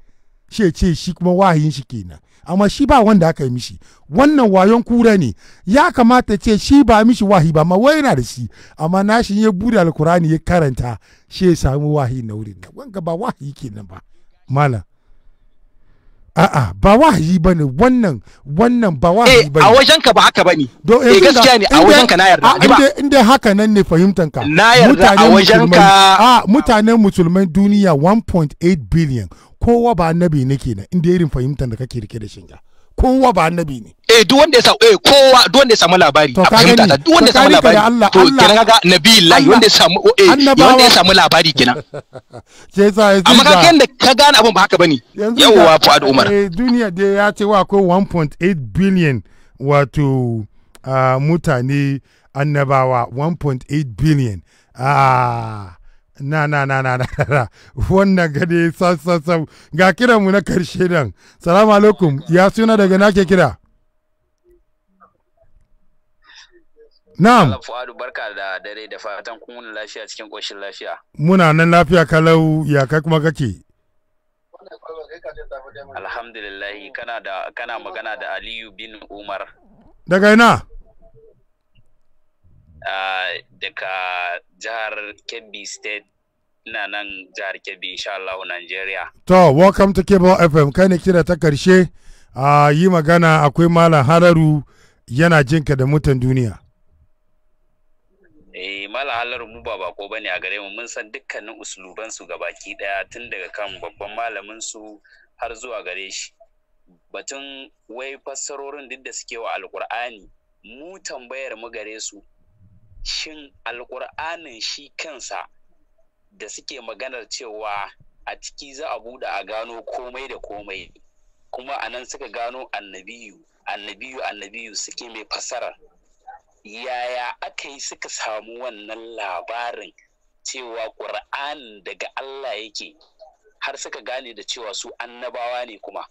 shi ce shi kuma wahayin shi kenan amma shi ba wanda aka yi mishi wannan wayon kura ne ya kamata ce shi ba mishi wahi ba ma yana da shi amma nashi ya bude alkurani ya karanta shi ya samu wahi na wurin nan wanga ba wahi kenan ba malam a'a ba wahayi bane wannan wannan ba wahayi eh, bane a wajen ka ba haka bane eh, eh gaskiya ne a wajen ka na yarda inda inda haka nan ne fahimtan ka na yarda a wajen ka a mutanen musulman duniya 1.8 billion kowa ba annabi nake na inda irin fahimtan da kake rike da shi kowa ba annabi ne eh duk wanda ya samu eh kowa duk wanda ya samu labari a fahimta ta duk wanda ya samu labari to kenan kaga nabiyillahi wanda ya samu eh wanda ya samu labari kenan ce (laughs) sa ya yanzu amma kaga yanda ka gane abin ba haka bane yawwa Fuad Umar eh duniya da ya ce wa akwai 1.8 billion wato ah, mutane annabawa 1.8 billion ah na na na na na wannan gade sassan ga kiranmu na karshe nan salamu alaikum ya suna daga nake kira Na'am. Allah Fuadu barka da dare da fatan kun lafiya cikin ƙoshin lafiya. Muna nan lafiya kalau ya kai kuma kake. Alhamdulillah kana da kana magana da Aliyu bin Umar. Daga ina? Uh, daga jihar Kebbi State ina nan jihar Kebbi insha Allah Nigeria. To, welcome to Kebbi FM kai ne kira ta karshe a yi magana akwai Malam Hararu yana jinka da mutan duniya. Eh, Malam Hararu mu ba bako bane a gare mu mun san dukkanin usuluban su gabaki daya tun daga kan babban malamin su har zuwa gare shi. Batun wai fassarorin duk da suke wa Alkur'ani mu tambayar mu gare su shin alƙur'anin shi kansa da suke maganar cewa a ciki za a buɗe a gano komai da komai kuma a nan suka gano annabiyu annabiyu annabiyu suke mai fasarar yaya aka yi suka samu wannan labarin cewa ƙur'an daga Allah yake har suka gane da cewa su annabawa ne kuma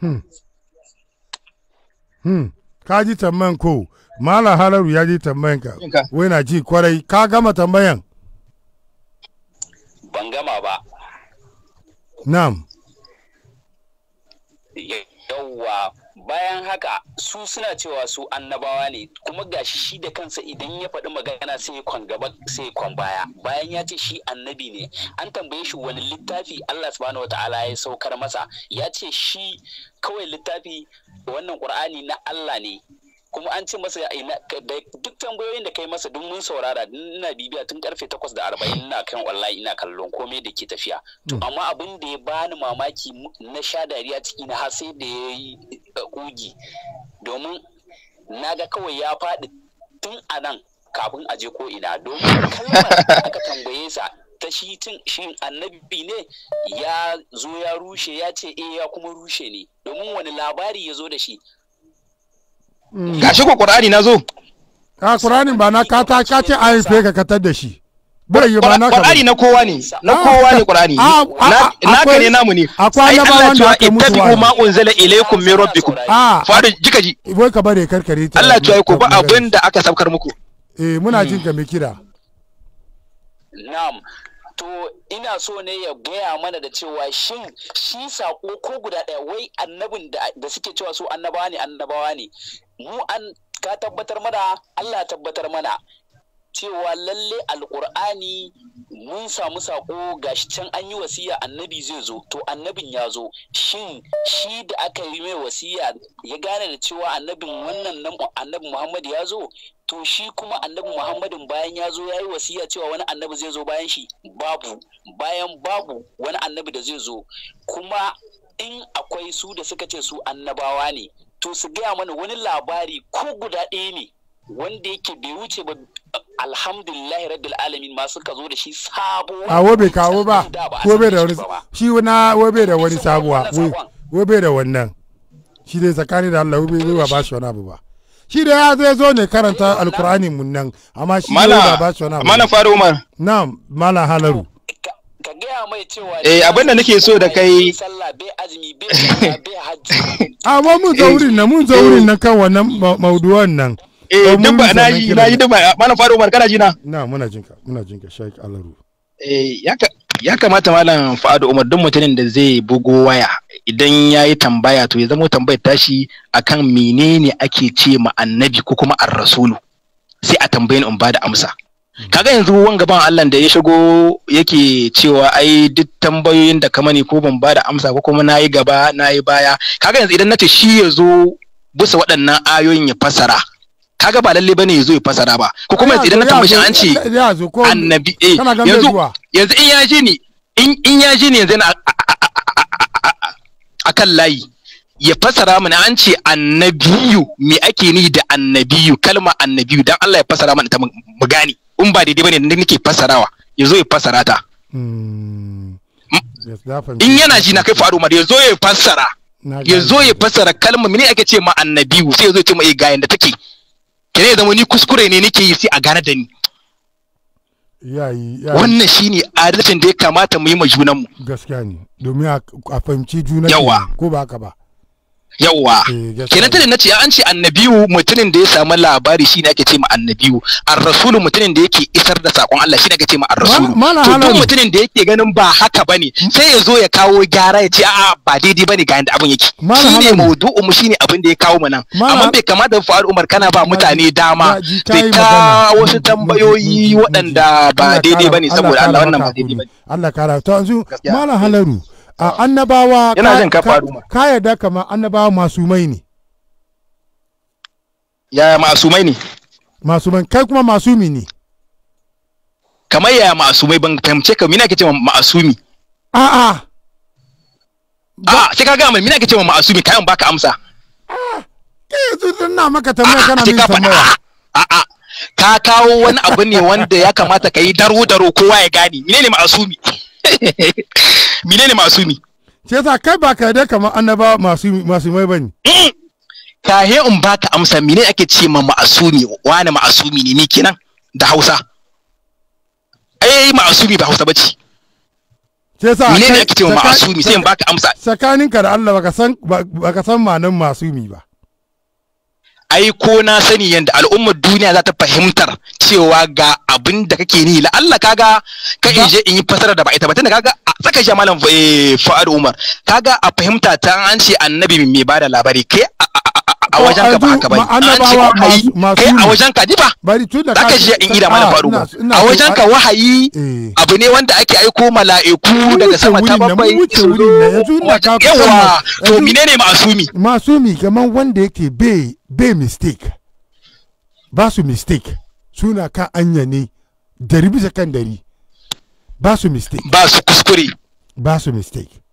hmm. hmm. kaji tamman ko Mala Halaru ya ji tambayan Wai na ji kwarai ka gama tambayan. Ban gama ba. nam. Yawwa bayan haka su suna cewa su annabawa ne kuma gashi shi da kansa idan ya faɗi magana sai kwan gaba sai kwan baya bayan ya ce shi annabi ne an tambaye shi wani littafi Allah subhanahu wataala ya saukar masa ya ce shi kawai littafi wannan qur'ani na Allah ne kuma an ce masa duk tambayoyin da kai masa dun mun saurara ina bibiya tun karfe takwas da arba'in ina kan wallahi ina kallon komai da ke tafiya to amma abin da ya bani mamaki na sha dariya ciki na har sai da ya yi kugi eh, domin na ga kawai ya faɗi tun a nan kafin a je ko ina domin kalmar aka tambaye sa ta shi tun shi annabi ne ya zo ya rushe ya ce eh ya kuma rushe ne domin wani labari ya zo da shi gashi ko qur'ani na zo a qur'ani ba na ka ta ka ce ayin sai ka katar da shi bai yi ba na ka qur'ani na kowa ne na ah, kowa ne qur'ani ah, ah, na ka ne namu ne akwai na ba wanda aka musu ittabi'u ma unzila ilaykum min rabbikum fadu jika ji wai ka bare karkare ta Allah ya ku ba abinda da aka sabkar muku eh muna hmm. jin ka mai kira na'am to ina so ne ya gaya mana da cewa shin shi sako ko guda ɗaya wai annabin da suke cewa su annabawa ne annabawa ne mu an ka tabbatar mana Allah tabbatar mana cewa lalle alkur'ani mun samu sako gashi can an yi wasiya annabi zai zo to annabin ya zo shin shi da aka yi mai wasiya ya gane da cewa annabin wannan nan annabi muhammad ya zo to shi kuma annabi muhammadin bayan ya zo ya yi wasiya cewa wani annabi zai zo bayan shi babu bayan babu wani annabi da zai zo kuma in akwai su da suka ce su annabawa ne to su gaya mana wani labari ko guda ɗaya ne wanda yake bai wuce ba alhamdulillahi rabbil alamin ma suka zo da shi sabo a wobe kawo ba wobe da wani shi na wobe da wani sabuwa wobe da wannan shi dai tsakani da Allah wobe bai ba shi wani abu ba shi da ya zai zo ne karanta alkur'ani mun nan amma shi ba ba shi wani abu mana faru mala halaru ka gaya mai cewa eh abinda nake so da kai sallah bai azumi hajji (laughs) ah, mun eh, zaurin na mun zaurin na kan wannan mauduwan nan eh duk ba na ah, yi na yi duk ba malam faru umar kana ji na na muna jinka muna jinka shaik alaru eh ya kamata malam fa'adu umar duk mutumin da zai bugo waya idan ya yi tambaya to ya zama tambayar tashi akan menene ake ce ma annabi ko kuma ar-rasulu sai a tambayin in ba da amsa kaga yanzu wanga ban Allah da ya shigo yake cewa ai duk tambayoyin da kamani ko ban ba da amsa ko kuma nayi gaba nayi baya kaga yanzu idan nace shi ya zo bisa waɗannan ayoyin ya fasara kaga ba lalle bane ya zo ya fasara ba ko kuma yanzu idan na tambaye an ce annabi eh yanzu yanzu in ya ji ni in in ya ji ni yanzu na akan layi ya fasara mana an ce annabiyu me ake ni da annabiyu kalma annabiyu dan Allah ya fasara mana ta mu gane in ba daidai bane da nake fasarawa ya zo ya fasara ta hmm. in yana ji na kai faru ma ya zo ya fassara ya zo ya fassara kalmar mene ake ce ma annabiyu sai ya zo ya ce ma eh ga yanda take kene ya zama ni kuskure ne nake yi sai a gane da ni wannan shine adalcin da ya kamata mu yi ma junanmu gaskiya ne domin a fahimci juna ko ba haka ba yawwa eh, kenan tare na ce an ce annabiyu mutumin da ya samu labari shine ake ce ma annabiyu ar-rasulu mutumin da yake isar da sakon Allah shine ake ce ma ar-rasulu to duk mutumin da yake ganin ba haka bane sai ya zo ya kawo gyara ya ce a'a ba daidai bane ga yanda abin yake shine mawdu'u mu shine abin da ya kawo mu nan amma bai kama da Fuad Umar kana ba mutane dama bai ta wasu tambayoyi waɗanda ba daidai bane saboda Allah wannan ba daidai bane Allah kara to yanzu malam halaru a annabawa yana jin ka faru ka yarda kama annabawa masumai ne yaya masumai ne masumai kai kuma masumi ne kamar yaya masumai ban fahimce ka mina kace masumi a a a sai ka ga mai mina kace masumi kayan baka amsa ke yanzu na maka tambaya kana min tambaya a a ka kawo wani abu ne wanda ya kamata ka yi daro daro kowa ya gane masu masumi (laughs) mine ne masumi ce sa kai ba ka dai kamar annaba masu mai bane he hmm. in ba ta amsa mine ake ce ma ma'asumi wani mi ne ni kenan da Hausa ai mi ba Hausa bace ce sa mine ne ake ce ma mi sai in ka amsa ka da Allah baka san baka san masu masumi ba ai ko na sani yadda al'ummar duniya za ta fahimtar cewa ga abin da kake ni la Allah kaga ka in je in yi fasara da ba ita ba tunda kaga saka shi malam eh, fa'ad Umar kaga a fahimta ta an ce annabi mai bada labari kai a wajen ka ba haka ba an ce wahayi kai a wajen ka ni ba ka je in ida mana faru a wajen ka wahayi eh. abu ne wanda ake aiko mala'iku daga sama ta babbai yawa to menene masumi masumi kaman wanda yake be be mistake ba su mistake suna ka anya ne dari bisa kan dari ba su mistake ba su kuskure ba su mistake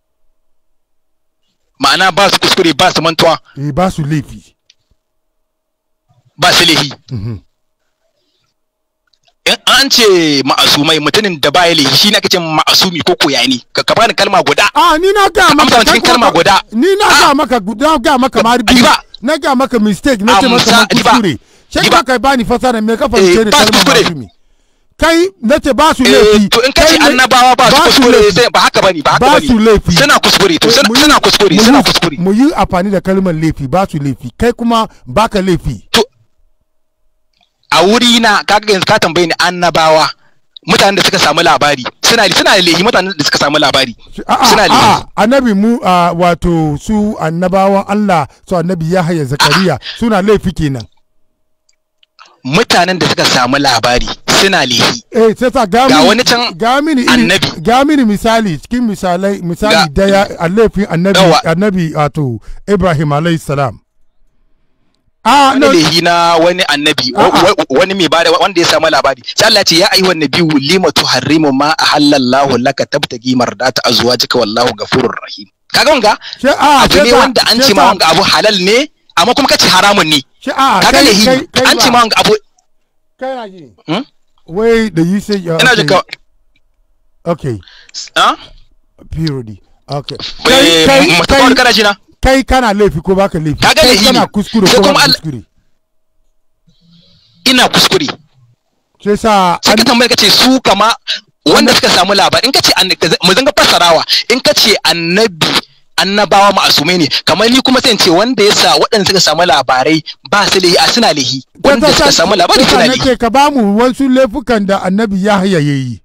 ma'ana ba su kuskure ba su mantuwa eh ba su laifi ba su laifi mhm. in an ce ma'asumai mutumin da ba ya laifi shi na kace ma'asumi ko koya ne ka ka bani kalma guda a ni na ga maka amsa cikin kalma guda ni na ga ah. maka guda ga maka ma biyu na ga maka mistake na ce maka kuskure shi ka kai bani fasara me ka fahimce ne eh, kalma ma'asumi kai na ce ba su eh, laifi to in kace annabawa ba su kuskure sai ba haka bane ba haka bane ba su laifi suna kuskure to suna kuskure suna kuskure mu yi amfani da kalmar laifi ba su laifi kai kuma baka laifi to a wuri na kaga yanzu ka tambaye ni annabawa mutanen da suka samu labari suna suna lehi mutanen da suka samu labari suna lehi annabi mu wato su annabawan Allah su annabi Yahaya Zakariya suna laifi kenan mutanen da suka samu labari suna lihi eh sai ga wani can annabi ga mini misali cikin misalai misali daya allafin annabi annabi wato Ibrahim alayhi salam Ah, no. Wani na wani annabi wani mai bada wanda ya samu labari sai Allah ce ya ayyuhan nabiyyu lima tuharrimu ma ahallallahu laka tabtagi mardata azwajika wallahu ghafurur rahim kaga wanga ah, abu ne wanda an ce ma wanga abu halal ne amma kuma kace haramun ne ah, kaga lihi an ce ma wanga abu kai na ji hmm? Wait, the usage uh, ina Okay. Huh? Purity. Okay. Kai kai kai kana jina. Kai kana laifi ko baka laifi? kana kuskure ko baka kuskure? Ina kuskure. Sai sa sai ka tambaye kace su kama wanda suka samu labarin kace mu zanga fasarawa in kace annabi annabawa ma'asumai ne kamar ni kuma sai ce wanda ya sa waɗanda suka samu labarai ba su lehi a suna lehi wanda suka samu labarai suna lehi ka ba mu wasu laifukan da annabi ya yi.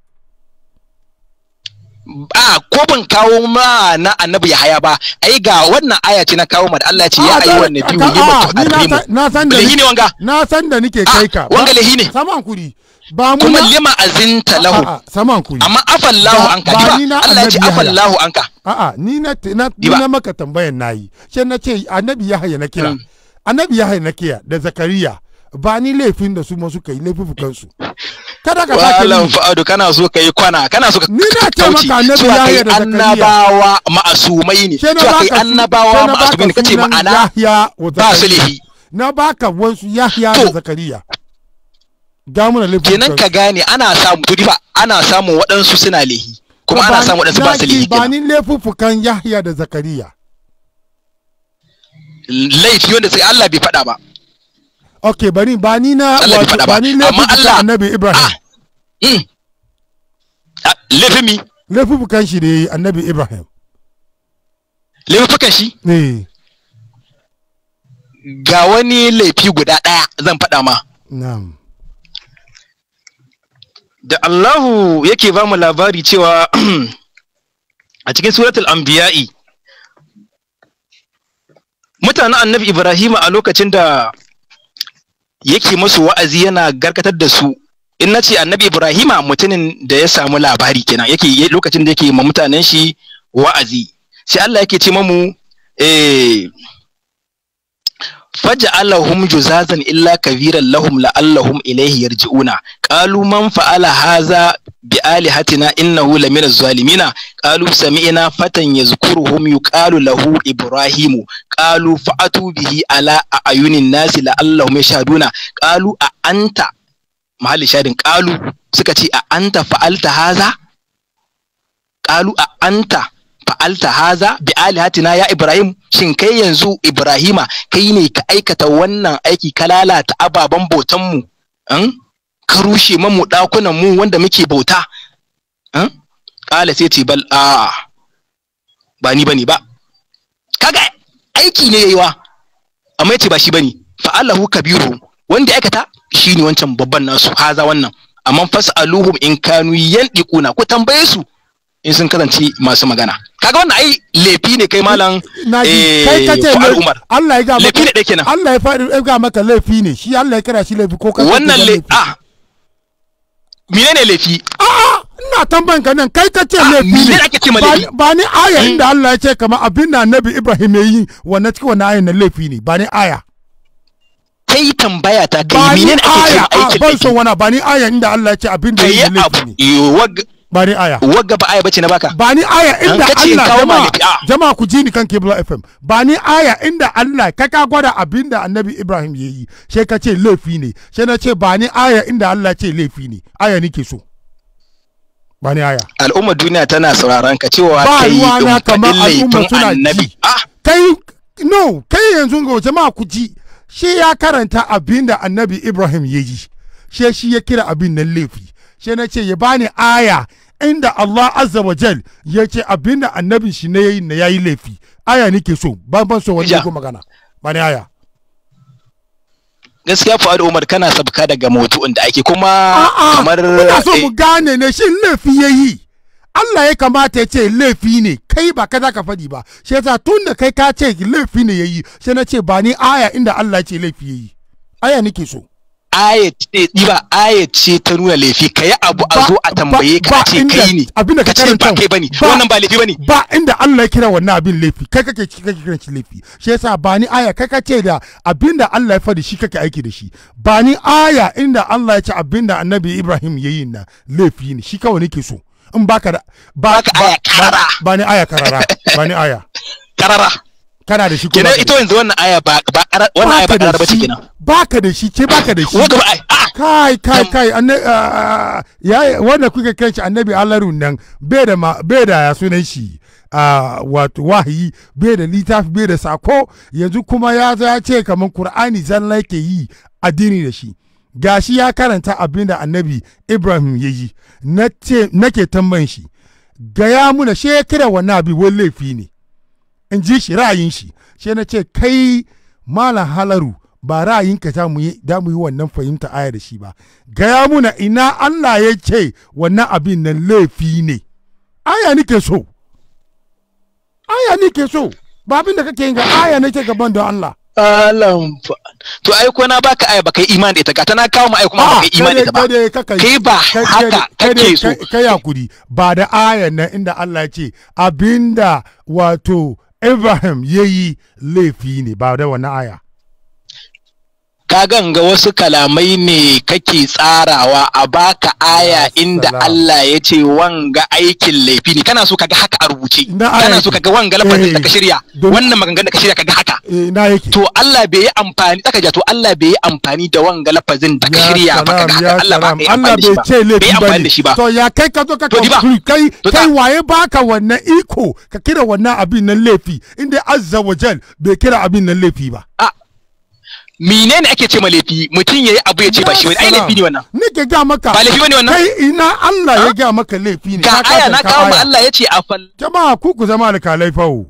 a ko ban kawo ma na annabi Yahaya ba ai ga wannan aya ce na kawo ma da Allah ce ya ayi wannan biyu ni na san da ne wanga na san da nike ah, kai ka wanga lahi ne saman kuri ba mu kuma lima azinta ah, lahu ah, saman kuri amma afallahu anka ba Allah ce afallahu anka a'a ni na na maka tambayan nayi ce na ce annabi haya na kira mm. annabi Yahaya na kira da Zakariya ba ni laifin da su ma suka yi laifin kansu. kada ka sake ni fa'adu kana so kai kwana kana so ni na ce maka annabi yahya da annabawa ma'asumai ne cewa kai annabawa ma'asumai ne kace ma'ana yahya wa zakariya na baka wasu yahya da zakariya ga muna laifin kenan ka gane ana samu to difa ana samu waɗansu suna lehi kuma ana samu waɗansu ba su lehi ba ni laifuffukan yahya da zakariya laifi wanda sai Allah bai faɗa ba ok bari ba ni na wato ba ni na fuka annabi ibrahim ah, hmm. ah, laifin mi laifin fukan shi ne annabi ibrahim laifin fukan shi eh. ga wani laifi guda ɗaya zan faɗa ma na'am da Allahu yake ba mu labari cewa (clears throat) a cikin suratul anbiya'i mutanen annabi Ibrahim a lokacin da yake musu wa'azi yana garkatar da su in na ce annabi ibrahima mutumin da ya samu labari kenan yake lokacin da yake ma mutanen shi wa'azi sai Allah yake ce mamu eh faj'alahum juzazan illa kabiran lahum la'allahum ilaihi yarji'una qalu man fa'ala haza bi alihatina innahu lamina zalimina qalu sami'na fatan yazkuruhum yuqalu lahu ibrahimu qalu fa'atu bihi ala ayunin nasi la'allahum yashhaduna qalu a anta mahalli shadin qalu suka ce a anta fa'alta haza. qalu a anta fa'alta haza bi alihatina ya ibrahim shin kai yanzu ibrahima kai ne ka aikata wannan aiki ka lalata ababen bautan mu hmm? ka rushe mamu dakunan mu wanda muke bauta kala hmm? sai ce bal a ba ni bane ba kaga aiki ne yayi wa amma yace ba shi bane fa'alahu kabiru wanda aikata shine wancan babban nasu haza wannan amma fasaluhum in kanu yandiquna ku tambaye su in sun kasance masu magana kaga wannan ai lefi ne kai malam eh al'umar Allah ya ga lefi ne dake nan Allah ya faɗi ga maka lefi ne shi Allah ya kira shi lefi ko kai wannan le a ne lefi a ina tambayan ka nan kai kace ah, lefi ne ba ni aya hmm. inda Allah ya ce kamar abin da Nabi Ibrahim ya yi wannan cikin wannan ayan na lefi ne ba ni aya kai tambaya ta kai ne ake ce ah, aikin lefi ba ni aya ba ni aya inda Allah ya ce abin da ya yi lefi ne eh, ba ni aya wagga ba aya bace na baka ba ni aya inda Allah jama'a jama'a ku ji ni kan Kebla FM ba ni aya inda Allah kai ka gwada abinda Annabi Ibrahim yayi sai ka ce laifi ne sai na ce ba ni aya inda Allah ce laifi ne aya nike so ba ni aya al'umma duniya tana sauraron ka cewa kai ba ruwa kamar al'umma suna annabi kai no kai yanzu ga jama'a ku ji shi ya karanta abinda Annabi Ibrahim yayi shi shi ya kira abin nan laifi shi na ce ya bani aya inda Allah azza wa jal ya ce abinda annabin shi ne yayi na yayi laifi aya nake so ban ban so wani ko magana bani aya gaskiya Fuad Umar kana sabka daga motu da ake kuma kamar ina so mu eh, gane ne shin laifi yayi Allah ya kamata ya ce laifi ne kai ba ka za ka faɗi ba shi yasa tun da kai ka ce laifi ne yayi shi na ce ba ni aya inda Allah ya ce laifi yayi aya nake so ayace ɗiba ayace ta nuna laifi ka yi abu a zo a tambaye ka ce kai ne abinda ka ce ba kai bane wannan ba laifi bane ba inda Allah ya kira wannan abin laifi kai kake kake kira shi laifi shi yasa ba ni aya kai ka ce da abinda Allah ya faɗi shi kake aiki da shi ba ni aya inda Allah ya ce abinda Annabi Ibrahim yayi na laifi ne shi kawai nake so in baka da ba ba ni aya karara ba ni aya (laughs) karara kana da shi kuma kenan ita yanzu wannan aya ba ba wannan aya ba da bace kenan baka da shi ke baka da shi wanda ba kai kai kai ya wanda kuka kai shi annabi Allahu nan bai da bai da ya sunan shi wato wahayi bai da littafi bai da sako yanzu kuma ya zo ya ce kamar Qur'ani zalla yake yi addini da shi gashi ya karanta abin da annabi Ibrahim ya yi nake tambayin shi gaya muna shekara wannan abin wani laifi ne in ji shi ra'ayin shi shi na ce kai malam halaru ba ka za mu yi mu yi wannan fahimta aya da shi ba gaya muna ina Allah ya ce wannan abin nan laifi ne aya nike so aya nike so ba abin da kake yin ga aya nake gaban da Allah to ai ko na baka aya baka yi da ita ga tana kawo mu aya kuma baka ah, yi da da ba kai ba haka kake so kai hakuri ba da aya nan inda Allah ya ce abinda wato Abraham ya yi laifi ne ba da wani aya. ka ga wasu kalamai ne kake tsarawa a baka aya inda Allah ya ce wanga aikin laifi ne kana so kaga haka a rubuce kana so kaga wanga lafazin da eh. ka shirya wannan maganganun da ka shirya kaga haka eh, to Allah bai yi amfani tsaka ja to Allah bai yi amfani da wanga lafazin da ka shirya ba kaga haka Allah ba bai amfani da shi ba to ya kai ka zo ka kai kai waye baka wannan iko ka kira wannan abin nan laifi inda azza wajal bai kira abin nan laifi ba ne ake ce ma laifi mutum yayi abu ya ce ba shi wani ai laifi ne wannan ke ga maka ba laifi bane wannan kai ina Allah ya ga maka laifi ne ka aya na kawo ma Allah ya ce a fal jama'a ku ku zama alkalai fawo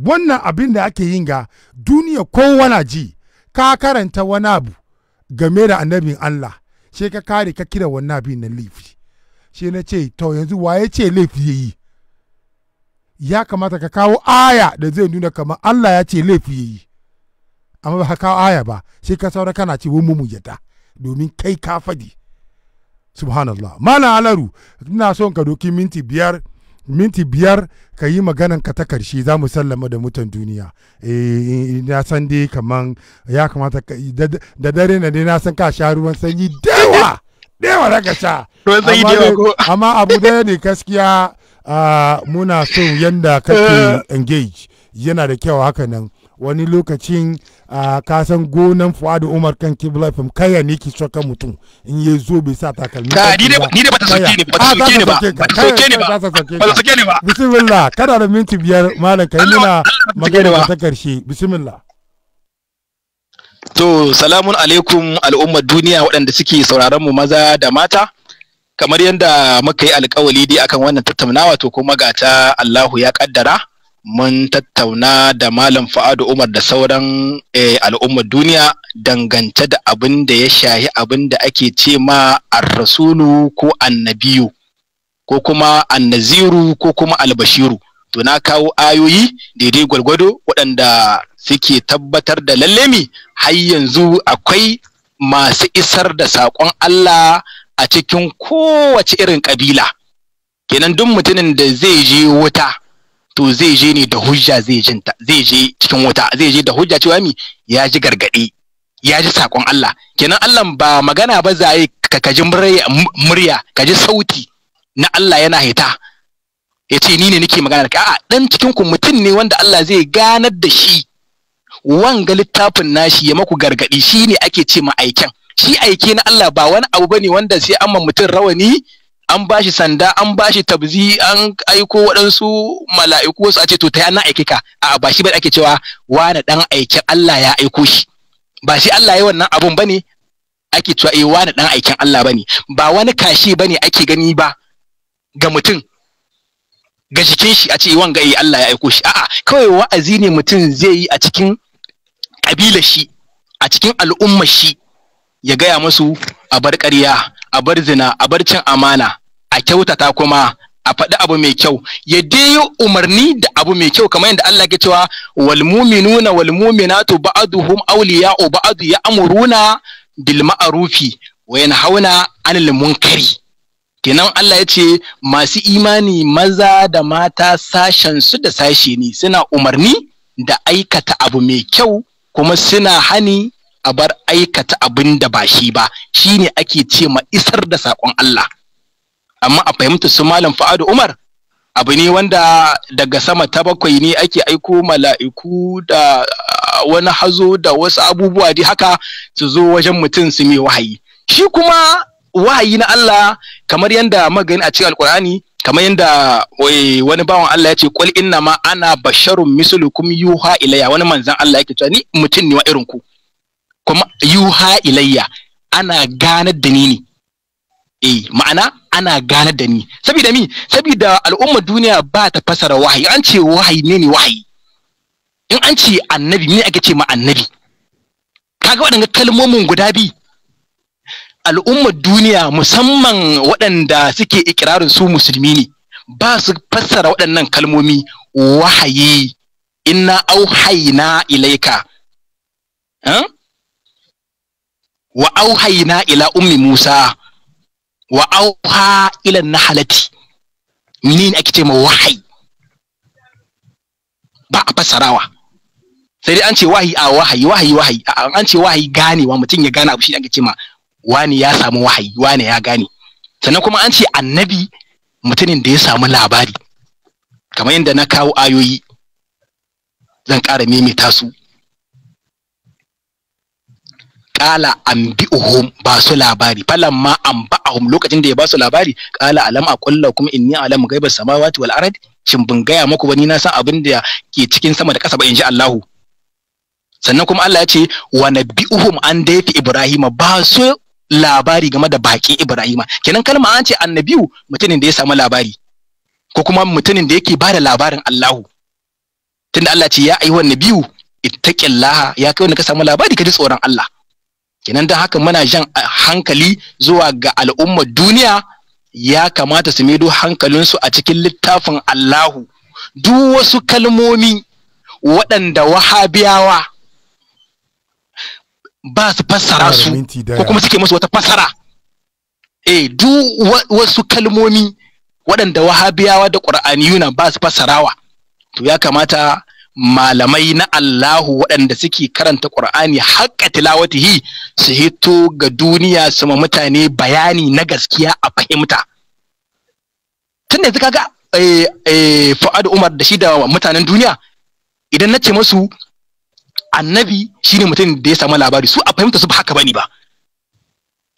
wannan abin da ake yin ga duniya kowa na ji ka karanta wani abu game da annabin Allah she ka kare ka kira wannan abin na laifi She na ce to yanzu waye ce laifi yayi ya kamata ka kawo aya da zai nuna kamar Allah ya ce laifi yayi amma ba kawo aya ba sai ka saura kana ce wani mu yadda domin kai ka fadi subhanallah mana alaru ina so ka doki minti biyar minti biyar ka yi maganan ka ta karshe za mu sallama da mutan duniya eh, na san dai kaman ya kamata da dare na dai na san ka sha ruwan sanyi dewa dewa daga sha amma abu daya ne gaskiya ah, muna so yanda kake eh. engage yana da kyau haka nan wani lokacin a ka san gonan fuadu umar kan kibla fim kaya ne ki soka mutum in ya zo bai sa takalmi ka ni ni ba. bata soke ni ta soke ni ba ah, ta soke ni ba ta soke ni ba bismillah kada da minti biyar malam kai muna magana ta karshe bismillah to salamun alaikum al'ummar duniya waɗanda suke sauraron mu maza da mata kamar yadda muka yi alkawali dai akan wannan tattaunawa to kuma gata ta Allahu ya kaddara mun tattauna da malam fa'adu umar da sauran eh, al'ummar duniya dangance da abin da ya shahi abin da ake ce ma ar-rasulu ko annabiyu ko kuma annaziru ko kuma albashiru to na kawo ayoyi daidai gwalgwado waɗanda suke tabbatar da lallemi har yanzu akwai masu isar da saƙon Allah a cikin kowace irin ƙabila kenan duk mutumin da zai je wuta to zai je ne da hujja zai jinta zai je cikin wuta zai je da hujja cewa mi ya ji gargadi ya ji sakon Allah kenan Allah ba magana ba za yi ka ji murya ka ji sauti na Allah yana hita ya ce ni ne nake magana da a'a dan cikin ku mutum ne wanda Allah zai ganar da shi wanga littafin nashi ya maku gargadi shi ne ake ce ma aiken shi aike na Allah ba wani abu bane wanda sai amma mutum rawani an ba shi sanda an ba shi tabzi an aiko waɗansu mala'iku wasu a ce to ta na aike ka a ba shi ba ake cewa wani dan aikin Allah ya aiko shi ba shi Allah ya wannan abun bane ake cewa eh wani dan aikin Allah bane ba wani kashi bane ake gani ba ga mutum ga jikin shi a ce wanga ga eh, Allah ya aiko shi a'a kawai wa'azi ne mutum zai yi a cikin kabilar shi a cikin al'ummar shi ya gaya musu a bar ƙarya a bar zina a bar cin amana a kyautata kuma a faɗi abu mai kyau ya dai umarni da abu mai kyau kamar yadda Allah ke cewa wal mu'minuna wal mu'minatu ba'duhum awliya'u ba'du ya'muruna bil ma'rufi wa yanhauna 'anil munkari kenan Allah ya ce masu imani maza da mata sashen su da sashe ne suna umarni da aikata abu mai kyau kuma suna hani a bar aikata abin da ba shi ba shi ne ake ce ma isar da saƙon Allah amma a fahimta su malam fa'adu umar abu ne wanda daga sama ta bakwai ne ake aiko mala'iku da ah, wani hazo da wasu abubuwa dai haka su zo wajen mutum su mai wahayi shi kuma wahayi na Allah kamar yadda magani a cikin alkur'ani kamar yadda wani bawan Allah ya ce qul inna ma ana basharun mislukum yuha ilayya wani manzan Allah yake cewa ni mutum ne wa irin ku kuma yuha ilayya ana ganar da ni ne eh ma'ana ana ganar da ni saboda mi saboda al'ummar duniya ba ta fasara wahayi an ce wahayi ne ne wahayi in an ce annabi ne ake ce ma annabi kaga waɗanda kalmomin guda bi? al'ummar duniya musamman waɗanda suke ikirarin su musulmi ne ba su fassara waɗannan kalmomi wahayi inna auhaina ilaika wa auhayna ila ummi musa wa auha ila nahalati menene ake ce ma wahayi ba a fassarawa sai dai an ce wahayi a wahayi wahayi wahayi an ce wahayi ganewa mutum ya gane abu shi ake ce ma wani ya samu wahayi wani ya gane sannan kuma an ce annabi mutumin da ya samu labari kamar yadda na kawo ayoyi zan ƙara maimaita su kala an uhum ba su labari falan ma an uhum lokacin da ya basu su labari kala alam a kulla kuma inni alam gaibar samawati wal arad shin bin gaya muku ba ni na san abin da ke cikin sama da ƙasa ba inji Allahu sannan kuma Allah ya ce wa nabi'uhum an daifi Ibrahima ba su labari game da baki Ibrahima kenan kalma an ce annabiyu mutumin da ya samu labari ko kuma mutumin da yake bada labarin Allahu tunda Allah ce ya ayyuhan nabiyyu ittaqillaha ya kai wanda ka samu labari ka ji tsoron Allah kenan don haka muna jan hankali zuwa ga al'ummar duniya ya kamata su maido hankalinsu a cikin littafin Allahu duk wasu kalmomi waɗanda wahabiyawa ba su fassara su ko kuma suke musu wata fassara eh duk wasu kalmomi waɗanda wahabiyawa da na, ba su fassarawa to ya kamata malamai na Allahu waɗanda suke karanta Ƙur'ani haƙƙa tilawatihi su hito ga duniya su ma mutane bayani na gaskiya a fahimta. Tun da suka ga eh, eh, fa'ad Umar da shi da mutanen duniya idan na ce masu annabi shi ne mutum da ya samu labari su a fahimta su ba haka bane ba.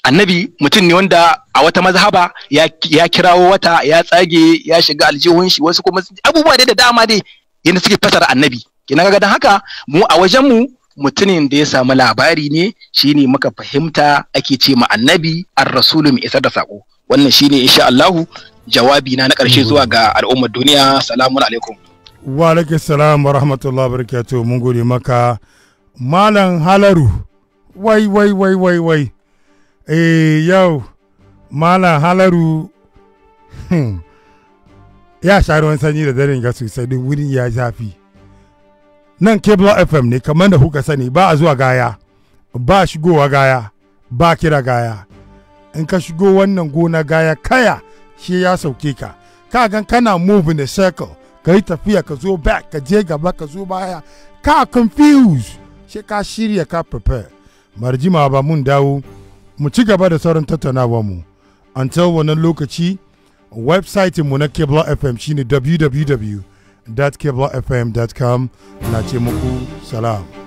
annabi mutum ne wanda a wata mazhaba ya kirawo wata ya tsage ya shiga aljihun shi wasu kuma abubuwa da dama dai yadda suke fasara annabi kina ga dan haka mu a wajen mu mutumin da ya samu labari ne shine muka fahimta ake ce ma annabi ar-rasulu mai isar da sako wannan shine insha Allah jawabi na na karshe zuwa ga al'ummar duniya assalamu alaikum wa alaikum assalam wa rahmatullahi wa barakatuh mun gode maka malam halaru wai wai wai wai wai eh yau malam halaru hmm. ya sha ruwan sanyi da daren ga sosai don wurin ya zafi nan cable fm ne kamar da kuka sani ba a zuwa gaya ba shigowa gaya ba kira gaya in ka shigo wannan gona gaya kaya shi ya sauke ka ka gan kana move in a circle ka yi tafiya ka zo back ka je gaba ka zo baya ka confuse shi ka shirya ka prepare marjima ba mun dawo mu ci gaba da sauran tattaunawar mu until wannan lokaci website mu na kebla fm shine www.kablafm.com na ce muku salam